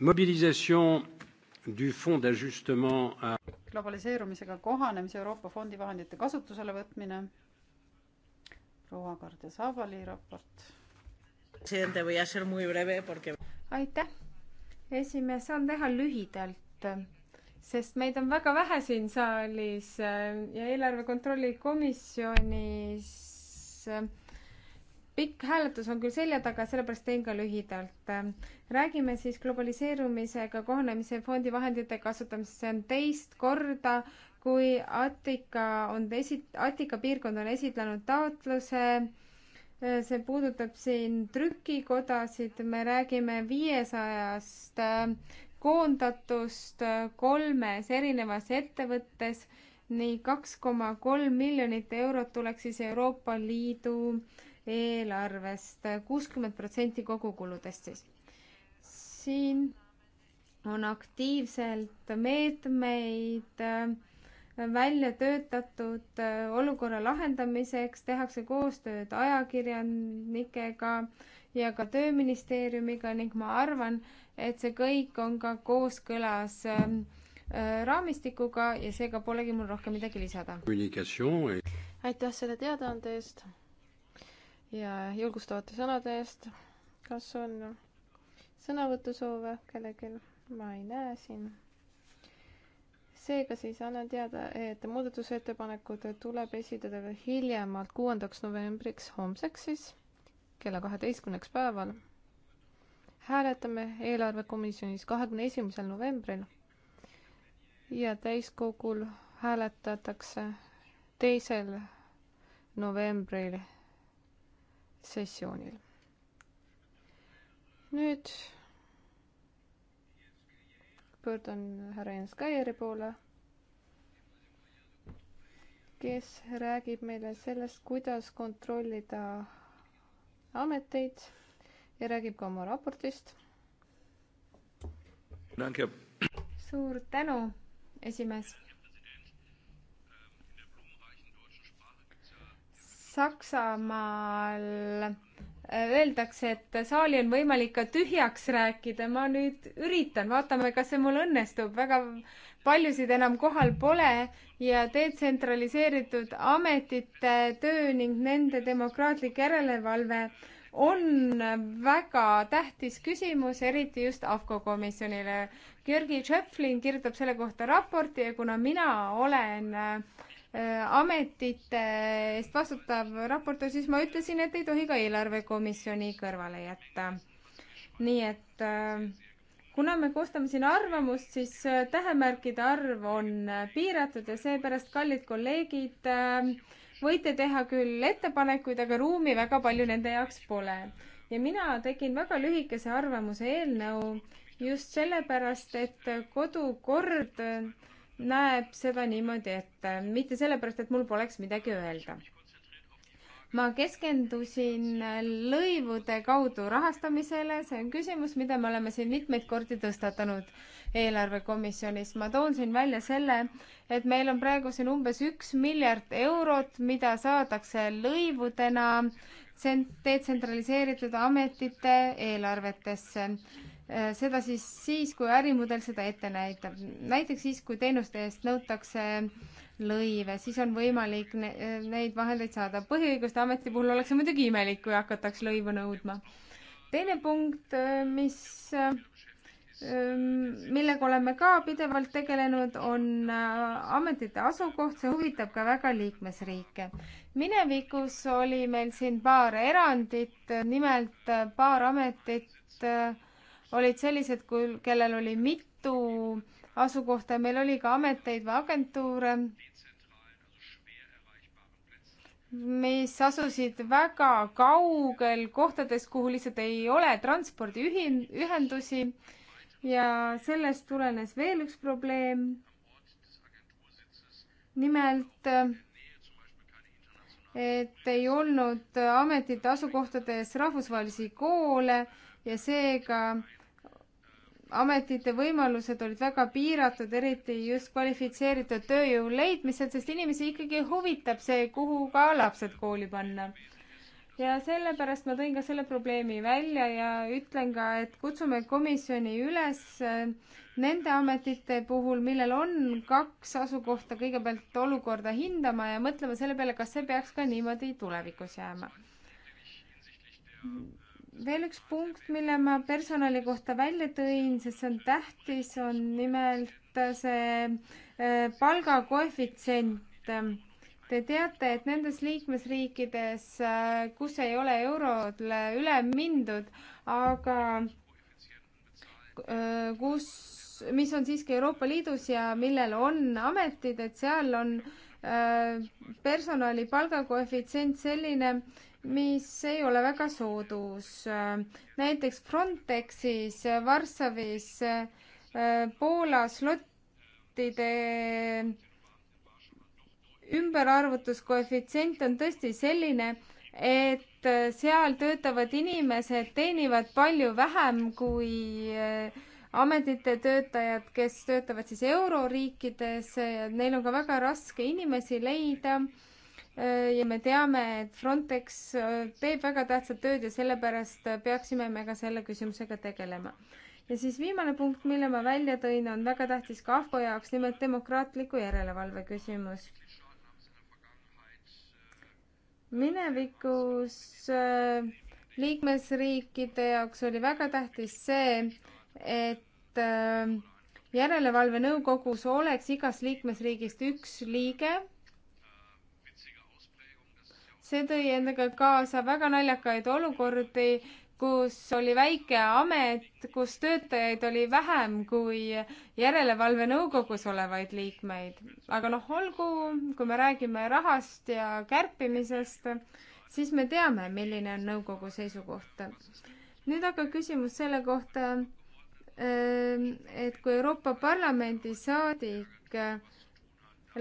Mobilisation du fond d'ajustement à globaliseerumisega kohanemise Euroopa fondi vahendite kasutusele võtmine proua Kardesavali raport. aitäh, esimees, saan teha lühidalt, sest meid on väga vähe siin saalis äh, ja eelarve kontrolli komisjonis äh, pikk hääletus on küll selja taga, sellepärast teen ka lühidalt. räägime siis globaliseerumisega kohanemise fondi vahendite kasutamisest, see on teist korda kui Attika on esi-, Attika piirkond on esitlenud taotluse, see puudutab siin trükikodasid, me räägime viiesajast äh, koondatust äh, kolmes erinevas ettevõttes, nii kaks koma kolm miljonit eurot tuleks siis Euroopa Liidu eelarvest, kuuskümmend protsenti kogukuludest siis. siin on aktiivselt meetmeid äh, välja töötatud äh, olukorra lahendamiseks, tehakse koostööd ajakirjanikega ja ka Tööministeeriumiga ning ma arvan, et see kõik on ka kooskõlas ähm, äh, raamistikuga ja seega polegi mul rohkem midagi lisada. aitäh selle teadaande eest ja julgustavate sõnade eest. kas on sõnavõtusoove kellelgi? ma ei näe siin seega siis annan teada, et muudatusettepanekud tuleb esitada veel hiljemalt kuuendaks novembriks homseks siis kella kaheteistkümneks päeval. hääletame eelarvekomisjonis kahekümne esimesel novembril ja täiskogul hääletatakse teisel novembril sessioonil. nüüd pöördun härra Jens Kairi poole, kes räägib meile sellest, kuidas kontrollida ameteid ja räägib ka oma raportist. suur tänu, esimees. Saksamaal Öeldakse, et saali on võimalik ka tühjaks rääkida, ma nüüd üritan, vaatame, kas see mul õnnestub, väga paljusid enam kohal pole ja detsentraliseeritud ametite töö ning nende demokraatlik järelevalve on väga tähtis küsimus, eriti just AFCO komisjonile. Georgi Tšeflin kirjutab selle kohta raporti ja kuna mina olen äh, Äh, ametite eest vastutav raportöör, siis ma ütlesin, et ei tohi ka eelarvekomisjoni kõrvale jätta. nii et äh, kuna me koostame siin arvamust, siis äh, tähemärkide arv on piiratud ja seepärast, kallid kolleegid, võite teha küll ettepanekuid, aga ruumi väga palju nende jaoks pole. ja mina tegin väga lühikese arvamuse eelnõu just sellepärast, et kodukord näeb seda niimoodi, et äh, mitte sellepärast, et mul poleks midagi öelda. ma keskendusin äh, lõivude kaudu rahastamisele, see on küsimus, mida me oleme siin mitmeid kordi tõstatanud eelarvekomisjonis. ma toon siin välja selle, et meil on praegu siin umbes üks miljard eurot, mida saadakse lõivudena detsentraliseeritud ametite eelarvetesse Äh, seda siis siis, kui ärimudel seda ette näitab. näiteks siis, kui teenuste eest nõutakse lõive, siis on võimalik ne neid vahendeid saada. põhiõiguste ameti puhul oleks see muidugi imelik, kui hakataks lõivu nõudma. teine punkt, äh, mis, ähm, millega oleme ka pidevalt tegelenud, on äh, ametite asukoht, see huvitab ka väga liikmesriike. minevikus oli meil siin paar erandit, nimelt paar ametit olid sellised, kui, kellel oli mitu asukohta ja meil oli ka ameteid või agentuure, mis asusid väga kaugel kohtadest, kuhu lihtsalt ei ole transpordiühendusi ja sellest tulenes veel üks probleem. nimelt, et ei olnud ametite asukohtades rahvusvahelisi koole ja seega ametite võimalused olid väga piiratud, eriti just kvalifitseeritud tööjõu leidmisel, sest inimesi ikkagi huvitab see, kuhu ka lapsed kooli panna. ja sellepärast ma tõin ka selle probleemi välja ja ütlen ka, et kutsume komisjoni üles äh, nende ametite puhul, millel on kaks asukohta, kõigepealt olukorda hindama ja mõtlema selle peale, kas see peaks ka niimoodi tulevikus jääma veel üks punkt, mille ma personali kohta välja tõin, sest see on tähtis, on nimelt see äh, palgakoefitsient. Te teate, et nendes liikmesriikides, äh, kus ei ole eurole üle mindud, aga äh, kus, mis on siiski Euroopa Liidus ja millel on ametid, et seal on personali palgakoefitsient selline, mis ei ole väga soodus. näiteks Frontexis Varssavis Poolas slottide ümberarvutuskoefitsient on tõesti selline, et seal töötavad inimesed teenivad palju vähem kui äh, ametite töötajad, kes töötavad siis euroriikides, neil on ka väga raske inimesi leida Äh, ja me teame, et Frontex äh, teeb väga tähtsat tööd ja sellepärast äh, peaksime me ka selle küsimusega tegelema. ja siis viimane punkt, mille ma välja tõin, on väga tähtis ka AFCO jaoks, nimelt demokraatliku järelevalve küsimus. minevikus liikmesriikide jaoks oli väga tähtis see, et järelevalvenõukogus oleks igast liikmesriigist üks liige see tõi endaga kaasa väga naljakaid olukordi, kus oli väike amet, kus töötajaid oli vähem kui järelevalvenõukogus olevaid liikmeid. aga noh, olgu, kui me räägime rahast ja kärpimisest, siis me teame, milline on nõukogu seisukoht. nüüd aga küsimus selle kohta, et kui Euroopa Parlamendi saadik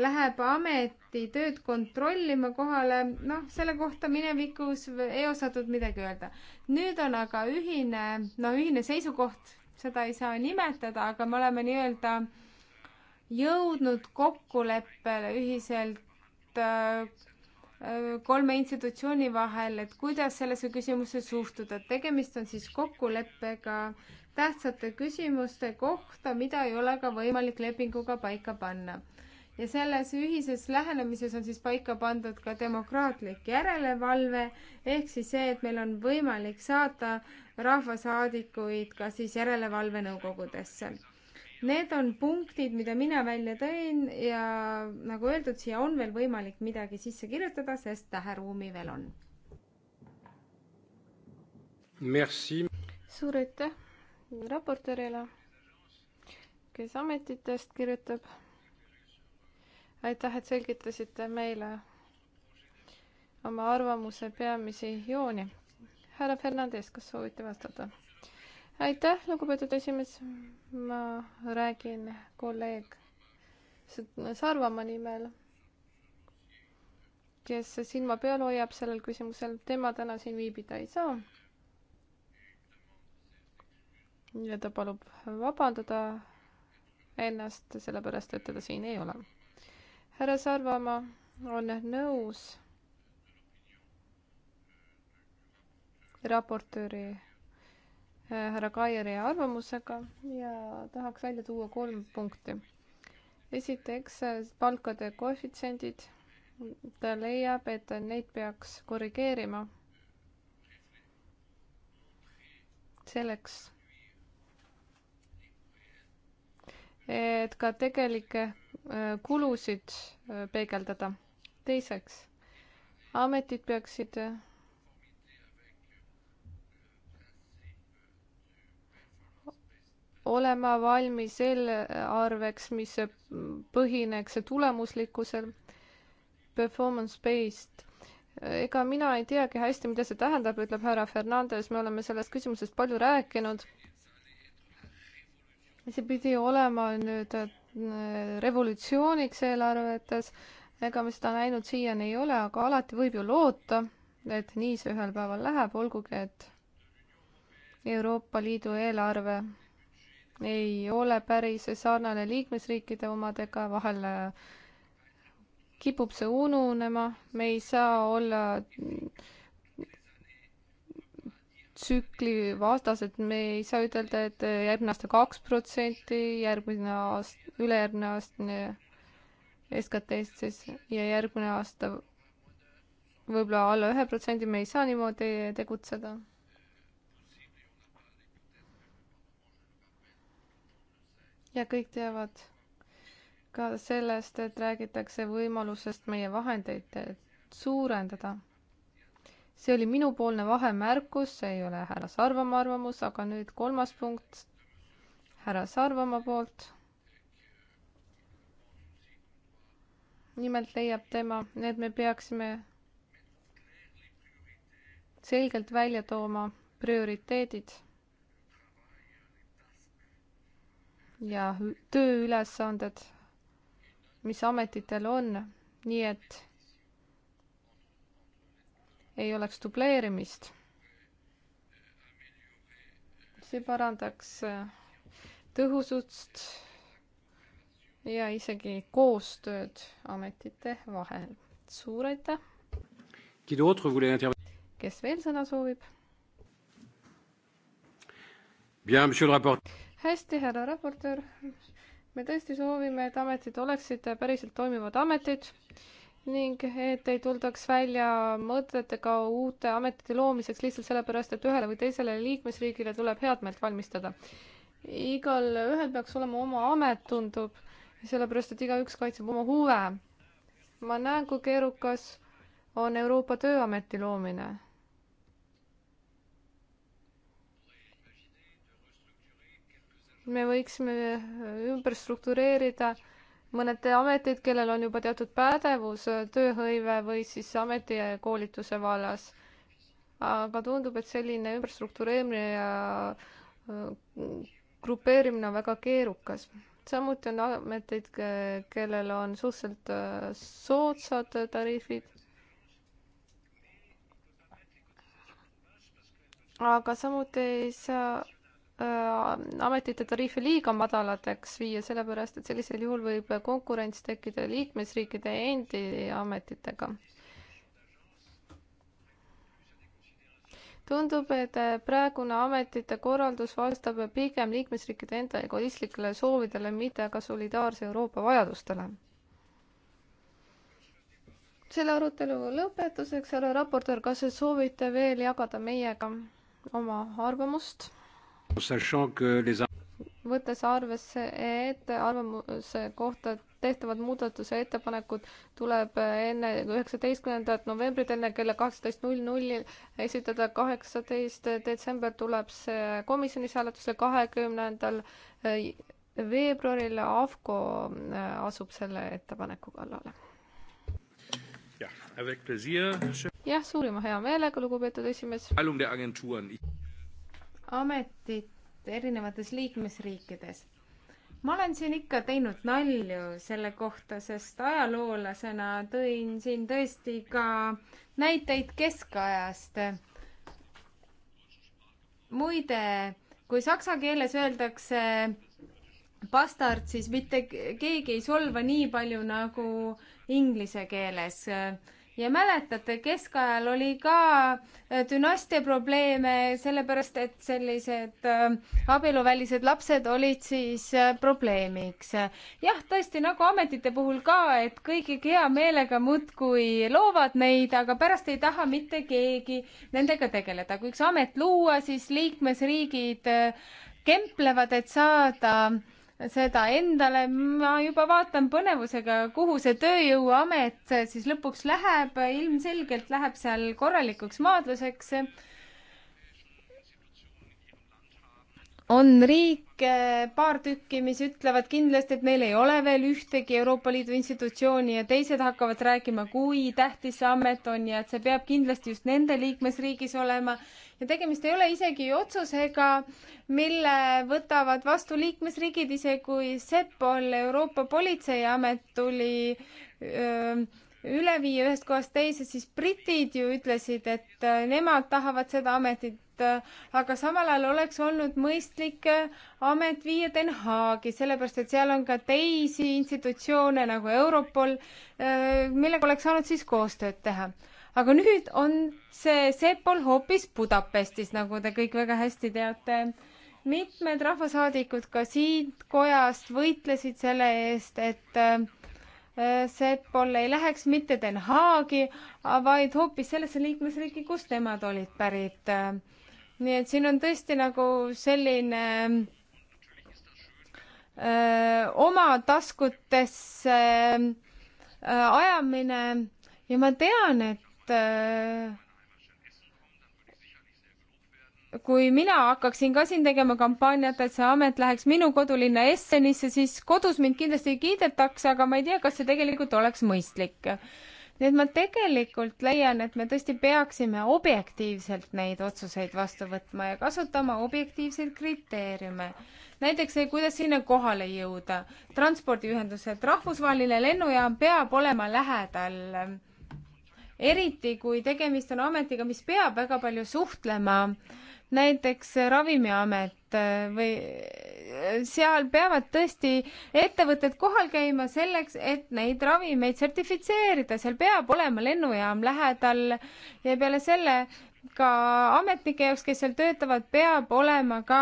läheb ametitööd kontrollima kohale, noh, selle kohta minevikus ei osatud midagi öelda. nüüd on aga ühine, no ühine seisukoht, seda ei saa nimetada, aga me oleme nii-öelda jõudnud kokkuleppele ühiselt äh, äh kolme institutsiooni vahel, et kuidas sellesse küsimusse suhtuda. tegemist on siis kokkuleppega tähtsate küsimuste kohta, mida ei ole ka võimalik lepinguga paika panna ja selles ühises lähenemises on siis paika pandud ka demokraatlik järelevalve ehk siis see, et meil on võimalik saata rahvasaadikuid ka siis järelevalvenõukogudesse. Need on punktid, mida mina välja tõin ja nagu öeldud, siia on veel võimalik midagi sisse kirjutada, sest täheruumi veel on. suur aitäh raportöörile, kes ametitest kirjutab aitäh, et selgitasite meile oma arvamuse peamisi jooni. härra Fernandes, kas soovite vastata? aitäh, lugupeetud esimees. ma räägin kolleeg Sarvamaa nimel, kes silma peal hoiab sellel küsimusel. tema täna siin viibida ei saa. ja ta palub vabandada ennast, sellepärast et teda siin ei ole härra Sarvamaa on nõus raportööri äh, härra Kairi arvamusega ja tahaks välja tuua kolm punkti. esiteks äh, palkade koefitsiendid. ta leiab, et neid peaks korrigeerima. selleks, et ka tegelikke äh, kulusid äh, peegeldada. teiseks, ametid peaksid äh, olema valmis eelarveks, mis põhineks tulemuslikkusel, performance-based. ega mina ei teagi hästi, mida see tähendab, ütleb härra Fernandes, me oleme sellest küsimusest palju rääkinud see pidi olema nüüd äh, revolutsiooniks eelarvetes, ega me seda näinud siiani ei ole, aga alati võib ju loota, et nii see ühel päeval läheb, olgugi et Euroopa Liidu eelarve ei ole päris sarnane liikmesriikide omadega, vahel äh, kipub see ununema, me ei saa olla tsükli vastased, me ei saa ütelda, et järgmine aasta kaks protsenti, järgmine aasta, ülejärgmine aasta SKT-st siis ja järgmine aasta võib-olla alla ühe protsendi, me ei saa niimoodi tegutseda. ja kõik teavad ka sellest, et räägitakse võimalusest meie vahendeid suurendada see oli minupoolne vahemärkus, see ei ole härra Sarvamaa arvamus, aga nüüd kolmas punkt härra Sarvamaa poolt. nimelt leiab tema, et me peaksime selgelt välja tooma prioriteedid ja tööülesanded, mis ametitel on, nii et ei oleks dubleerimist. see parandaks äh, tõhusust ja isegi koostööd ametite vahel. suur aitäh! kes veel sõna soovib? hästi, härra raportöör, me tõesti soovime, et ametid oleksid päriselt toimivad ametid ning et ei tuldaks välja mõtetega uute ametite loomiseks lihtsalt sellepärast, et ühele või teisele liikmesriigile tuleb head meelt valmistada. igalühel peaks olema oma amet, tundub, sellepärast et igaüks kaitseb oma huve. ma näen, kui keerukas on Euroopa Tööameti loomine me võiksime ümber struktureerida mõned ametid, kellel on juba teatud pädevus tööhõive või siis ametikoolituse vallas. aga tundub, et selline ümberstruktureerimine ja äh, grupeerimine on väga keerukas. samuti on ameteid, kellel on suhteliselt äh, soodsad tariifid. aga samuti ei saa Äh, ametite tariife liiga madalateks viia, sellepärast et sellisel juhul võib konkurents tekkida liikmesriikide endi ametitega. tundub, et praegune ametite korraldus vastab pigem liikmesriikide enda egoistlikele soovidele, mitte aga solidaarse Euroopa vajadustele. selle arutelu lõpetuseks, härra raportöör, kas soovite veel jagada meiega oma arvamust? võttes arvesse, et arvamuse kohta tehtavad muudatuse ettepanekud tuleb enne üheksateistkümnendat novembrit, enne kella kaheksateist null nulli esitada. kaheksateist detsember tuleb see komisjonis hääletusele, kahekümnendal veebruaril AFCO äh, asub selle ettepaneku kallale. jah, suurima heameelega, lugupeetud esimees ametit erinevates liikmesriikides. ma olen siin ikka teinud nalju selle kohta, sest ajaloolasena tõin siin tõesti ka näiteid keskajast. muide, kui saksa keeles öeldakse bastard, siis mitte keegi ei solva nii palju nagu inglise keeles ja mäletate, keskajal oli ka äh, dünastia probleeme, sellepärast et sellised äh, abieluvälised lapsed olid siis äh, probleemiks. jah, tõesti nagu ametite puhul ka, et kõigi hea meelega muudkui loovad neid, aga pärast ei taha mitte keegi nendega tegeleda. kui üks amet luua, siis liikmesriigid kemplevad, et saada seda endale, ma juba vaatan põnevusega, kuhu see Tööjõuamet siis lõpuks läheb, ilmselgelt läheb seal korralikuks maadluseks on riike, eh, paar tükki, mis ütlevad kindlasti, et meil ei ole veel ühtegi Euroopa Liidu institutsiooni ja teised hakkavad rääkima, kui tähtis see amet on ja et see peab kindlasti just nende liikmesriigis olema. ja tegemist ei ole isegi otsusega, mille võtavad vastu liikmesriigid, isegi kui Sepol, Euroopa Politseiamet tuli öö, üle viia ühest kohast teise, siis britid ju ütlesid, et eh, nemad tahavad seda ametit aga samal ajal oleks olnud mõistlik äh, amet viia Den Haagi, sellepärast et seal on ka teisi institutsioone nagu Europol, äh, millega oleks saanud siis koostööd teha. aga nüüd on see Sepol hoopis Budapestis, nagu te kõik väga hästi teate. mitmed rahvasaadikud ka siit kojast võitlesid selle eest, et äh, Sepol ei läheks mitte Den Haagi, vaid hoopis sellesse liikmesriiki, kust nemad olid pärit nii et siin on tõesti nagu selline öö, äh, oma taskutesse öö, äh, ajamine ja ma tean, et öö, äh, kui mina hakkaksin ka siin tegema kampaaniat, et see amet läheks minu kodulinna Essenisse, siis kodus mind kindlasti kiidetaks, aga ma ei tea, kas see tegelikult oleks mõistlik nii et ma tegelikult leian, et me tõesti peaksime objektiivselt neid otsuseid vastu võtma ja kasutama objektiivseid kriteeriume. näiteks see, kuidas sinna kohale jõuda, transpordiühendused, rahvusvaheline lennujaam peab olema lähedal. eriti, kui tegemist on ametiga, mis peab väga palju suhtlema äh, näiteks Ravimiamet äh, või äh, seal peavad tõesti ettevõtted kohal käima selleks, et neid ravimeid sertifitseerida, seal peab olema lennujaam lähedal ja peale selle ka ametnike jaoks, kes seal töötavad, peab olema ka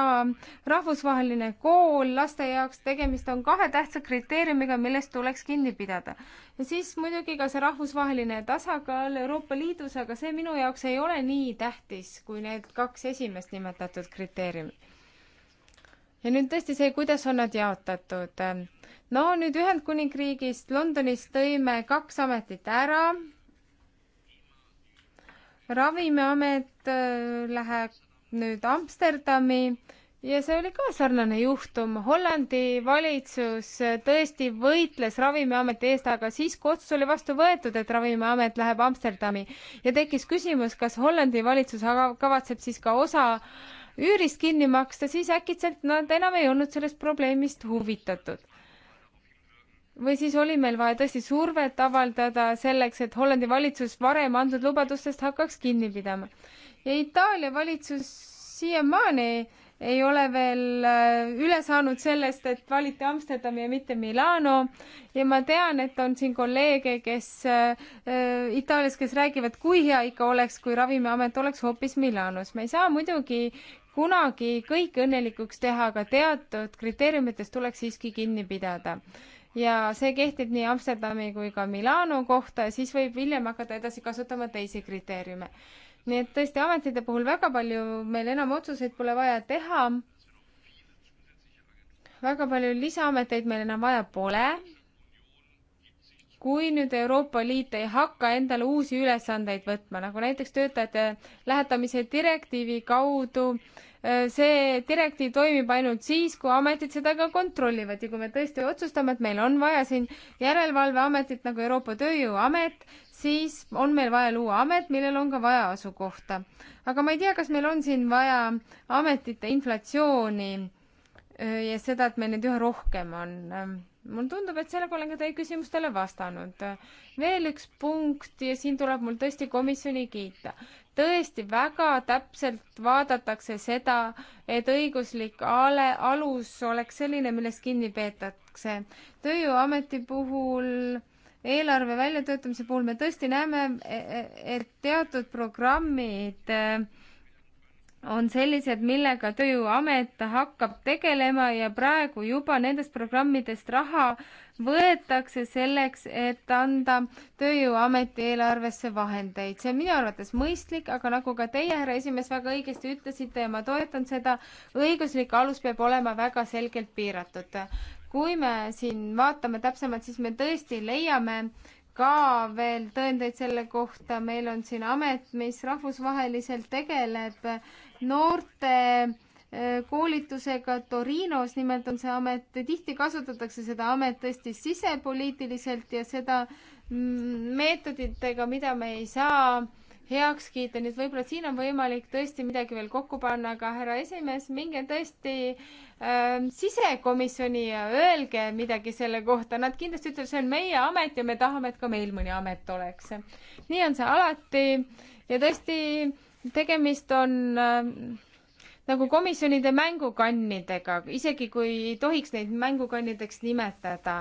rahvusvaheline kool laste jaoks, tegemist on kahe tähtsa kriteeriumiga, millest tuleks kinni pidada. ja siis muidugi ka see rahvusvaheline tasakaal Euroopa Liidus, aga see minu jaoks ei ole nii tähtis kui need kaks esimest nimetatud kriteeriumi. ja nüüd tõesti see, kuidas on nad jaotatud. no nüüd Ühendkuningriigist, Londonist tõime kaks ametit ära ravimiamet äh, läheb nüüd Amsterdami ja see oli ka sarnane juhtum. Hollandi valitsus tõesti võitles Ravimiameti eest, aga siis, kui otsus oli vastu võetud, et Ravimiamet läheb Amsterdami ja tekkis küsimus, kas Hollandi valitsus kavatseb siis ka osa üürist kinni maksta, siis äkitselt nad enam ei olnud sellest probleemist huvitatud või siis oli meil vaja tõesti survet avaldada selleks, et Hollandi valitsus varem antud lubadustest hakkaks kinni pidama. ja Itaalia valitsus siiamaani ei ole veel äh, üle saanud sellest, et valiti Amsterdami ja mitte Milano ja ma tean, et on siin kolleege, kes äh, äh, Itaalias, kes räägivad, kui hea ikka oleks, kui Ravimiamet oleks hoopis Milanos. me ei saa muidugi kunagi kõik õnnelikuks teha, aga teatud kriteeriumitest tuleks siiski kinni pidada ja see kehtib nii Amsterdami kui ka Milano kohta ja siis võib hiljem hakata edasi kasutama teisi kriteeriume. nii et tõesti, ametite puhul väga palju meil enam otsuseid pole vaja teha, väga palju lisaameteid meil enam vaja pole, kui nüüd Euroopa Liit ei hakka endale uusi ülesandeid võtma, nagu näiteks töötajate lähetamise direktiivi kaudu äh, Äh, see direktiiv toimib ainult siis, kui ametid seda ka kontrollivad ja kui me tõesti otsustame, et meil on vaja siin järelevalveametit nagu Euroopa Tööjõuamet, siis on meil vaja luua amet, millel on ka vaja asukohta. aga ma ei tea, kas meil on siin vaja ametite inflatsiooni äh, ja seda, et meil neid üha rohkem on mulle tundub, et sellega olen ka teie küsimustele vastanud. veel üks punkt ja siin tuleb mul tõesti komisjoni kiita. tõesti väga täpselt vaadatakse seda, et õiguslik ale, alus oleks selline, millest kinni peetakse. tööjõuameti puhul eelarve väljatöötamise puhul me tõesti näeme, e, e, et teatud programmid äh, on sellised, millega Tööamet hakkab tegelema ja praegu juba nendest programmidest raha võetakse selleks, et anda Tööjõuameti eelarvesse vahendeid. see on minu arvates mõistlik, aga nagu ka teie, härra esimees, väga õigesti ütlesite ja ma toetan seda, õiguslik alus peab olema väga selgelt piiratud. kui me siin vaatame täpsemalt, siis me tõesti leiame ka veel tõendeid selle kohta, meil on siin amet, mis rahvusvaheliselt tegeleb noorte eh, koolitusega Torinos, nimelt on see amet, tihti kasutatakse seda amet tõesti sisepoliitiliselt ja seda meetoditega, mida me ei saa heaks kiita, nii et võib-olla siin on võimalik tõesti midagi veel kokku panna, aga härra esimees, minge tõesti äh, sisekomisjoni ja öelge midagi selle kohta, nad kindlasti ütlevad, see on meie amet ja me tahame, et ka meil mõni amet oleks. nii on see alati ja tõesti tegemist on äh, nagu komisjonide mängukannidega, isegi kui ei tohiks neid mängukannideks nimetada.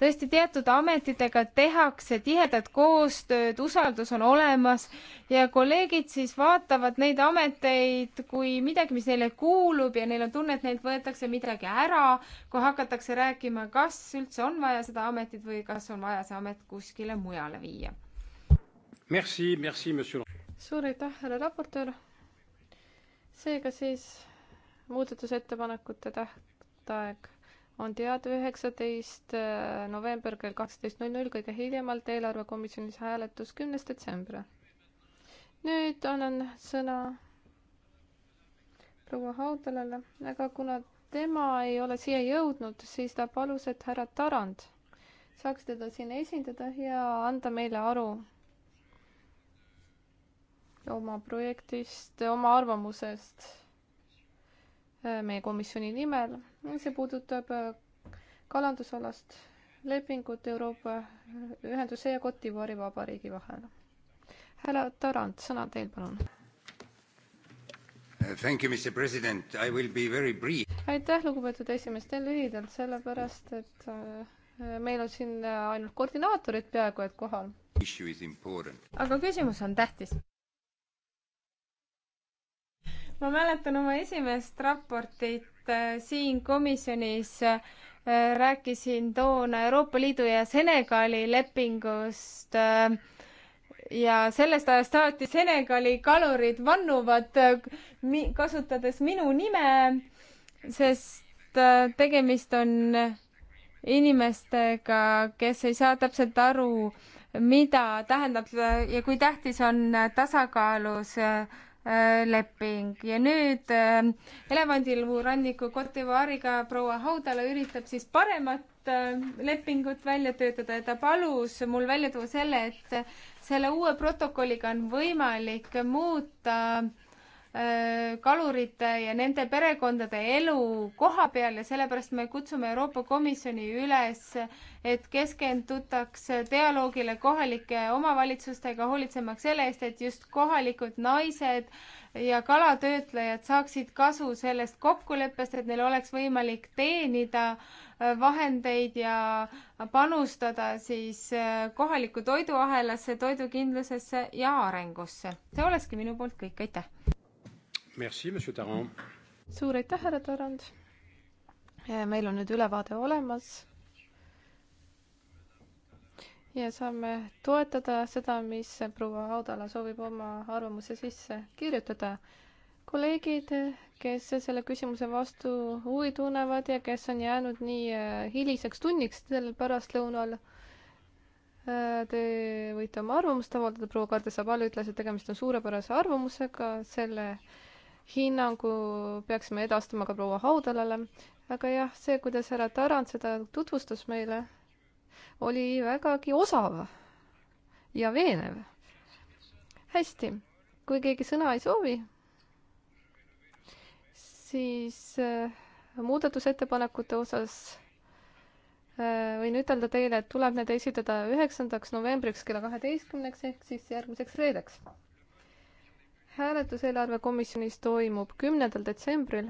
tõesti, teatud ametitega tehakse tihedat koostööd, usaldus on olemas ja kolleegid siis vaatavad neid ameteid kui midagi, mis neile kuulub ja neil on tunne, et neilt võetakse midagi ära, kui hakatakse rääkima, kas üldse on vaja seda ametit või kas on vaja see amet kuskile mujale viia. Merci, merci, monsieur suur aitäh, härra raportöör. seega siis muudatusettepanekute tähtaeg on teada üheksateist äh, november kell kaksteist null null, kõige hiljemalt eelarvekomisjonis hääletus kümnes detsembril. nüüd annan sõna proua Haudalale, aga kuna tema ei ole siia jõudnud, siis ta palus, et härra Tarand saaks teda siin esindada ja anda meile aru oma projektist, oma arvamusest äh, meie komisjoni nimel. see puudutab äh, kalandusalast lepingut Euroopa Ühenduse ja Cotivari Vabariigi vahel. härra Tarand, sõna teil, palun. Uh, thank you, Mr President, I will be very brief. aitäh, lugupeetud esimees, teen lühidalt, sellepärast et äh, meil on siin ainult koordinaatorid peaaegu et kohal. aga küsimus on tähtis ma mäletan oma esimest raportit äh, siin komisjonis äh, rääkisin toona Euroopa Liidu ja Senegali lepingust äh, ja sellest ajast saati Senegali kalurid vannuvad, kasutades minu nime, sest tegemist on inimestega, kes ei saa täpselt aru, mida tähendab ja kui tähtis on tasakaalus Äh, leping ja nüüd äh, elevandiluu ranniku Cotivaariga proua Haudala üritab siis paremat äh, lepingut välja töötada ja ta palus mul välja tuua selle, et selle uue protokolliga on võimalik muuta äh, Äh, kalurite ja nende perekondade elu koha peal ja sellepärast me kutsume Euroopa Komisjoni üles, et keskendutaks dialoogile kohalike omavalitsustega, hoolitsemaks selle eest, et just kohalikud naised ja kalatöötlejad saaksid kasu sellest kokkuleppest, et neil oleks võimalik teenida äh, vahendeid ja panustada siis äh, kohalikku toiduahelasse, toidukindlusesse ja arengusse. see olekski minu poolt kõik, aitäh! suur aitäh, härra Tarand. meil on nüüd ülevaade olemas. ja saame toetada seda, mis proua Haudala soovib oma arvamuse sisse kirjutada. kolleegid, kes selle küsimuse vastu huvi tunnevad ja kes on jäänud nii äh, hiliseks tunniks sellel pärastlõunal äh, Te võite oma arvamust avaldada, proua Kardesabal ütles, et tegemist on suurepärase arvamusega, selle hinnangu peaksime edastama ka proua Haudalale, aga jah, see, kuidas härra Tarand seda tutvustas meile, oli vägagi osav ja veenev. hästi, kui keegi sõna ei soovi, siis äh, muudatusettepanekute osas äh, võin ütelda teile, et tuleb need esitada üheksandaks novembriks kella kaheteistkümneks ehk siis järgmiseks reedeks hääletus eelarvekomisjonis toimub kümnendal detsembril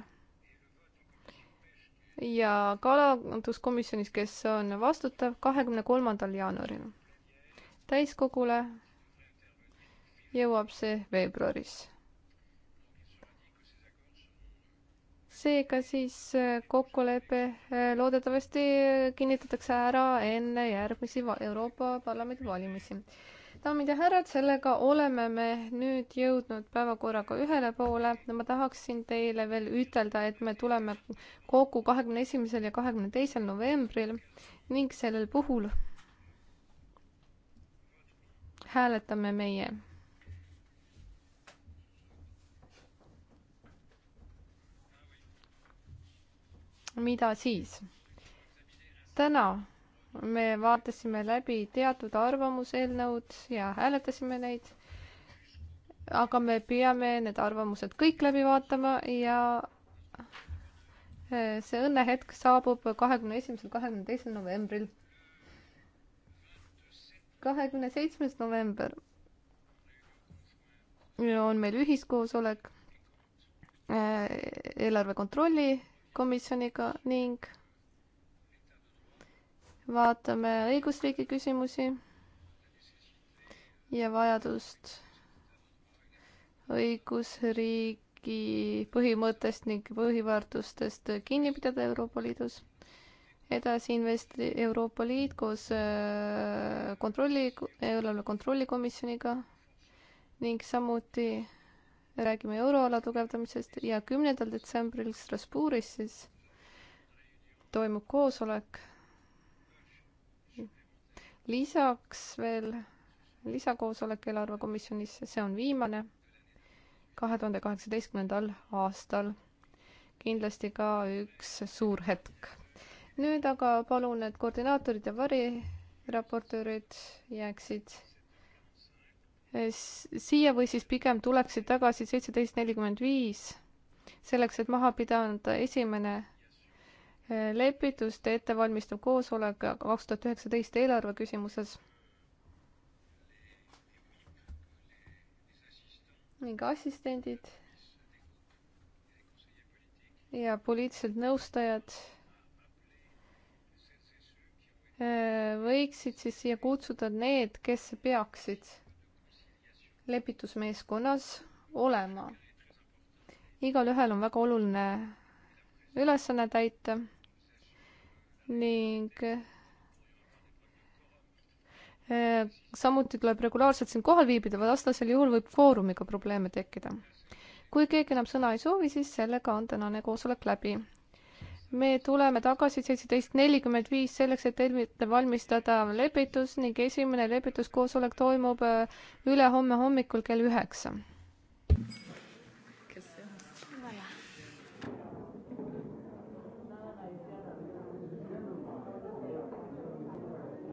ja kalanduskomisjonis, kes on vastutav, kahekümne kolmandal jaanuaril. täiskogule jõuab see veebruaris. seega siis äh, kokkulepe äh, loodetavasti kinnitatakse ära enne järgmisi Euroopa Parlamendi valimisi daamid ja härrad, sellega oleme me nüüd jõudnud päevakorraga ühele poole. ma tahaksin teile veel ütelda, et me tuleme kokku kahekümne esimesel ja kahekümne teisel novembril ning sellel puhul hääletame meie mida siis? täna me vaatasime läbi teatud arvamuseelnõud ja hääletasime neid. aga me peame need arvamused kõik läbi vaatama ja äh, see õnnehetk saabub kahekümne esimesel, kahekümne teisel novembril. kahekümne seitsmes november on meil ühiskoosolek äh, eelarve kontrolli komisjoniga ning vaatame õigusriigi küsimusi ja vajadust õigusriigi põhimõttest ning põhiväärtustest kinni pidada Euroopa Liidus. edasi investi-, Euroopa Liit koos äh, kontrolli, eelarve kontrollikomisjoniga ning samuti räägime euroala tugevdamisest ja kümnendal detsembril Strasbourgis siis toimub koosolek lisaks veel lisakoosolek eelarvekomisjonis, see on viimane, kahe tuhande kaheksateistkümnendal aastal. kindlasti ka üks suur hetk. nüüd aga palun, et koordinaatorid ja variraportöörid jääksid siia või siis pigem tuleksid tagasi seitseteist nelikümmend viis, selleks et maha pidada esimene lepitust ettevalmistav koosolek kaks tuhat üheksateist eelarve küsimuses. ning assistendid ja poliitilised nõustajad äh, võiksid siis siia kutsuda need, kes peaksid lepitusmeeskonnas olema. igalühel on väga oluline ülesanne täita ning eh, samuti tuleb regulaarselt siin kohal viibida, vastasel juhul võib kvoorumiga probleeme tekkida. kui keegi enam sõna ei soovi, siis sellega on tänane koosolek läbi. me tuleme tagasi seitseteist nelikümmend viis selleks, et ette valmistada lepitus ning esimene lepituskoosolek toimub eh, ülehomme hommikul kell üheksa